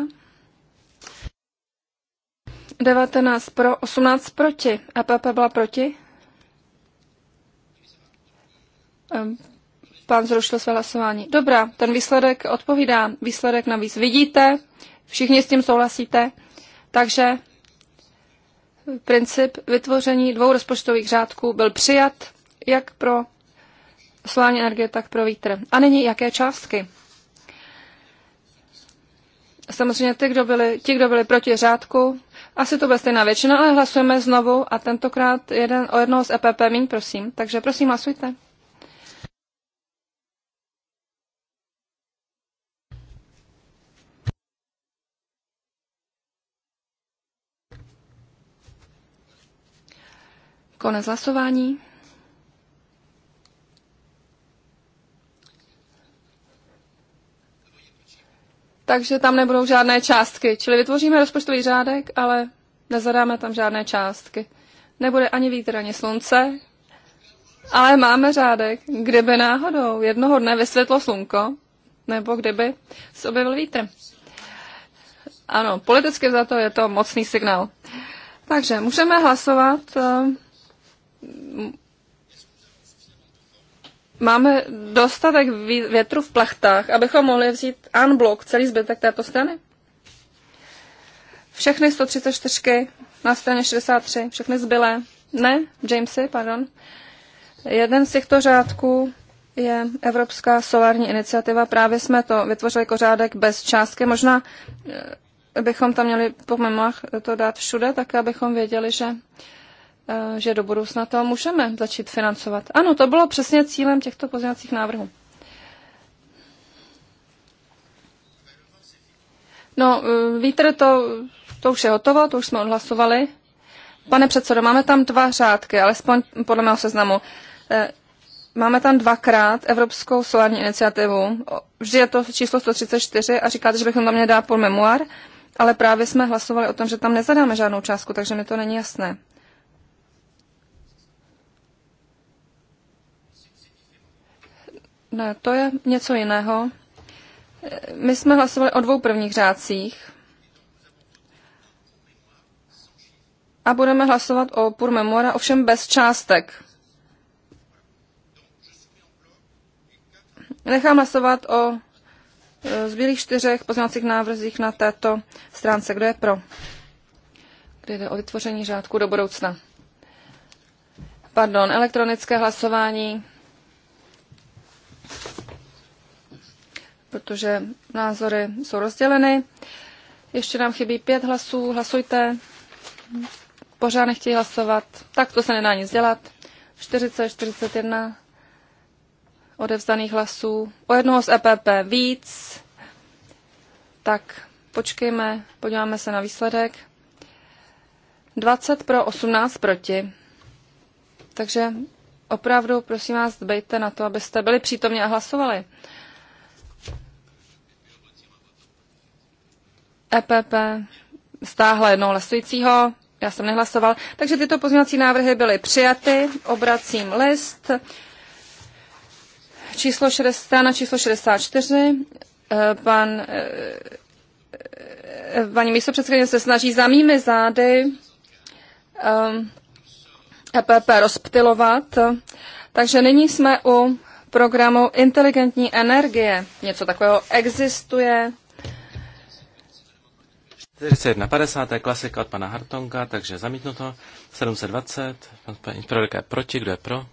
19 pro, 18 proti. EPP byla proti? Pán zrušil své hlasování. Dobrá, ten výsledek odpovídá. Výsledek navíc vidíte, všichni s tím souhlasíte. Takže princip vytvoření dvou rozpočtových řádků byl přijat jak pro solární energie, tak pro vítr. A nyní jaké částky? samozřejmě ty, kdo byli, ti, kdo byli proti řádku, asi to bude stejná většina, ale hlasujeme znovu a tentokrát jeden, o jednoho z EPP míň, prosím. Takže prosím, hlasujte. Konec hlasování. takže tam nebudou žádné částky. Čili vytvoříme rozpočtový řádek, ale nezadáme tam žádné částky. Nebude ani vítr, ani slunce, ale máme řádek, kdyby náhodou jednoho dne vysvětlo slunko, nebo kdyby se objevil vítr. Ano, politicky za to je to mocný signál. Takže můžeme hlasovat eh, máme dostatek větru v plachtách, abychom mohli vzít unblock celý zbytek této strany? Všechny 134 na straně 63, všechny zbylé. Ne, Jamesy, pardon. Jeden z těchto řádků je Evropská solární iniciativa. Právě jsme to vytvořili jako řádek bez částky. Možná eh, bychom tam měli po memách to dát všude, tak abychom věděli, že Eh, že do budoucna to můžeme začít financovat. Ano, to bylo přesně cílem těchto pozměňovacích návrhů. No, eh, vítr to, to už je hotovo, to už jsme odhlasovali. Pane předsedo, máme tam dva řádky, alespoň podle mého seznamu. Eh, máme tam dvakrát Evropskou solární iniciativu. Vždy je to číslo 134 a říkáte, že bychom tam měli dát půl memoir, ale právě jsme hlasovali o tom, že tam nezadáme žádnou částku, takže mi to není jasné. Ne, to je něco jiného. My jsme hlasovali o dvou prvních řádcích a budeme hlasovat o pur memora, ovšem bez částek. Nechám hlasovat o e, zbylých čtyřech pozměňovacích návrzích na této stránce. Kdo je pro? Kde jde o vytvoření řádku do budoucna? Pardon, elektronické hlasování. protože názory jsou rozděleny. Ještě nám chybí pět hlasů, hlasujte. Pořád nechtějí hlasovat, tak to se nedá nic dělat. 40, 41 odevzdaných hlasů, o jednoho z EPP víc. Tak počkejme, podíváme se na výsledek. 20 pro, 18 proti. Takže opravdu, prosím vás, dbejte na to, abyste byli přítomně a hlasovali. EPP stáhla jednoho hlasujícího, já jsem nehlasoval, takže tyto pozměňovací návrhy byly přijaty, obracím list číslo 60 na číslo 64. E, pan, e, e, paní místopředsedkyně se snaží za mými zády EPP rozptilovat, takže nyní jsme u programu Inteligentní energie. Něco takového existuje 41, 50, klasika od pana Hartonga, takže zamítnuto. 720, pan zpravodajka je proti, kdo je pro?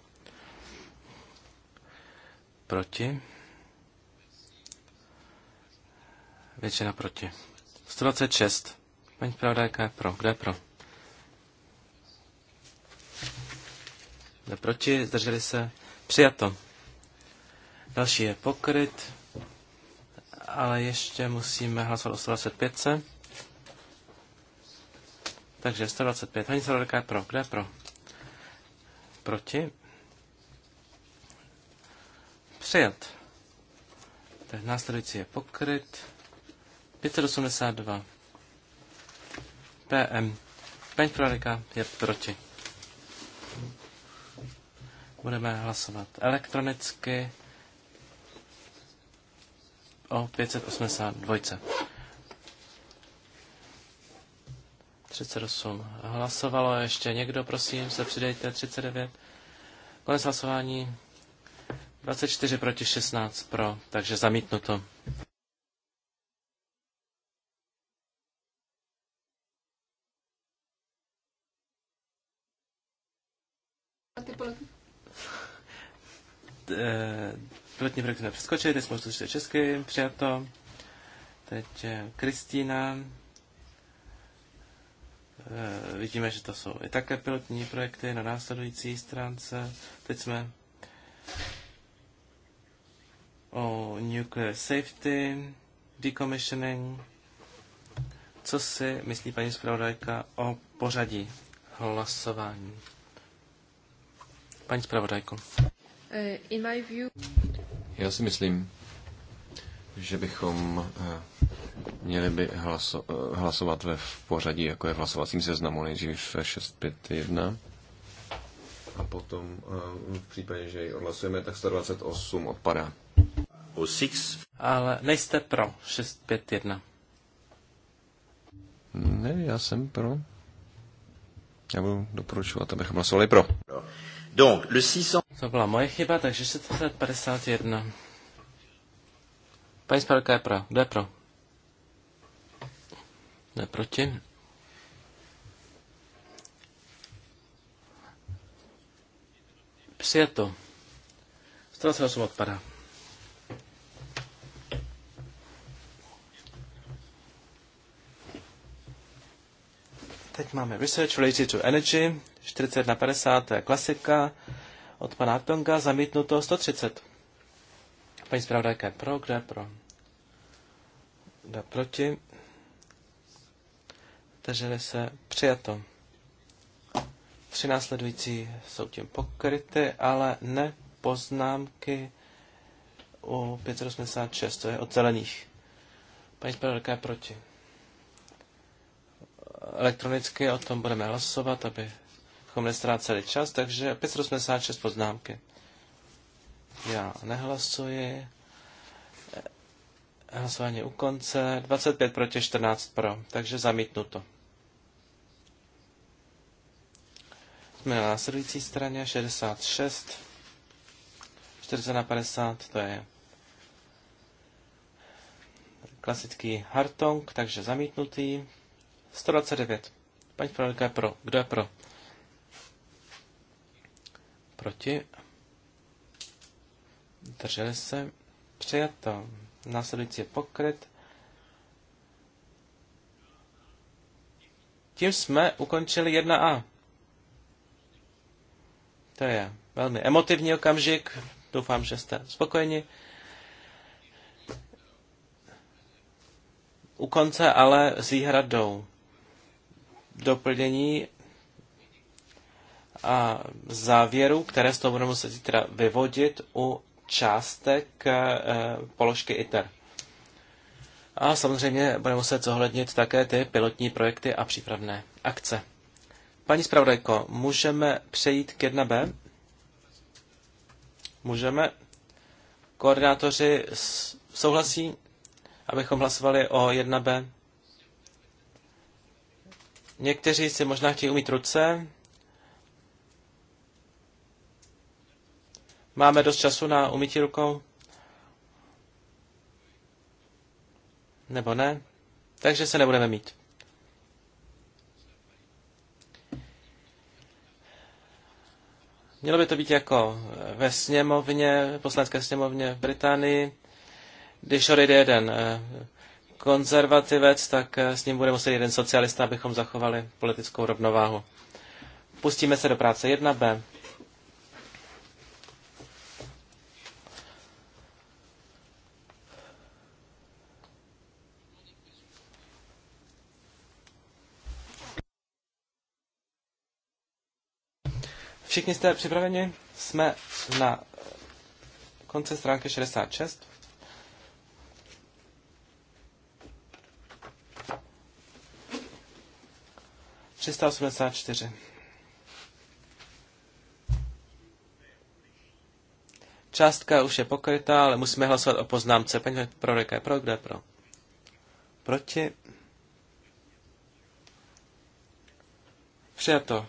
Proti. Většina proti. 126, paní zpravodajka je pro, kdo je pro? Kdo je proti, zdrželi se. Přijato. Další je pokryt, ale ještě musíme hlasovat o 125. Takže 125. Hanice Rodeka je pro. Kde je pro? Proti? Přijat. Tak následující je pokryt. 582. PM. pro Rodeka je proti. Budeme hlasovat elektronicky o 582. 38 hlasovalo. Ještě někdo, prosím, se přidejte. 39. Konec hlasování. 24 proti 16 pro, takže zamítnuto. Eh, pilotní projekt jsme přeskočili, teď jsme už to česky, přijato. Teď Kristýna, Eh, vidíme, že to jsou i také pilotní projekty na následující stránce. Teď jsme o nuclear safety, decommissioning. Co si myslí paní zpravodajka o pořadí hlasování? Paní zpravodajko. Eh, in my view... Já si myslím, že bychom eh, Měli by hlaso, eh, hlasovat ve v pořadí, jako je v hlasovacím seznamu, nejdřív 651. A potom eh, v případě, že ji odhlasujeme, tak 128 odpadá. O six. Ale nejste pro 651. Ne, já jsem pro. Já budu doporučovat, abychom hlasovali pro. Donc, le 600... To byla moje chyba, takže 651. Paní Sparka je pro. Kdo je pro? Ne proti. se 128 odpadá. Teď máme Research Related to Energy, 40 na 50, klasika, od pana Artonga, zamítnuto 130. Paní zpravodajka je pro, kde je pro? Kde proti? Drželi se přijato. Tři následující jsou tím pokryty, ale ne poznámky u 586, to je od zelených. Paní zpravodajka je proti. Elektronicky o tom budeme hlasovat, abychom nestráceli čas, takže 586 poznámky. Já nehlasuji. Hlasování u konce. 25 proti 14 pro, takže zamítnuto. jsme na následující straně 66, 40 na 50, to je klasický Hartong, takže zamítnutý. 129. Paní Fralika je pro. Kdo je pro? Proti. Drželi se. Přijato. Následující je pokryt. Tím jsme ukončili 1A. To je velmi emotivní okamžik. Doufám, že jste spokojeni. U konce ale s výhradou doplnění a závěru, které z toho budeme muset zítra vyvodit u částek eh, položky ITER. A samozřejmě budeme muset zohlednit také ty pilotní projekty a přípravné akce. Paní zpravodajko, můžeme přejít k 1B? Můžeme. Koordinátoři souhlasí, abychom hlasovali o 1B. Někteří si možná chtějí umít ruce. Máme dost času na umytí rukou? Nebo ne? Takže se nebudeme mít. Mělo by to být jako ve sněmovně, poslanecké sněmovně v Británii. Když odejde jeden eh, konzervativec, tak eh, s ním bude muset jeden socialista, abychom zachovali politickou rovnováhu. Pustíme se do práce 1b. Všichni jste připraveni? Jsme na konci stránky 66. Částka už je pokrytá, ale musíme hlasovat o poznámce. Peň pro je pro, kde pro? Proti. Přijato.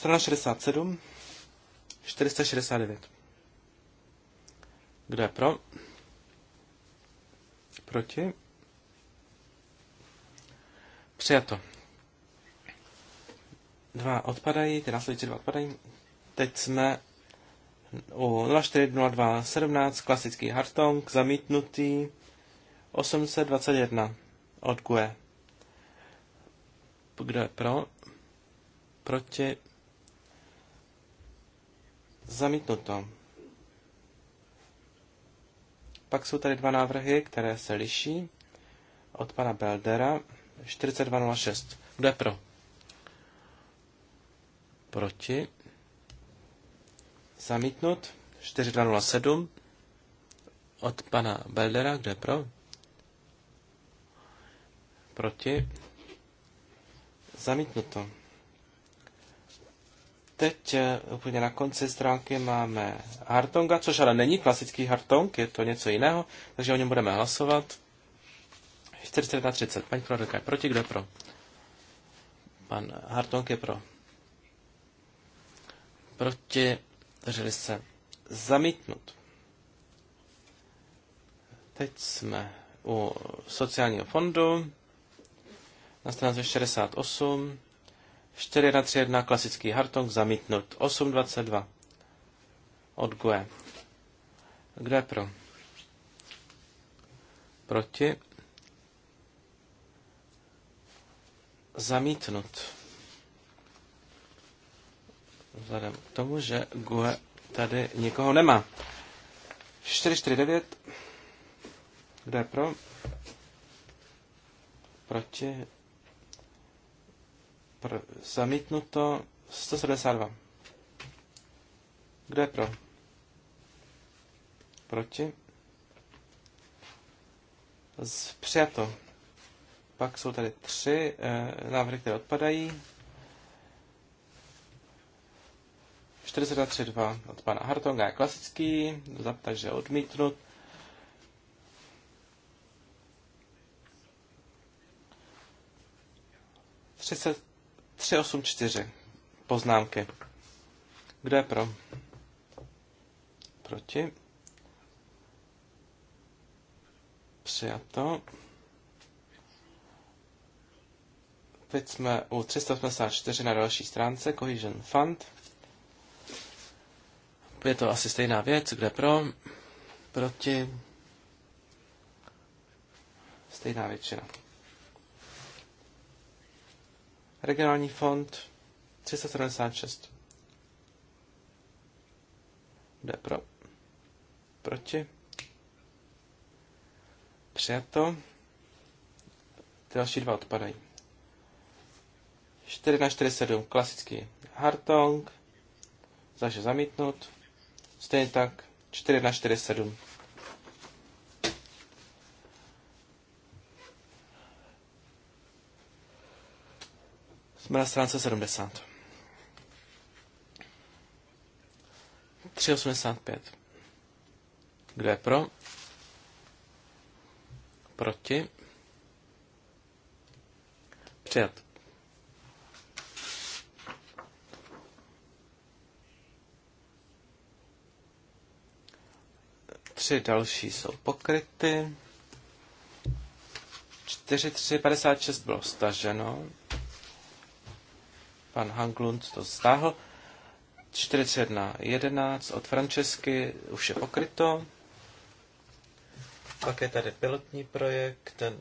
Strana 67, 469. Kdo je pro? Proti? Přijato. Dva odpadají, ty následující dva odpadají. Teď jsme u 040217, klasický Hartong, zamítnutý 821 od GUE. Kdo je pro? Proti? Zamítnuto. Pak jsou tady dva návrhy, které se liší. Od pana Beldera 4206. Kdo je pro? Proti. Zamítnut 4207. Od pana Beldera, je pro? Proti. Zamítnuto. Teď eh, úplně na konci stránky máme Hartonga, což ale není klasický Hartong, je to něco jiného, takže o něm budeme hlasovat. 41 30. Paní Klodeka je proti, kdo je pro? Pan Hartong je pro. Proti, drželi se zamítnut. Teď jsme u sociálního fondu na straně 68. 4 na 3, 1, klasický Hartong, zamítnut. 8, 22. Od Gue. Kdo je pro? Proti. Zamítnut. Vzhledem k tomu, že Gue tady nikoho nemá. 4, 4, 9. Kdo je pro? Proti pr- zamítnuto 172. Kdo je pro? Proti? Z, přijato. Pak jsou tady tři e, návrhy, které odpadají. 432 od pana Hartonga je klasický, takže odmítnut. Třicet 384. Poznámky. Kdo je pro? Proti? Přijato. Teď jsme u 384 na další stránce, Cohesion Fund. Je to asi stejná věc, kde pro, proti, stejná většina. Regionální fond 376. Jde pro. Proti. Přijato. Ty další dva odpadají. 4 na 47, klasický Hartong, Zaže zamítnut. Stejně tak 4 na 47. Jsme na stránce 70. 385. Kdo je pro? Proti? Přijat. Tři další jsou pokryty. 4356 bylo staženo. Pan Hanglund to stáhl. 41.11 od Francesky už je pokryto. Pak je tady pilotní projekt, ten,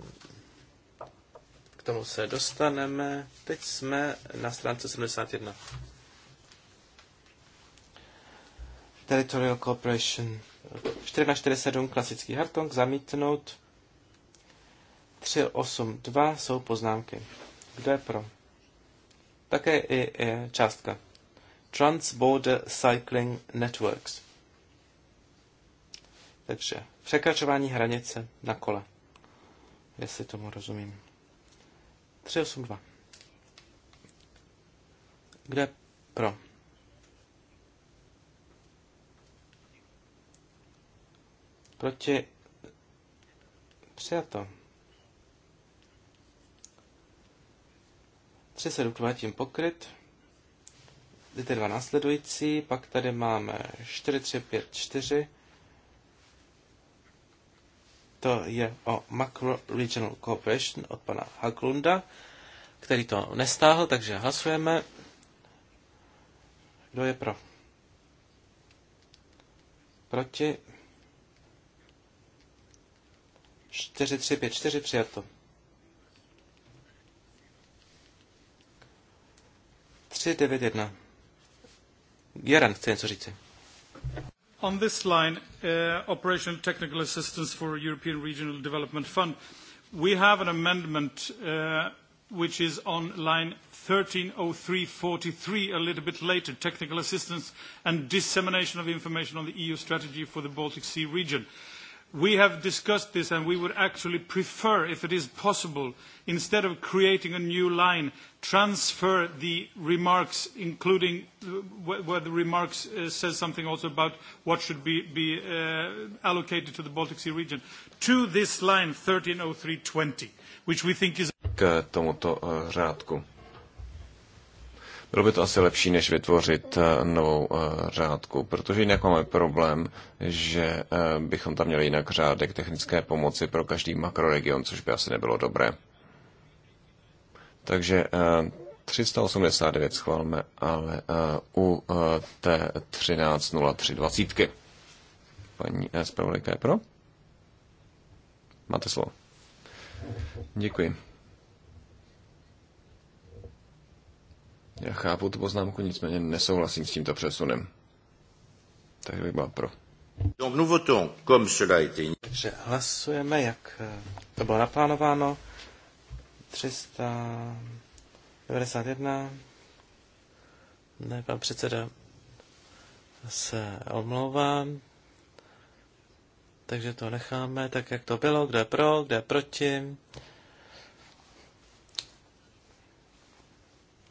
k tomu se dostaneme. Teď jsme na stránce 71. Territorial cooperation 4 klasický hartong, zamítnout 382 jsou poznámky. Kdo je pro? také i částka. Transborder Cycling Networks. Takže překračování hranice na kole. Jestli tomu rozumím. 382. Kde pro? Proti přijato. 37 je tím pokryt. Jdete dva následující, pak tady máme 4, 3, 5, 4. To je o Macro Regional Cooperation od pana Haglunda, který to nestáhl, takže hlasujeme. Kdo je pro? Proti? 4, 3, 5, 4, přijato. 391. Jaran chce něco říci. On this line, uh, Operational Technical Assistance for European Regional Development Fund, we have an amendment uh, which is on line 130343, a little bit later, technical assistance and dissemination of information on the EU strategy for the Baltic Sea region. Uh, We have discussed this, and we would actually prefer, if it is possible, instead of creating a new line, transfer the remarks, including uh, where the remarks uh, says something also about what should be, be uh, allocated to the Baltic Sea region, to this line 130320, which we think is... K tomuto uh, řádku. Bylo by to asi lepší, než vytvořit eh, novou eh, řádku, protože jinak máme problém, že eh, bychom tam měli jinak řádek technické pomoci pro každý makroregion, což by asi nebylo dobré. Takže 389 schválme, ale u té 13.03.20. Paní zpravodajka je pro? Máte slovo. Děkuji. Já chápu tu poznámku, nicméně nesouhlasím s tímto přesunem. Tak bych byla pro. Donc nous votons comme cela a été. Takže hlasujeme, jak eh, to bylo naplánováno. 391. Ne, pan předseda se omlouvá. Takže to necháme tak, jak to bylo. Kde pro, kde proti.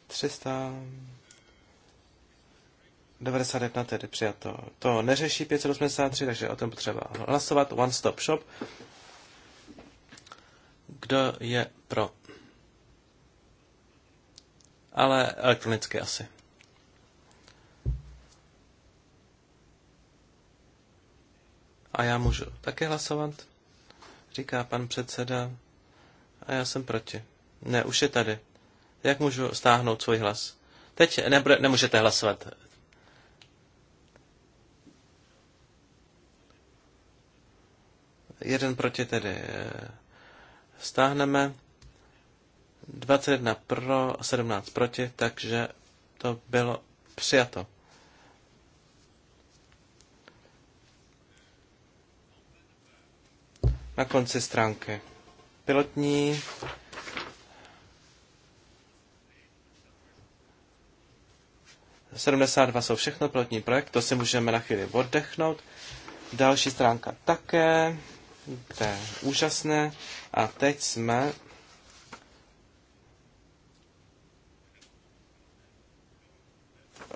391 tedy přijato. To neřeší 583, takže o tom potřeba hlasovat. One stop shop. Kdo je pro? Ale elektronicky asi. A já můžu také hlasovat, říká pan předseda. A já jsem proti. Ne, už je tady. Jak můžu stáhnout svůj hlas? Teď nebude, nemůžete hlasovat. Jeden proti tedy eh, stáhneme. 21 pro, 17 proti, takže to bylo přijato. Na konci stránky. Pilotní 72 jsou všechno pilotní projekt, to si můžeme na chvíli oddechnout. Další stránka také, to je úžasné. A teď jsme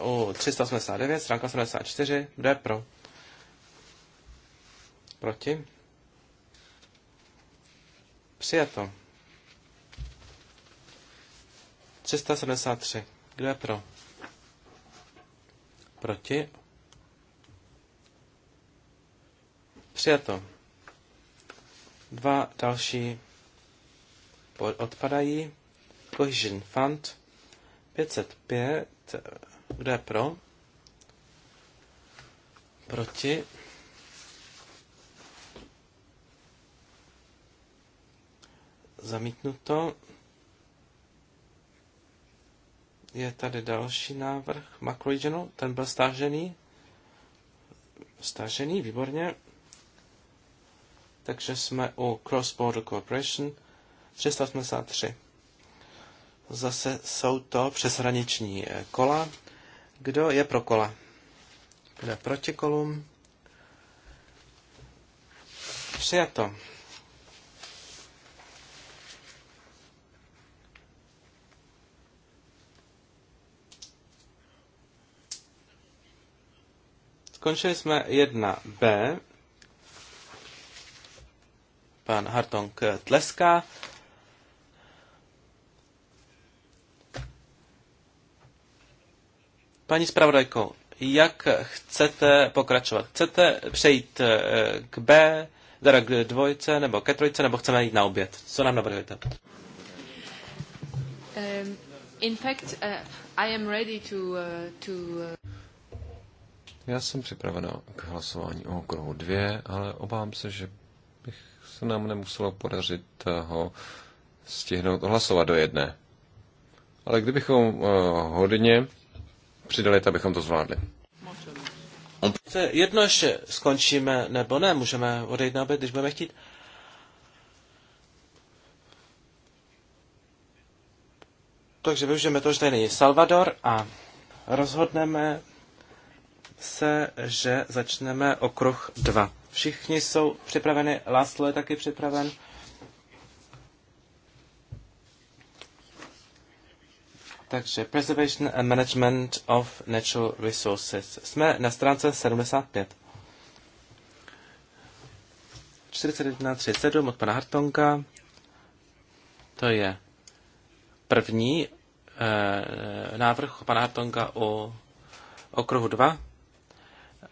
u 389, stránka 74, kdo pro? Proti? Přijato. 373, kde pro? Proti? Přijato. Dva další odpadají. Cohesion Fund 505. Kdo je pro? Proti? Zamítnuto je tady další návrh MacRegionu, ten byl stažený. Stažený, výborně. Takže jsme u Cross Border Corporation 383. Zase jsou to přeshraniční eh, kola. Kdo je pro kola? Kdo je proti kolům? Přijato. Skončili jsme 1B. Pan Hartong tleská. Paní zpravodajko, jak chcete pokračovat? Chcete přejít eh, k B, teda k dvojce nebo ke trojce, nebo chceme jít na oběd? Co nám navrhujete? Um, in fact, uh, I am ready to, uh, to, uh... Já jsem připravena k hlasování o okruhu dvě, ale obávám se, že bych se nám nemuselo podařit eh, ho stihnout hlasovat do jedné. Ale kdybychom uh, hodně přidali, tak bychom to zvládli. Jedno ještě skončíme, nebo ne, můžeme odejít na oběd, když budeme chtít. Takže využijeme to, že tady není Salvador a rozhodneme se, že začneme okruh 2. Všichni jsou připraveni, Laslo je taky připraven. Takže Preservation and Management of Natural Resources. Jsme na stránce 75. 41.37 od pana Hartonka. To je první e, návrh pana Hartonka o okruhu 2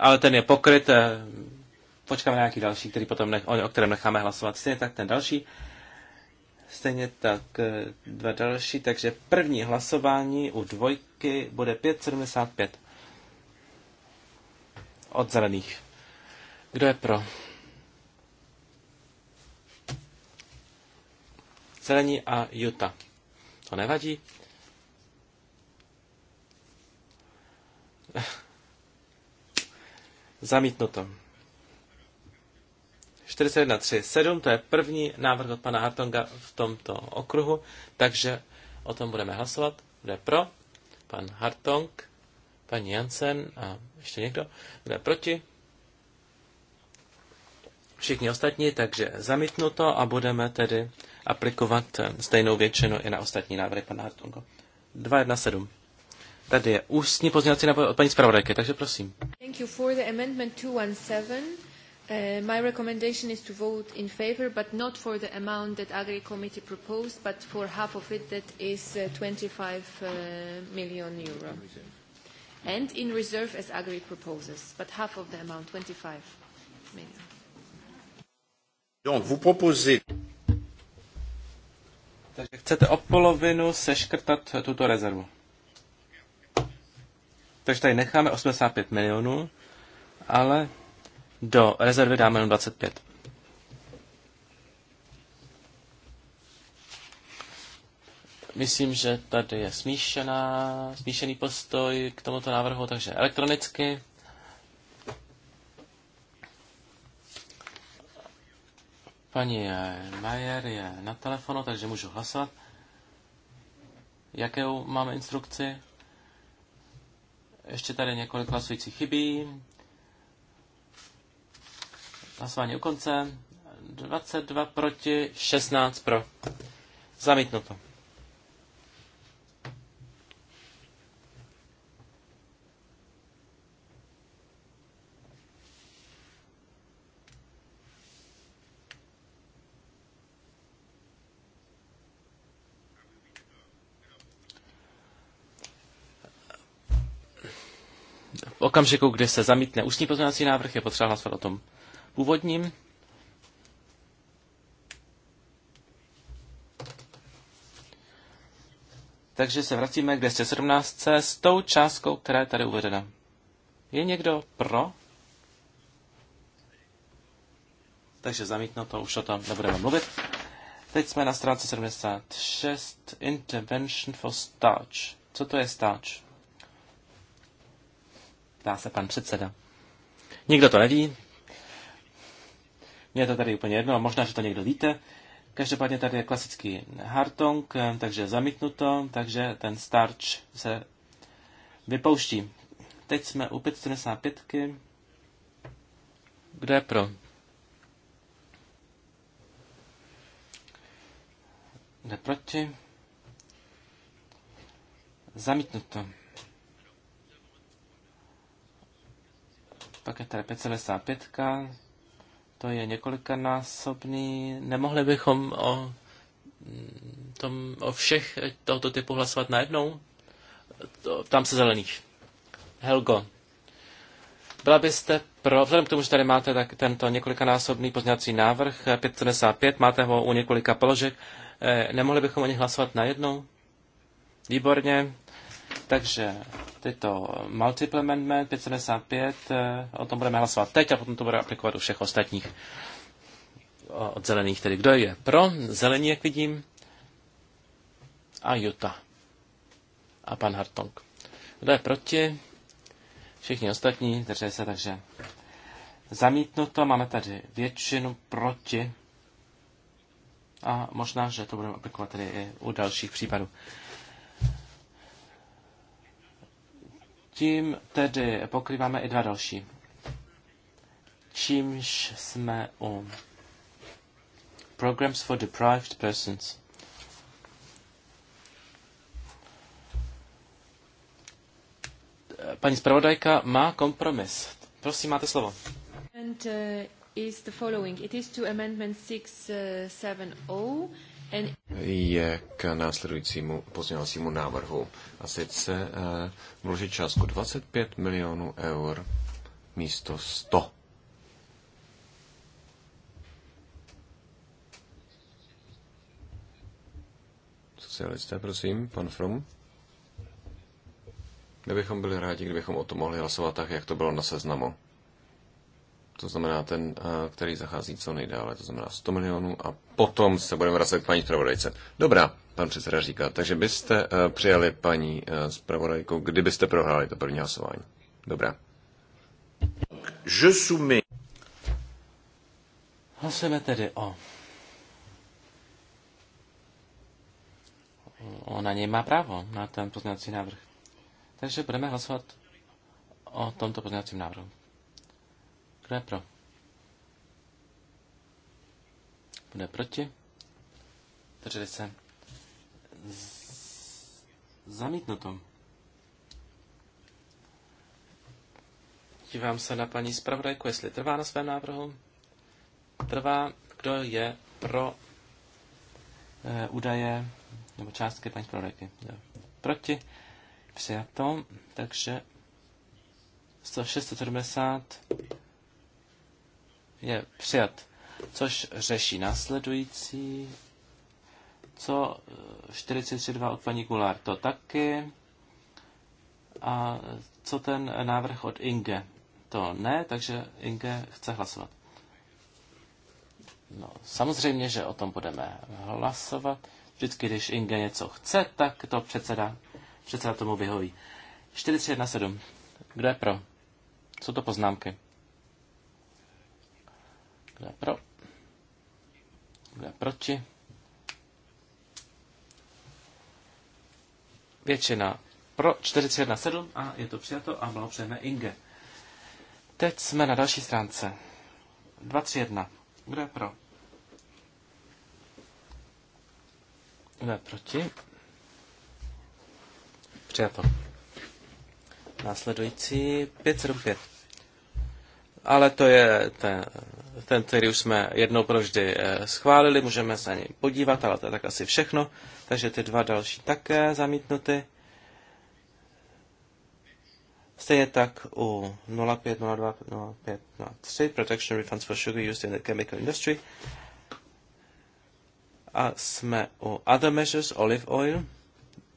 ale ten je pokryt. Eh, počkáme na nějaký další, který potom nech, o, o kterém necháme hlasovat. Stejně tak ten další. Stejně tak eh, dva další. Takže první hlasování u dvojky bude 5,75 od zelených. Kdo je pro? Zelení a Juta. To nevadí? Zamítnuto. 41.3.7, to je první návrh od pana Hartonga v tomto okruhu, takže o tom budeme hlasovat. Kdo je pro? Pan Hartong, paní Jansen a ještě někdo. Kdo je proti? Všichni ostatní, takže zamítnuto a budeme tedy aplikovat stejnou většinu i na ostatní návrhy pana Hartonga. 2.1.7. Tady je ústní pozměňovací návrh od paní zpravodajky, takže prosím. Thank you. For the amendment 217, uh, my recommendation is to vote in favor, but not for the amount that Agri Committee proposed, but for half of it, that is uh, 25 uh, million euro. And in reserve as Agri proposes, but half of the amount, 25 million. Donc, vous proposez... Takže chcete o polovinu seškrtat tuto rezervu. Takže tady necháme 85 milionů, ale do rezervy dáme jenom 25. Myslím, že tady je smíšená, smíšený postoj k tomuto návrhu, takže elektronicky. Paní Majer je na telefonu, takže můžu hlasovat. Jakou máme instrukci? Ještě tady několik hlasujících chybí. Hlasování u konce. 22 proti, 16 pro. Zamítnuto. okamžiku, kdy se zamítne ústní pozměňovací návrh, je potřeba hlasovat o tom původním. Takže se vracíme k 217c s tou částkou, která je tady uvedena. Je někdo pro? Takže zamítno to, už o tom nebudeme mluvit. Teď jsme na stránce 76. Intervention for starch. Co to je starch? ptá se pan předseda. Nikdo to neví. Mně je to tady úplně jedno, a možná, že to někdo víte. Každopádně tady je klasický hartong, takže zamítnuto, takže ten starch se vypouští. Teď jsme u 575. Kdo je pro? Kdo je proti? Zamítnuto. Pak je tady 5,55. To je několikanásobný. Nemohli bychom o, tom, o všech tohoto typu hlasovat najednou? To, tam se zelených. Helgo. Byla byste pro, vzhledem k tomu, že tady máte tak tento několikanásobný pozměňovací návrh 575, eh, máte ho u několika položek, eh, nemohli bychom o nich hlasovat najednou? Výborně. Takže tyto Multiple Amendment 575, eh, o tom budeme hlasovat teď a potom to bude aplikovat u všech ostatních od zelených. Tedy kdo je pro? Zelení, jak vidím. A Juta. A pan Hartong. Kdo je proti? Všichni ostatní, drží se, takže zamítnuto. Máme tady většinu proti. A možná, že to budeme aplikovat tedy i u dalších případů. Tím tedy pokrýváme i dva další. Čímž jsme u Programs for Deprived Persons. Paní zpravodajka má kompromis. Prosím, máte slovo. And, uh, is the following. It is to amendment 670 je k následujícímu pozměňovacímu návrhu. A sice eh, vložit částku 25 milionů eur místo 100. Socialisté, prosím, pan Frum. Nebychom byli rádi, kdybychom o tom mohli hlasovat tak, jak to bylo na seznamu to znamená ten, eh, který zachází co nejdále, to znamená 100 milionů a potom se budeme vracet k paní zpravodajce. Dobrá, pan předseda říká, takže byste eh, přijali paní eh, zpravodajku, kdybyste prohráli to první hlasování. Dobrá. Je soumets. Hlasujeme tedy o... Ona něj má právo na ten pozměňovací návrh. Takže budeme hlasovat o tomto pozměňovacím návrhu. Kdo je pro? Kdo je proti? Drželi se. Z... Zamítnuto. Dívám se na paní zpravodajku, jestli trvá na svém návrhu. Trvá, kdo je pro e, údaje nebo částky paní zpravodajky. Jo. Proti přijato, takže 106, je přijat, což řeší následující, co 43.2 eh, od paní Gulár, to taky, a co ten návrh od Inge, to ne, takže Inge chce hlasovat. No, samozřejmě, že o tom budeme hlasovat. Vždycky, když Inge něco chce, tak to předseda, předseda tomu vyhoví. 4.3.1.7. Kdo je pro? Jsou to poznámky. Kdo je pro? Kdo je proti? Většina pro 41,7 a je to přijato a blahopřejeme Inge. Teď jsme na další stránce. 231. Kdo je pro? Kdo je proti? Přijato. Následující 575 ale to je ten, ten, který už jsme jednou provždy eh, schválili, můžeme se na něj podívat, ale to je tak asi všechno. Takže ty dva další také zamítnuty. Stejně tak u 0502-0503 Protection Refunds for Sugar Used in the Chemical Industry. A jsme u Other Measures Olive Oil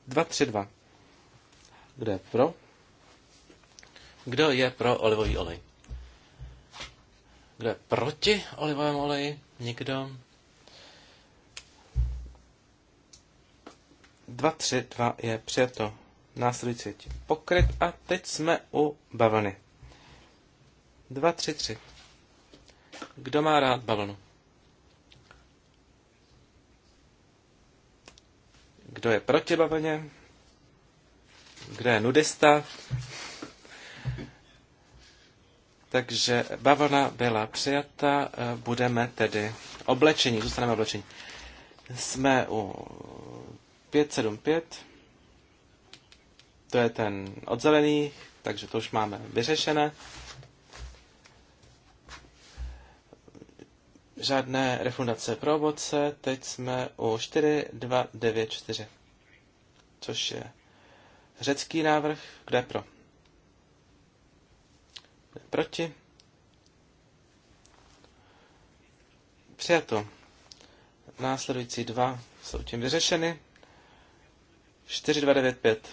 232. Kde je pro? Kdo je pro olivový olej? Kdo je proti olivovému oleji? Nikdo. 2, 3, 2 je přijato. Následující pokryt a teď jsme u bavlny. 2, 3, 3. Kdo má rád bavlnu? Kdo je proti bavlně? Kdo je nudista? Takže bavlna byla přijata, e, budeme tedy oblečení, zůstaneme oblečení. Jsme u 575, to je ten od zelených, takže to už máme vyřešené. Žádné refundace pro ovoce, teď jsme u 4294, což je řecký návrh, kde pro? Proti? Přijato. Následující dva jsou tím vyřešeny. 4295.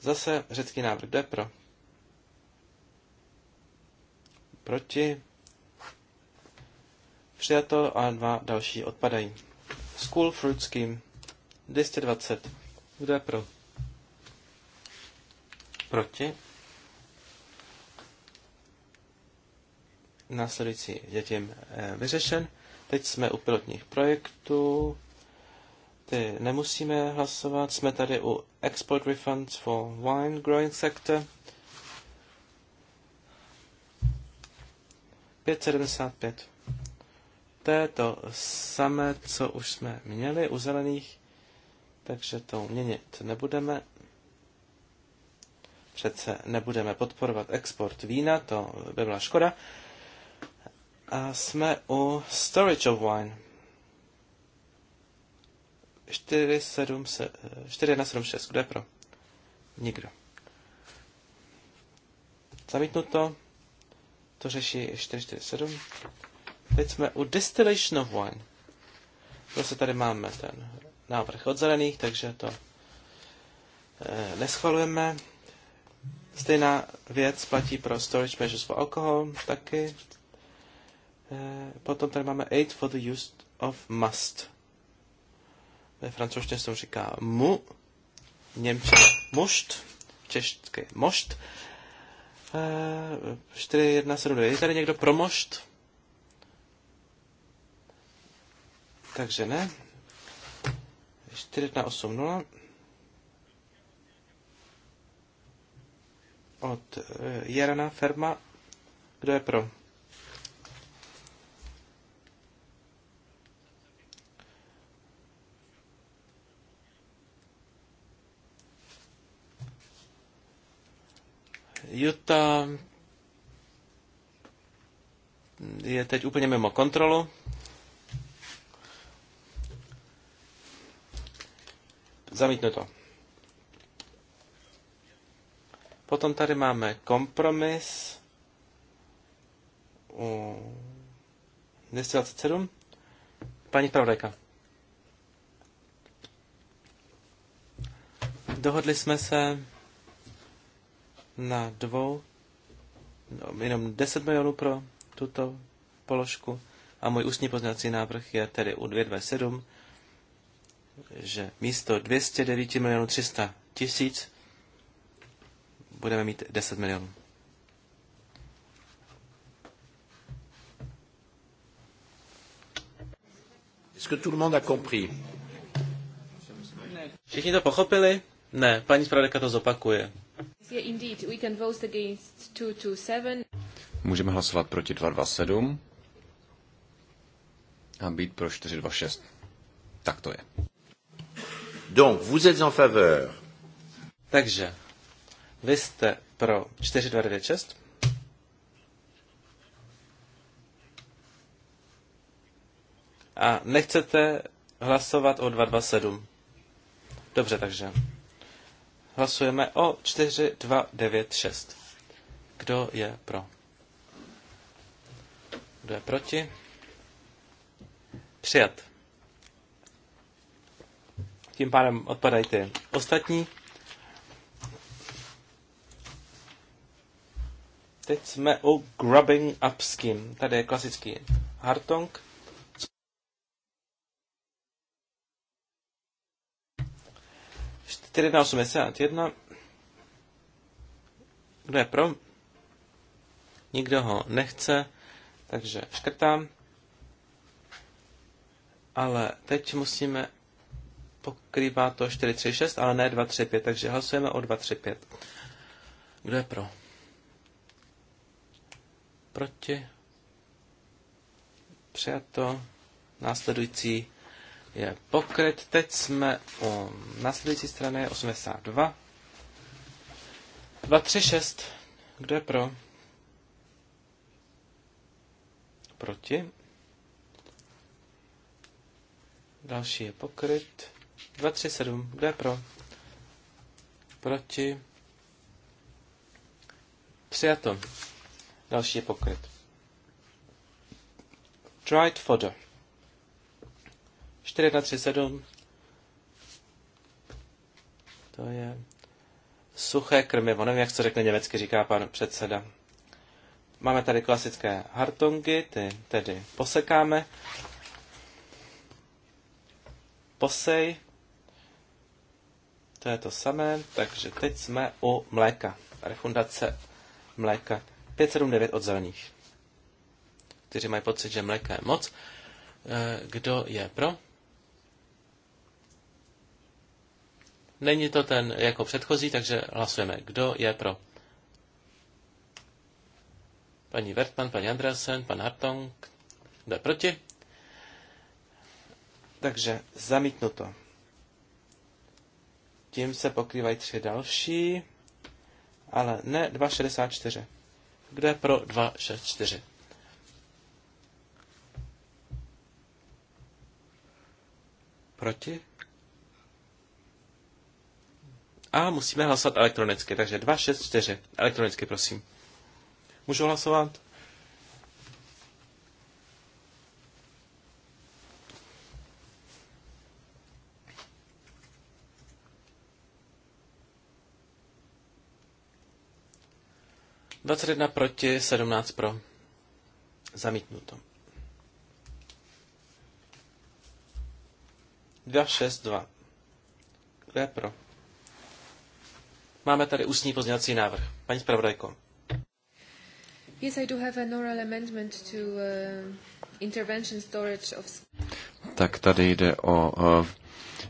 Zase řecký návrh. jde pro? Proti? Přijato a dva další odpadají. School Fruit Scheme 220. Kdo je pro? Proti? následující je tím eh, vyřešen. Teď jsme u pilotních projektů. Ty nemusíme hlasovat. Jsme tady u Export Refunds for Wine Growing Sector. 575. To je to samé, co už jsme měli u zelených, takže to měnit nebudeme. Přece nebudeme podporovat export vína, to by byla škoda. A jsme u Storage of Wine. 4176. Kdo je pro? Nikdo. Zamítnuto. To řeší 447. Teď jsme u Distillation of Wine. Prostě tady máme ten návrh od zelených, takže to e, neschvalujeme. Stejná věc platí pro storage measures for alcohol taky. Eh, potom tady máme aid for the use of must. Ve francouzštině se tomu říká mu, v němčině mušt, v češtině mošt. 2. Eh, je tady někdo pro mošt? Takže ne. 0. Od eh, Jarana Ferma. Kdo je pro? Utah je teď úplně mimo kontrolu. Zamítnu to. Potom tady máme kompromis u 227. Paní Pravdajka. Dohodli jsme se, na dvou, no, jenom 10 milionů pro tuto položku a můj ústní poznací návrh je tedy u 227, že místo 209 milionů 300 tisíc budeme mít 10 milionů. Všichni to pochopili? Ne, paní zpravodajka to zopakuje. Můžeme hlasovat proti 227 a být pro 426. Tak to je. Donc, vous êtes en faveur. Takže, vy jste pro 4296? A nechcete hlasovat o 227? Dobře, takže Hlasujeme o 6. Kdo je pro? Kdo je proti? Přijat. Tím pádem odpadají ty ostatní. Teď jsme u Grubbing Up Scheme. Tady je klasický Hartong. 4 Kdo je pro? Nikdo ho nechce, takže škrtám. Ale teď musíme pokrývá to 436, ale ne 235, takže hlasujeme o 235. Kdo je pro? Proti? Přijato. Následující je pokryt. Teď jsme u následující strany 82. 236. Kdo je pro? Proti. Další je pokryt. 237. Kdo je pro? Proti. Přijato. Další je pokryt. Dried fodder. 4137 to je suché krmivo. Nevím, jak se řekne německy, říká pan předseda. Máme tady klasické hartongy, ty tedy posekáme. Posej. To je to samé, takže teď jsme u mléka. Refundace mléka. 579 od zelených. Kteří mají pocit, že mléka je moc. Eh, kdo je pro? Není to ten jako předchozí, takže hlasujeme. Kdo je pro? Paní Vertman, paní Andreasen, pan Hartong. Kdo je proti? Takže zamítnuto. Tím se pokrývají tři další, ale ne 264. Kdo je pro 264? Proti? A musíme hlasovat elektronicky, takže 2, 6, 4. Elektronicky, prosím. Můžu hlasovat? Dvacet jedna proti, sedmnáct pro. Zamítnuto. 2, 6, 2. Kdo je pro? Máme tady ústní pozměňovací návrh. Paní zpravodajko. Yes, I do have an oral amendment to uh, Tak tady jde o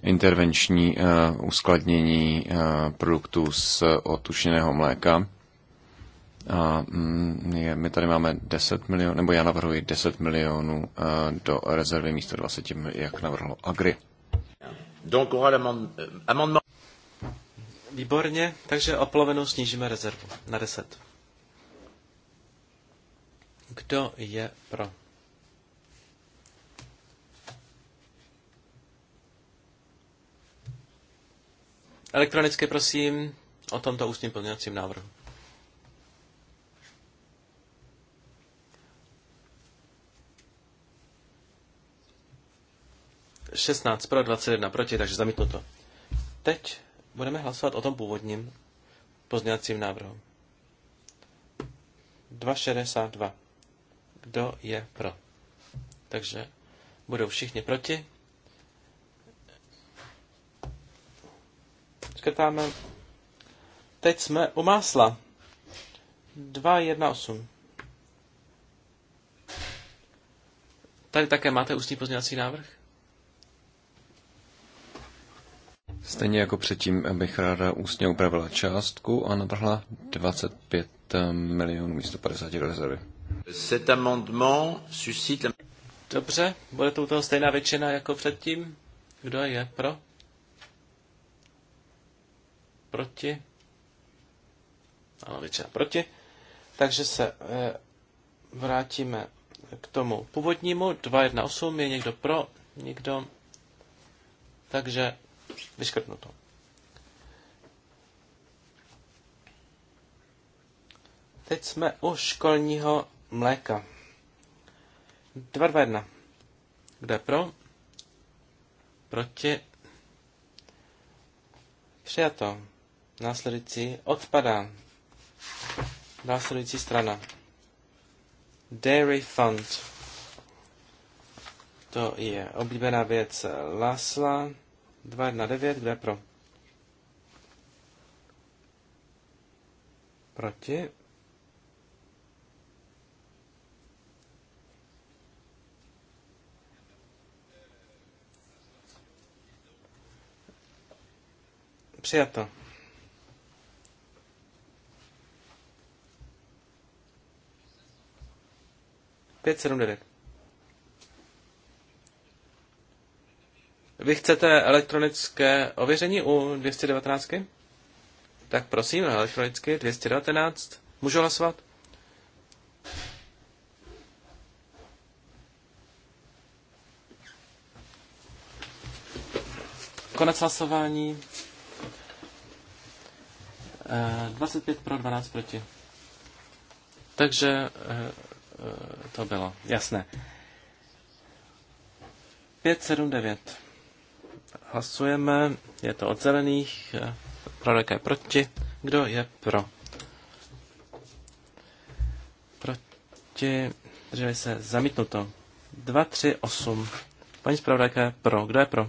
intervenční uh, uskladnění uh, produktů z otušeného mléka. A mm, je, my tady máme 10 milionů, nebo já navrhuji 10 milionů uh, do rezervy místo 20, jak navrhlo Agri. Donc, euh, amendement. Výborně, takže o polovinu snížíme rezervu na 10. Kdo je pro? Elektronicky prosím o tomto ústním pozměňovacím návrhu. Šestnáct pro, 21 proti, takže zamítnuto. Teď Budeme hlasovat o tom původním pozměňovacím návrhu. 2,62. Kdo je pro? Takže budou všichni proti. Škrtáme. Teď jsme u másla. 2,18. Tady také máte ústní pozměňovací návrh? Stejně jako předtím bych ráda ústně upravila částku a navrhla 25 milionů místo 50 do rezervy. Cet amendement suscite... Dobře, bude to u toho stejná většina jako předtím. Kdo je pro? Proti? Ano, většina proti. Takže se e, vrátíme k tomu původnímu. 2.1.8 je někdo pro, někdo. Takže to. Teď jsme u školního mléka. 221. Kdo je pro? Proti? Přijato. Následující odpadá. Následující strana. Dairy Fund. To je oblíbená věc Lasla kdo je pro? Proti? Přijato. Pět sedm devět. Vy chcete elektronické ověření u 219? Tak prosím, elektronicky 219. Můžu hlasovat? Konec hlasování. 25 eh, pro, 12 proti. Takže eh, eh, to bylo jasné. 579. Hlasujeme, je to od zelených, prodeka je proti. Kdo je pro? Proti, drželi se, zamítnuto. 2, 3, 8. Paní zpravodajka je pro. Kdo je pro?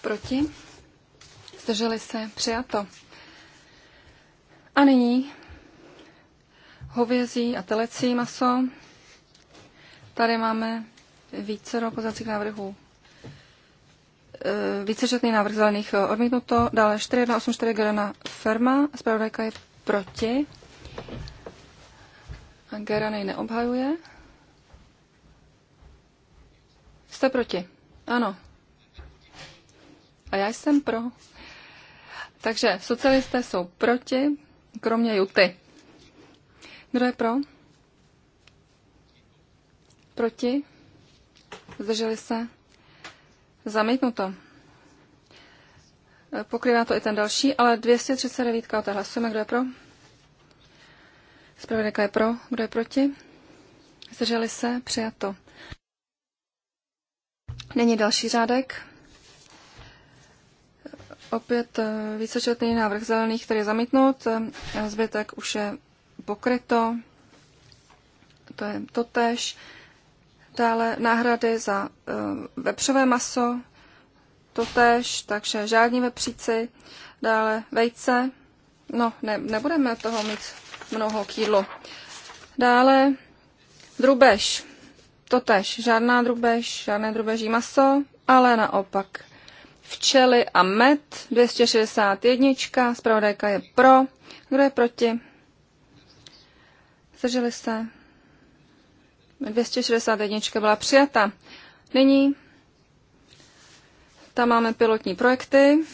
Proti. Zdrželi se, přijato. A nyní hovězí a telecí maso. Tady máme více pozacích návrhů. E, Vícečetný návrh zelených e, odmítnuto. Dále 4184 Gerana Ferma. Spravodajka je proti. A Geran neobhajuje. Jste proti? Ano. A já jsem pro. Takže socialisté jsou proti, kromě Juty. Kdo je pro? Proti? zdrželi se, zamítnuto. Pokrývá to i ten další, ale 239 o té hlasujeme, kdo je pro. Zpravodajka je pro, kdo je proti. Zdrželi se, přijato. Není další řádek. Opět eh, vícečetný návrh zelených, který je zamítnut. Eh, zbytek už je pokryto. To je totež. Dále náhrady za eh, vepřové maso, totéž, takže žádní vepříci. Dále vejce, no ne, nebudeme toho mít mnoho kýdlo. Dále drubež, totéž, žádná drubež, žádné drubeží maso, ale naopak včely a med, 261, zpravodajka je pro, kdo je proti? Zdrželi se? 261 byla přijata. Nyní tam máme pilotní projekty.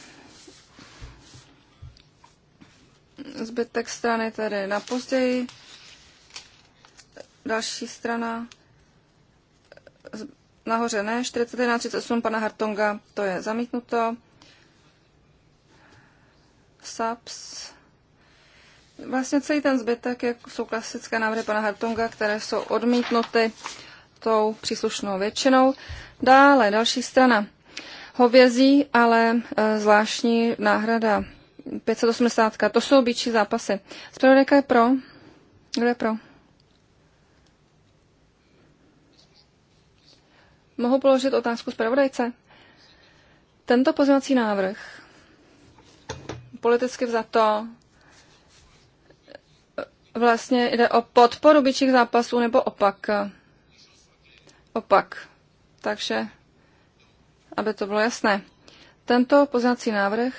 Zbytek strany tedy na později. Další strana nahoře ne, 41.38 pana Hartonga, to je zamítnuto. SAPS Vlastně celý ten zbytek je, jsou klasické návrhy pana Hartunga, které jsou odmítnuty tou příslušnou většinou. Dále, další strana. Hovězí, ale e, zvláštní náhrada 580. To jsou býčí zápasy. Spravodajka je pro. Kdo je pro? Mohu položit otázku zpravodajce? Tento pozvací návrh politicky vzato vlastně jde o podporu bičích zápasů nebo opak. Opak. Takže, aby to bylo jasné. Tento poznací návrh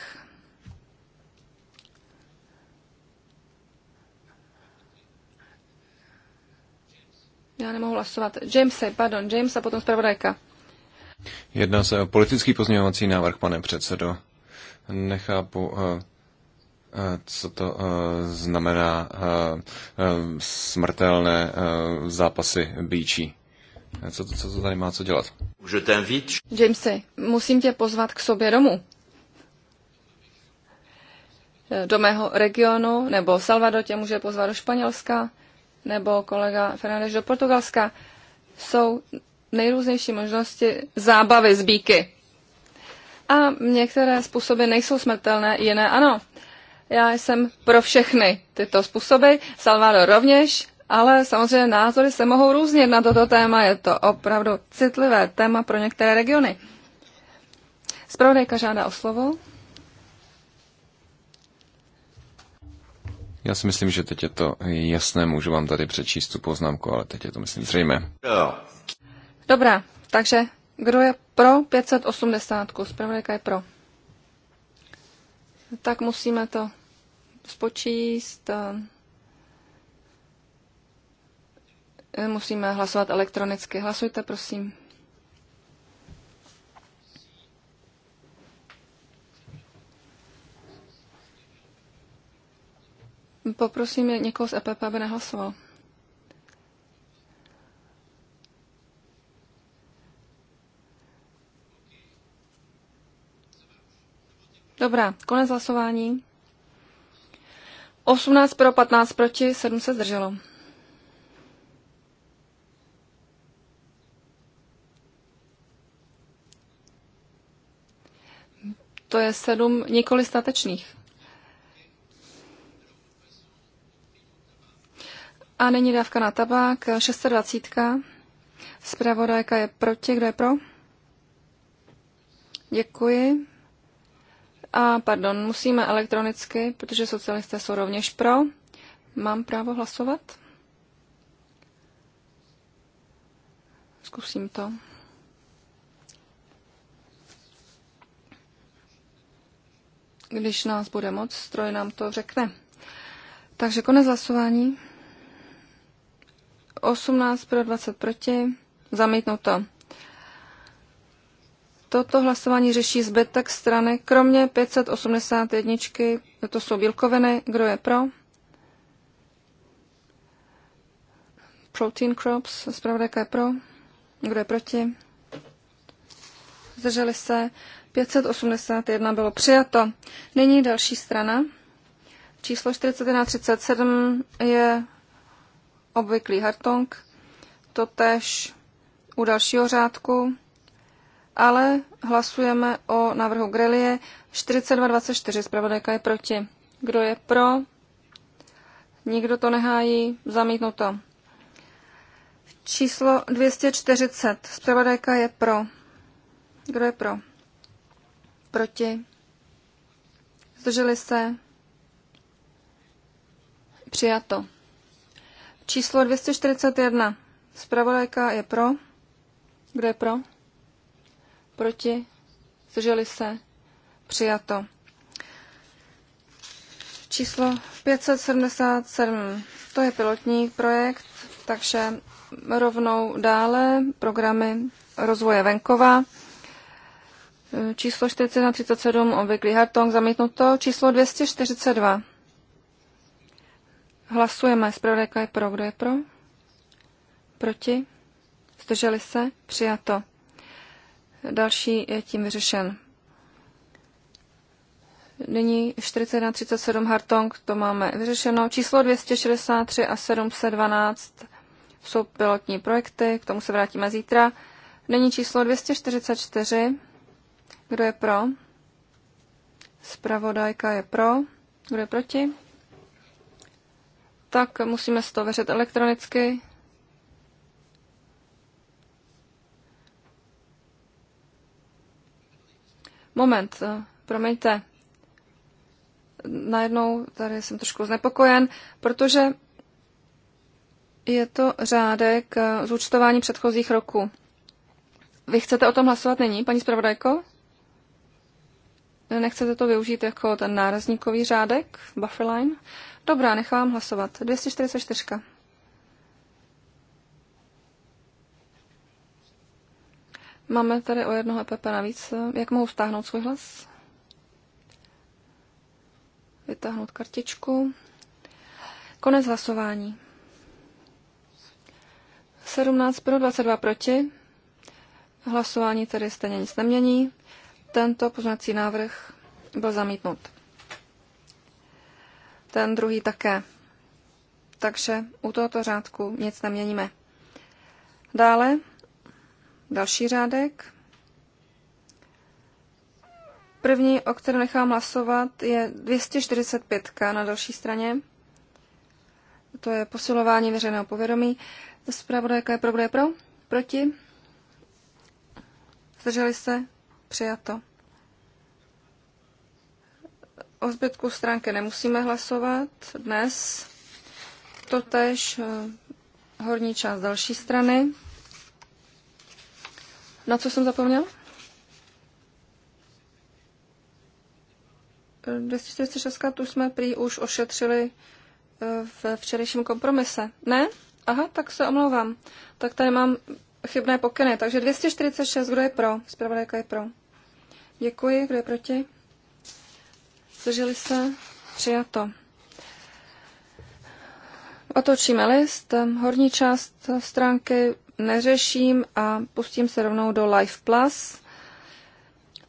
Já nemohu hlasovat. Jamese, pardon, James a potom zpravodajka. Jedná se o politický pozměňovací návrh, pane předsedo. Nechápu, eh, Eh, co to eh, znamená eh, smrtelné zápasy býčí. Co to, co to tady má co dělat? Jamesy, musím tě pozvat k sobě domů. Do mého regionu, nebo Salvador tě může pozvat do Španělska, nebo kolega Fernandez do Portugalska. Jsou nejrůznější možnosti zábavy z bíky. A některé způsoby nejsou smrtelné, jiné ano. Já jsem pro všechny tyto způsoby, Salvador rovněž, ale samozřejmě názory se mohou různit na toto téma. Je to opravdu citlivé téma pro některé regiony. Zpravodajka žádá o slovo. Já si myslím, že teď je to jasné, můžu vám tady přečíst tu poznámku, ale teď je to, myslím, zřejmé. Dobrá, takže kdo je pro 580? Zpravodajka je pro. Tak musíme to spočíst. Musíme hlasovat elektronicky. Hlasujte, prosím. Poprosím někoho z EPP, aby nehlasoval. Dobrá, konec hlasování. 18 pro, 15 proti, 7 se zdrželo. To je 7 nikoli statečných. A není dávka na tabák, 620. Zpravodajka je proti, kdo je pro? Děkuji. A pardon, musíme elektronicky, protože socialisté jsou rovněž pro. Mám právo hlasovat? Zkusím to. Když nás bude moc, stroj nám to řekne. Takže konec hlasování. 18 pro 20 proti. Zamítnuto. Toto hlasování řeší zbytek strany, kromě 581, to jsou bílkoviny, kdo je pro? Protein crops, zpravodajka je pro, kdo je proti? Zdrželi se, 581 bylo přijato. Nyní další strana. Číslo 4137 je obvyklý hartong, totež u dalšího řádku ale hlasujeme o návrhu Grelie 4224. Zpravodajka je proti. Kdo je pro? Nikdo to nehájí. Zamítnuto. Číslo 240. Zpravodajka je pro. Kdo je pro? Proti. Zdrželi se. Přijato. Číslo 241. Zpravodajka je pro. Kdo je pro? proti, zdrželi se, přijato. Číslo 577, to je pilotní projekt, takže rovnou dále programy rozvoje venkova. Číslo 437, obvyklý hartong, zamítnuto. Číslo 242. Hlasujeme. Zpravodajka je pro. Kdo je pro? Proti? Zdrželi se? Přijato další je tím vyřešen. Nyní 4137 Hartong, to máme vyřešeno. Číslo 263 a 712 jsou pilotní projekty, k tomu se vrátíme zítra. Nyní číslo 244, kdo je pro? Spravodajka je pro, kdo je proti? Tak musíme z toho veřet elektronicky. Moment, eh, promiňte. Najednou tady jsem trošku znepokojen, protože je to řádek eh, zúčtování předchozích roků. Vy chcete o tom hlasovat nyní, paní zpravodajko? Nechcete to využít jako ten nárazníkový řádek, buffer line? Dobrá, nechám hlasovat. 244. Máme tady o jednoho EPP navíc. Jak mohu stáhnout svůj hlas? Vytáhnout kartičku. Konec hlasování. 17 pro, 22 proti. Hlasování tedy stejně nic nemění. Tento poznací návrh byl zamítnut. Ten druhý také. Takže u tohoto řádku nic neměníme. Dále Další řádek. První, o kterém nechám hlasovat, je 245 na další straně. To je posilování veřejného povědomí. Zpravodajka je pro, kdo je pro? Proti? Zdrželi se? Přijato. O zbytku stránky nemusíme hlasovat dnes. Totež eh, horní část další strany. Na co jsem zapomněl? 246 eh, tu jsme prý už ošetřili eh, ve včerejším kompromise. Ne? Aha, tak se omlouvám. Tak tady mám chybné pokyny. Takže 246, kdo je pro? Zpravodajka je pro. Děkuji, kdo je proti? Zdrželi se? Přijato. Otočíme list. Horní část stránky neřeším a pustím se rovnou do Life Plus.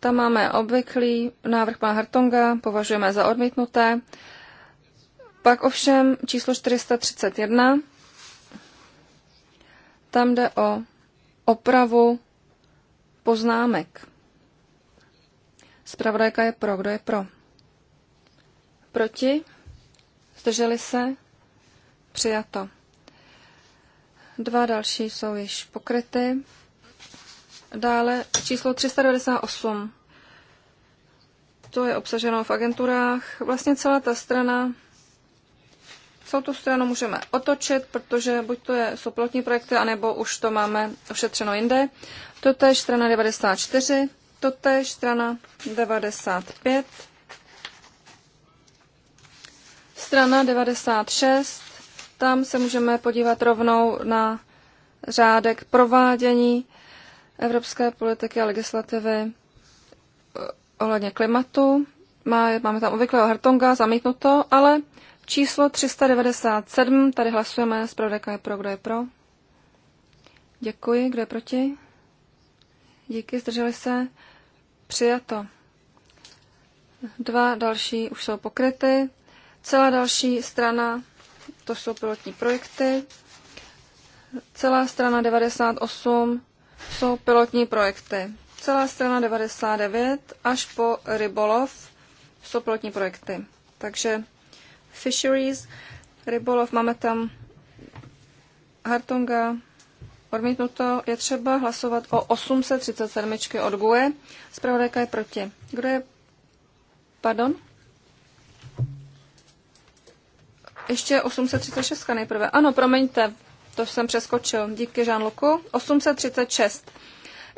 Tam máme obvyklý návrh pana Hartonga, považujeme za odmítnuté. Pak ovšem číslo 431, tam jde o opravu poznámek. Spravodajka je pro. Kdo je pro? Proti? Zdrželi se? Přijato. Dva další jsou již pokryty. Dále číslo 398. To je obsaženo v agenturách. Vlastně celá ta strana, celou tu stranu můžeme otočit, protože buď to je, jsou pilotní projekty, anebo už to máme ošetřeno jinde. Toto je strana 94, toto je strana 95, strana 96, tam se můžeme podívat rovnou na řádek provádění evropské politiky a legislativy eh, ohledně klimatu. Má, máme tam obvyklého Hartonga, zamítnuto, ale číslo 397, tady hlasujeme, zpravodajka je pro, kdo je pro. Děkuji, kdo je proti? Díky, zdrželi se. Přijato. Dva další už jsou pokryty. Celá další strana to jsou pilotní projekty. Celá strana 98 jsou pilotní projekty. Celá strana 99 až po rybolov jsou pilotní projekty. Takže fisheries, rybolov, máme tam Hartunga, odmítnuto. Je třeba hlasovat o 837 od GUE. Zpravodajka je proti. Kdo je? Pardon? ještě 836 nejprve. Ano, promiňte, to jsem přeskočil. Díky, Jean Luku. 836.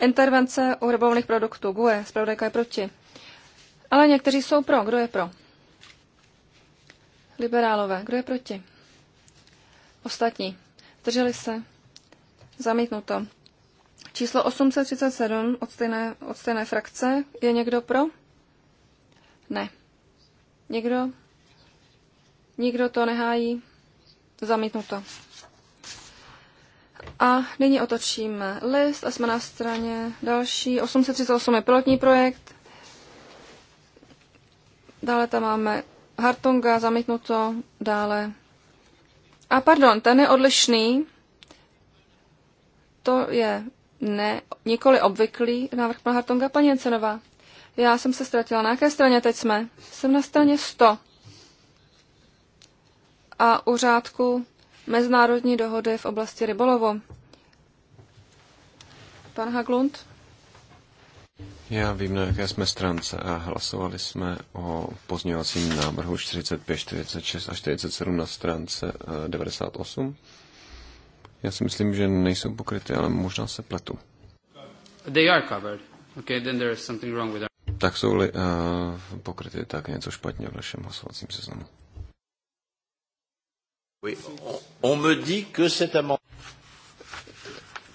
Intervence u hrbovných produktů. GUE, zpravodajka je proti. Ale někteří jsou pro. Kdo je pro? Liberálové. Kdo je proti? Ostatní. Drželi se. Zamítnuto. Číslo 837 od stejné, od stejné frakce. Je někdo pro? Ne. Někdo Nikdo to nehájí. Zamítnuto. A nyní otočíme list a jsme na straně další. 838 je pilotní projekt. Dále tam máme Hartunga, zamítnuto, dále. A pardon, ten je odlišný. To je ne, nikoli obvyklý návrh pana Hartunga, paní Jencenová. Já jsem se ztratila. Na jaké straně teď jsme? Jsem na straně 100 a o řádku Mezinárodní dohody v oblasti rybolovu. Pan Haglund? Já vím, na jaké jsme strance a hlasovali jsme o pozměňovacím návrhu 45, 46 a 47 na strance 98. Eh, Já si myslím, že nejsou pokryty, ale možná se pletu. They are covered. Okay, then there is something wrong with our... Tak jsou-li uh, pokryty, tak něco špatně v našem hlasovacím seznamu.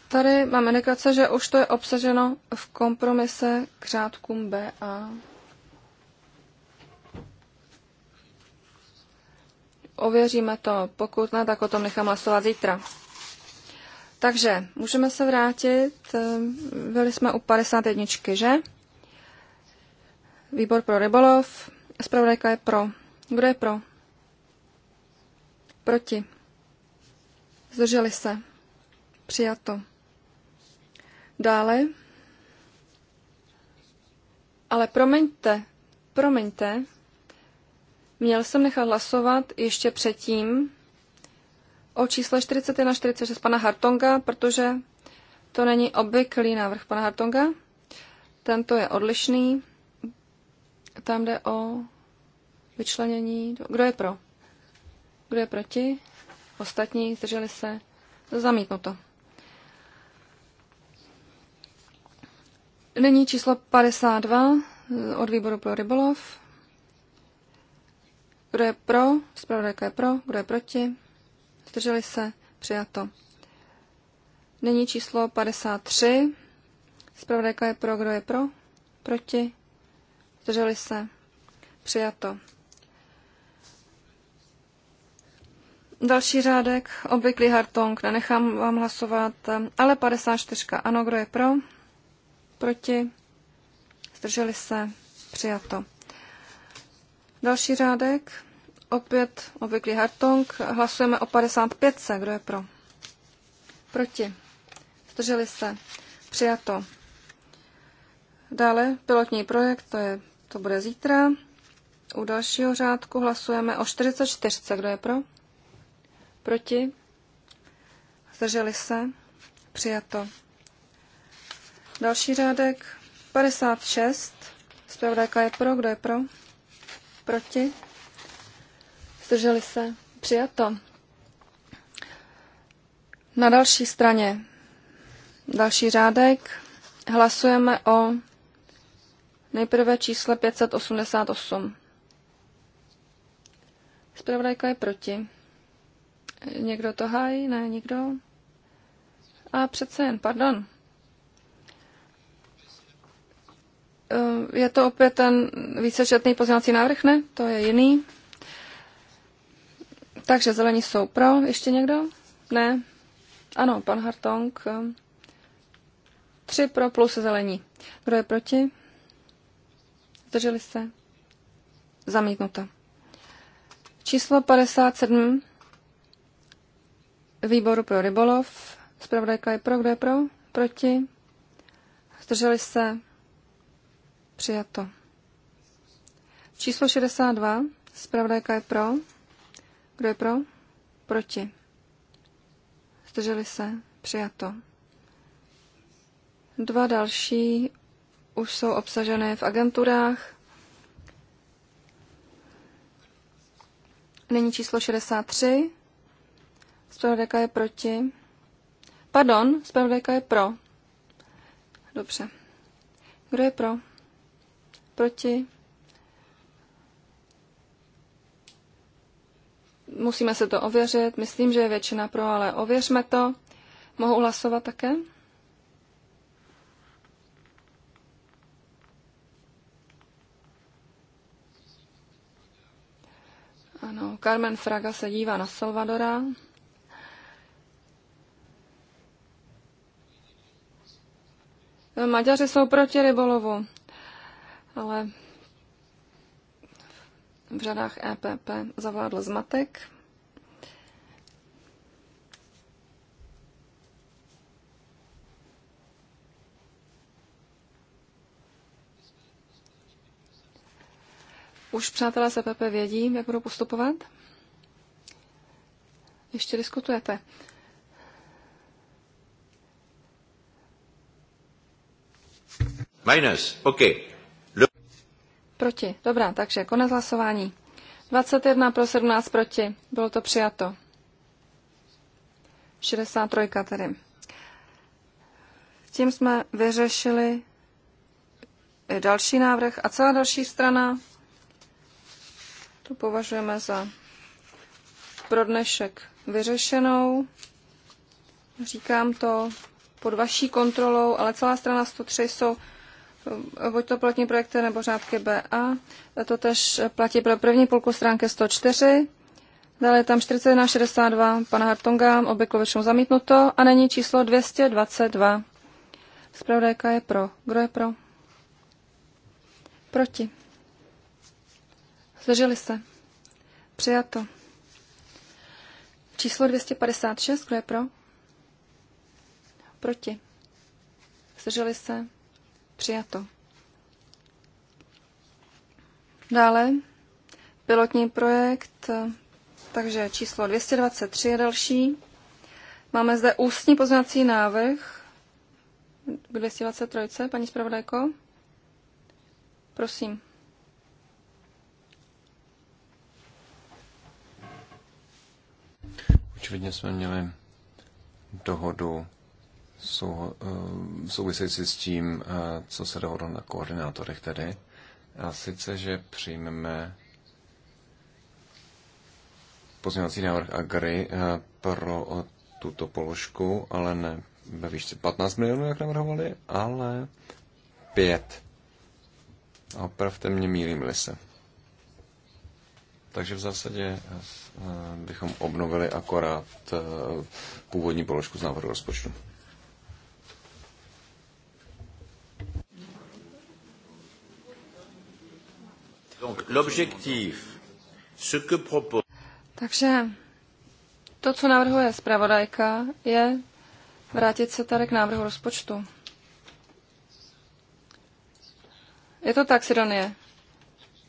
Tady máme indikace, že už to je obsaženo v kompromise k řádkům B a ověříme to. Pokud ne, tak o tom nechám hlasovat zítra. Takže můžeme se vrátit. Byli jsme u 51, že? Výbor pro rybolov. Zpravodajka je pro. Kdo je pro? Proti. Zdrželi se. Přijato. Dále. Ale promiňte, promiňte, měl jsem nechat hlasovat ještě předtím o čísle 41 na 46 pana Hartonga, protože to není obvyklý návrh pana Hartonga. Tento je odlišný. Tam jde o vyčlenění. Kdo je pro? Kdo je proti? Ostatní zdrželi se? Zamítnuto. Nyní číslo 52 od výboru pro rybolov. Kdo je pro? Zpravodajka je pro. Kdo je proti? Zdrželi se? Přijato. Nyní číslo 53. Zpravodajka je pro. Kdo je pro? Proti? Zdrželi se? Přijato. Další řádek, obvyklý hartong, nenechám vám hlasovat, ale 54. Ano, kdo je pro? Proti? Zdrželi se? Přijato. Další řádek, opět obvyklý hartong, hlasujeme o 55. Kdo je pro? Proti? Zdrželi se? Přijato. Dále pilotní projekt, to, je, to bude zítra. U dalšího řádku hlasujeme o 44. Kdo je pro? Proti? Zdrželi se? Přijato. Další řádek 56. Zpravodajka je pro. Kdo je pro? Proti? Zdrželi se? Přijato. Na další straně další řádek hlasujeme o nejprve čísle 588. Zpravodajka je proti. Někdo to hájí? Ne, nikdo? A přece jen, pardon. Eh, je to opět ten vícečetný pozměňovací návrh, ne? To je jiný. Takže zelení jsou pro. Ještě někdo? Ne? Ano, pan Hartong. Tři pro plus zelení. Kdo je proti? Zdrželi se? Zamítnuto. Číslo 57 výboru pro rybolov. Zpravodajka je pro, kdo je pro? Proti? Zdrželi se? Přijato. Číslo 62. Zpravodajka je pro. Kdo je pro? Proti. Zdrželi se? Přijato. Dva další už jsou obsažené v agenturách. Nyní číslo 63. Spravodajka je proti. Pardon, spravodajka je pro. Dobře. Kdo je pro? Proti? Musíme se to ověřit. Myslím, že je většina pro, ale ověřme to. Mohu hlasovat také? Ano, Carmen Fraga se dívá na Salvadora. Maďaři jsou proti rybolovu, ale v řadách EPP zavládl zmatek. Už přátelé se Pepe vědí, jak budou postupovat? Ještě diskutujete. Minus, OK. L proti, dobrá, takže konec hlasování. 21 pro 17 proti, bylo to přijato. 63 tedy. Tím jsme vyřešili další návrh a celá další strana. To považujeme za pro dnešek vyřešenou. Říkám to pod vaší kontrolou, ale celá strana 103 jsou buď to pilotní projekty nebo řádky BA. To tež platí pro první půlku stránky 104. Dále je tam 4162 pana Hartonga, obvykle většinou zamítnuto a není číslo 222. Spravodajka je pro. Kdo je pro? Proti. Zdrželi se. Přijato. Číslo 256, kdo je pro? Proti. Zdrželi se. Přijato. Dále pilotní projekt, takže číslo 223 je další. Máme zde ústní poznací návrh k 223, paní zpravodajko. Prosím. Očividně jsme měli dohodu sou, eh, související s tím, eh, co se dohodlo na koordinátorech tedy. A sice, že přijmeme pozměňovací návrh Agri eh, pro tuto položku, ale ne ve výšce 15 milionů, jak navrhovali, ale 5. A opravte mě, mílím se. Takže v zásadě bychom obnovili akorát původní položku z návrhu rozpočtu. Takže to, co navrhuje zpravodajka, je vrátit se tady k návrhu rozpočtu. Je to tak, Sidonie.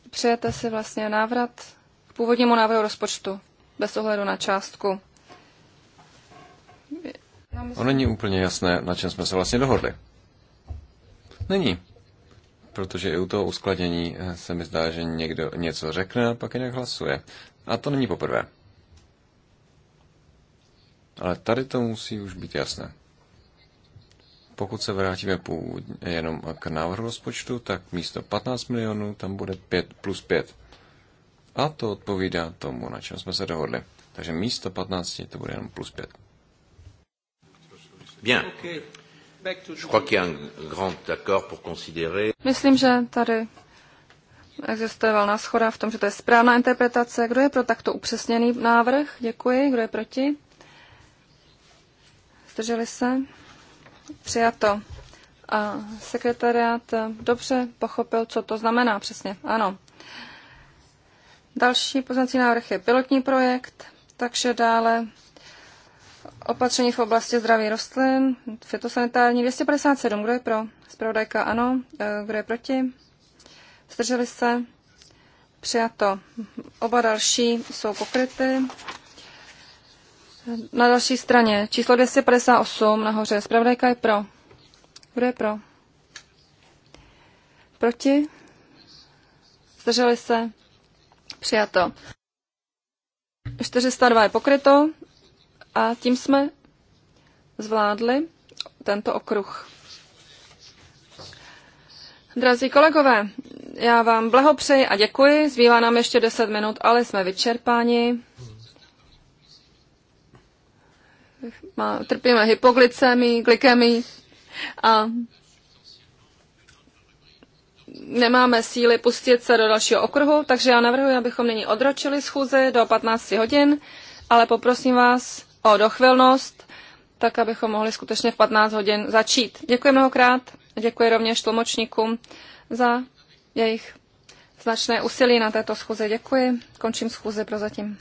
Přejete si vlastně návrat k původnímu návrhu rozpočtu, bez ohledu na částku. Myslím... Ono není úplně jasné, na čem jsme se vlastně dohodli. Není protože i u toho uskladění eh, se mi zdá, že někdo něco řekne a pak jinak hlasuje. A to není poprvé. Ale tady to musí už být jasné. Pokud se vrátíme původně jenom k návrhu rozpočtu, tak místo 15 milionů tam bude 5 plus 5. A to odpovídá tomu, na čem jsme se dohodli. Takže místo 15 to bude jenom plus 5. Bien. Okay. Myslím, že tady existoval valná schoda v tom, že to je správná interpretace. Kdo je pro takto upřesněný návrh? Děkuji. Kdo je proti? Zdrželi se? Přijato. A sekretariát dobře pochopil, co to znamená přesně. Ano. Další poznací návrh je pilotní projekt, takže dále opatření v oblasti zdraví rostlin, fitosanitární 257, kdo je pro? Zpravodajka ano, e, kdo je proti? Zdrželi se? Přijato. Oba další jsou pokryty. Na další straně číslo 258 nahoře. Zpravodajka je pro. Kdo je pro? Proti? Zdrželi se? Přijato. 402 je pokryto. A tím jsme zvládli tento okruh. Drazí kolegové, já vám blahopřeji a děkuji. Zbývá nám ještě 10 minut, ale jsme vyčerpáni. trpíme hypoglycemii, glykemii a nemáme síly pustit se do dalšího okruhu, takže já navrhuji, abychom nyní odročili schůze do 15 hodin, ale poprosím vás, o dochvilnost, tak abychom mohli skutečně v 15 hodin začít. Děkuji mnohokrát, děkuji rovněž tlumočníkům za jejich značné úsilí na této schůzi. Děkuji, končím schůzi prozatím.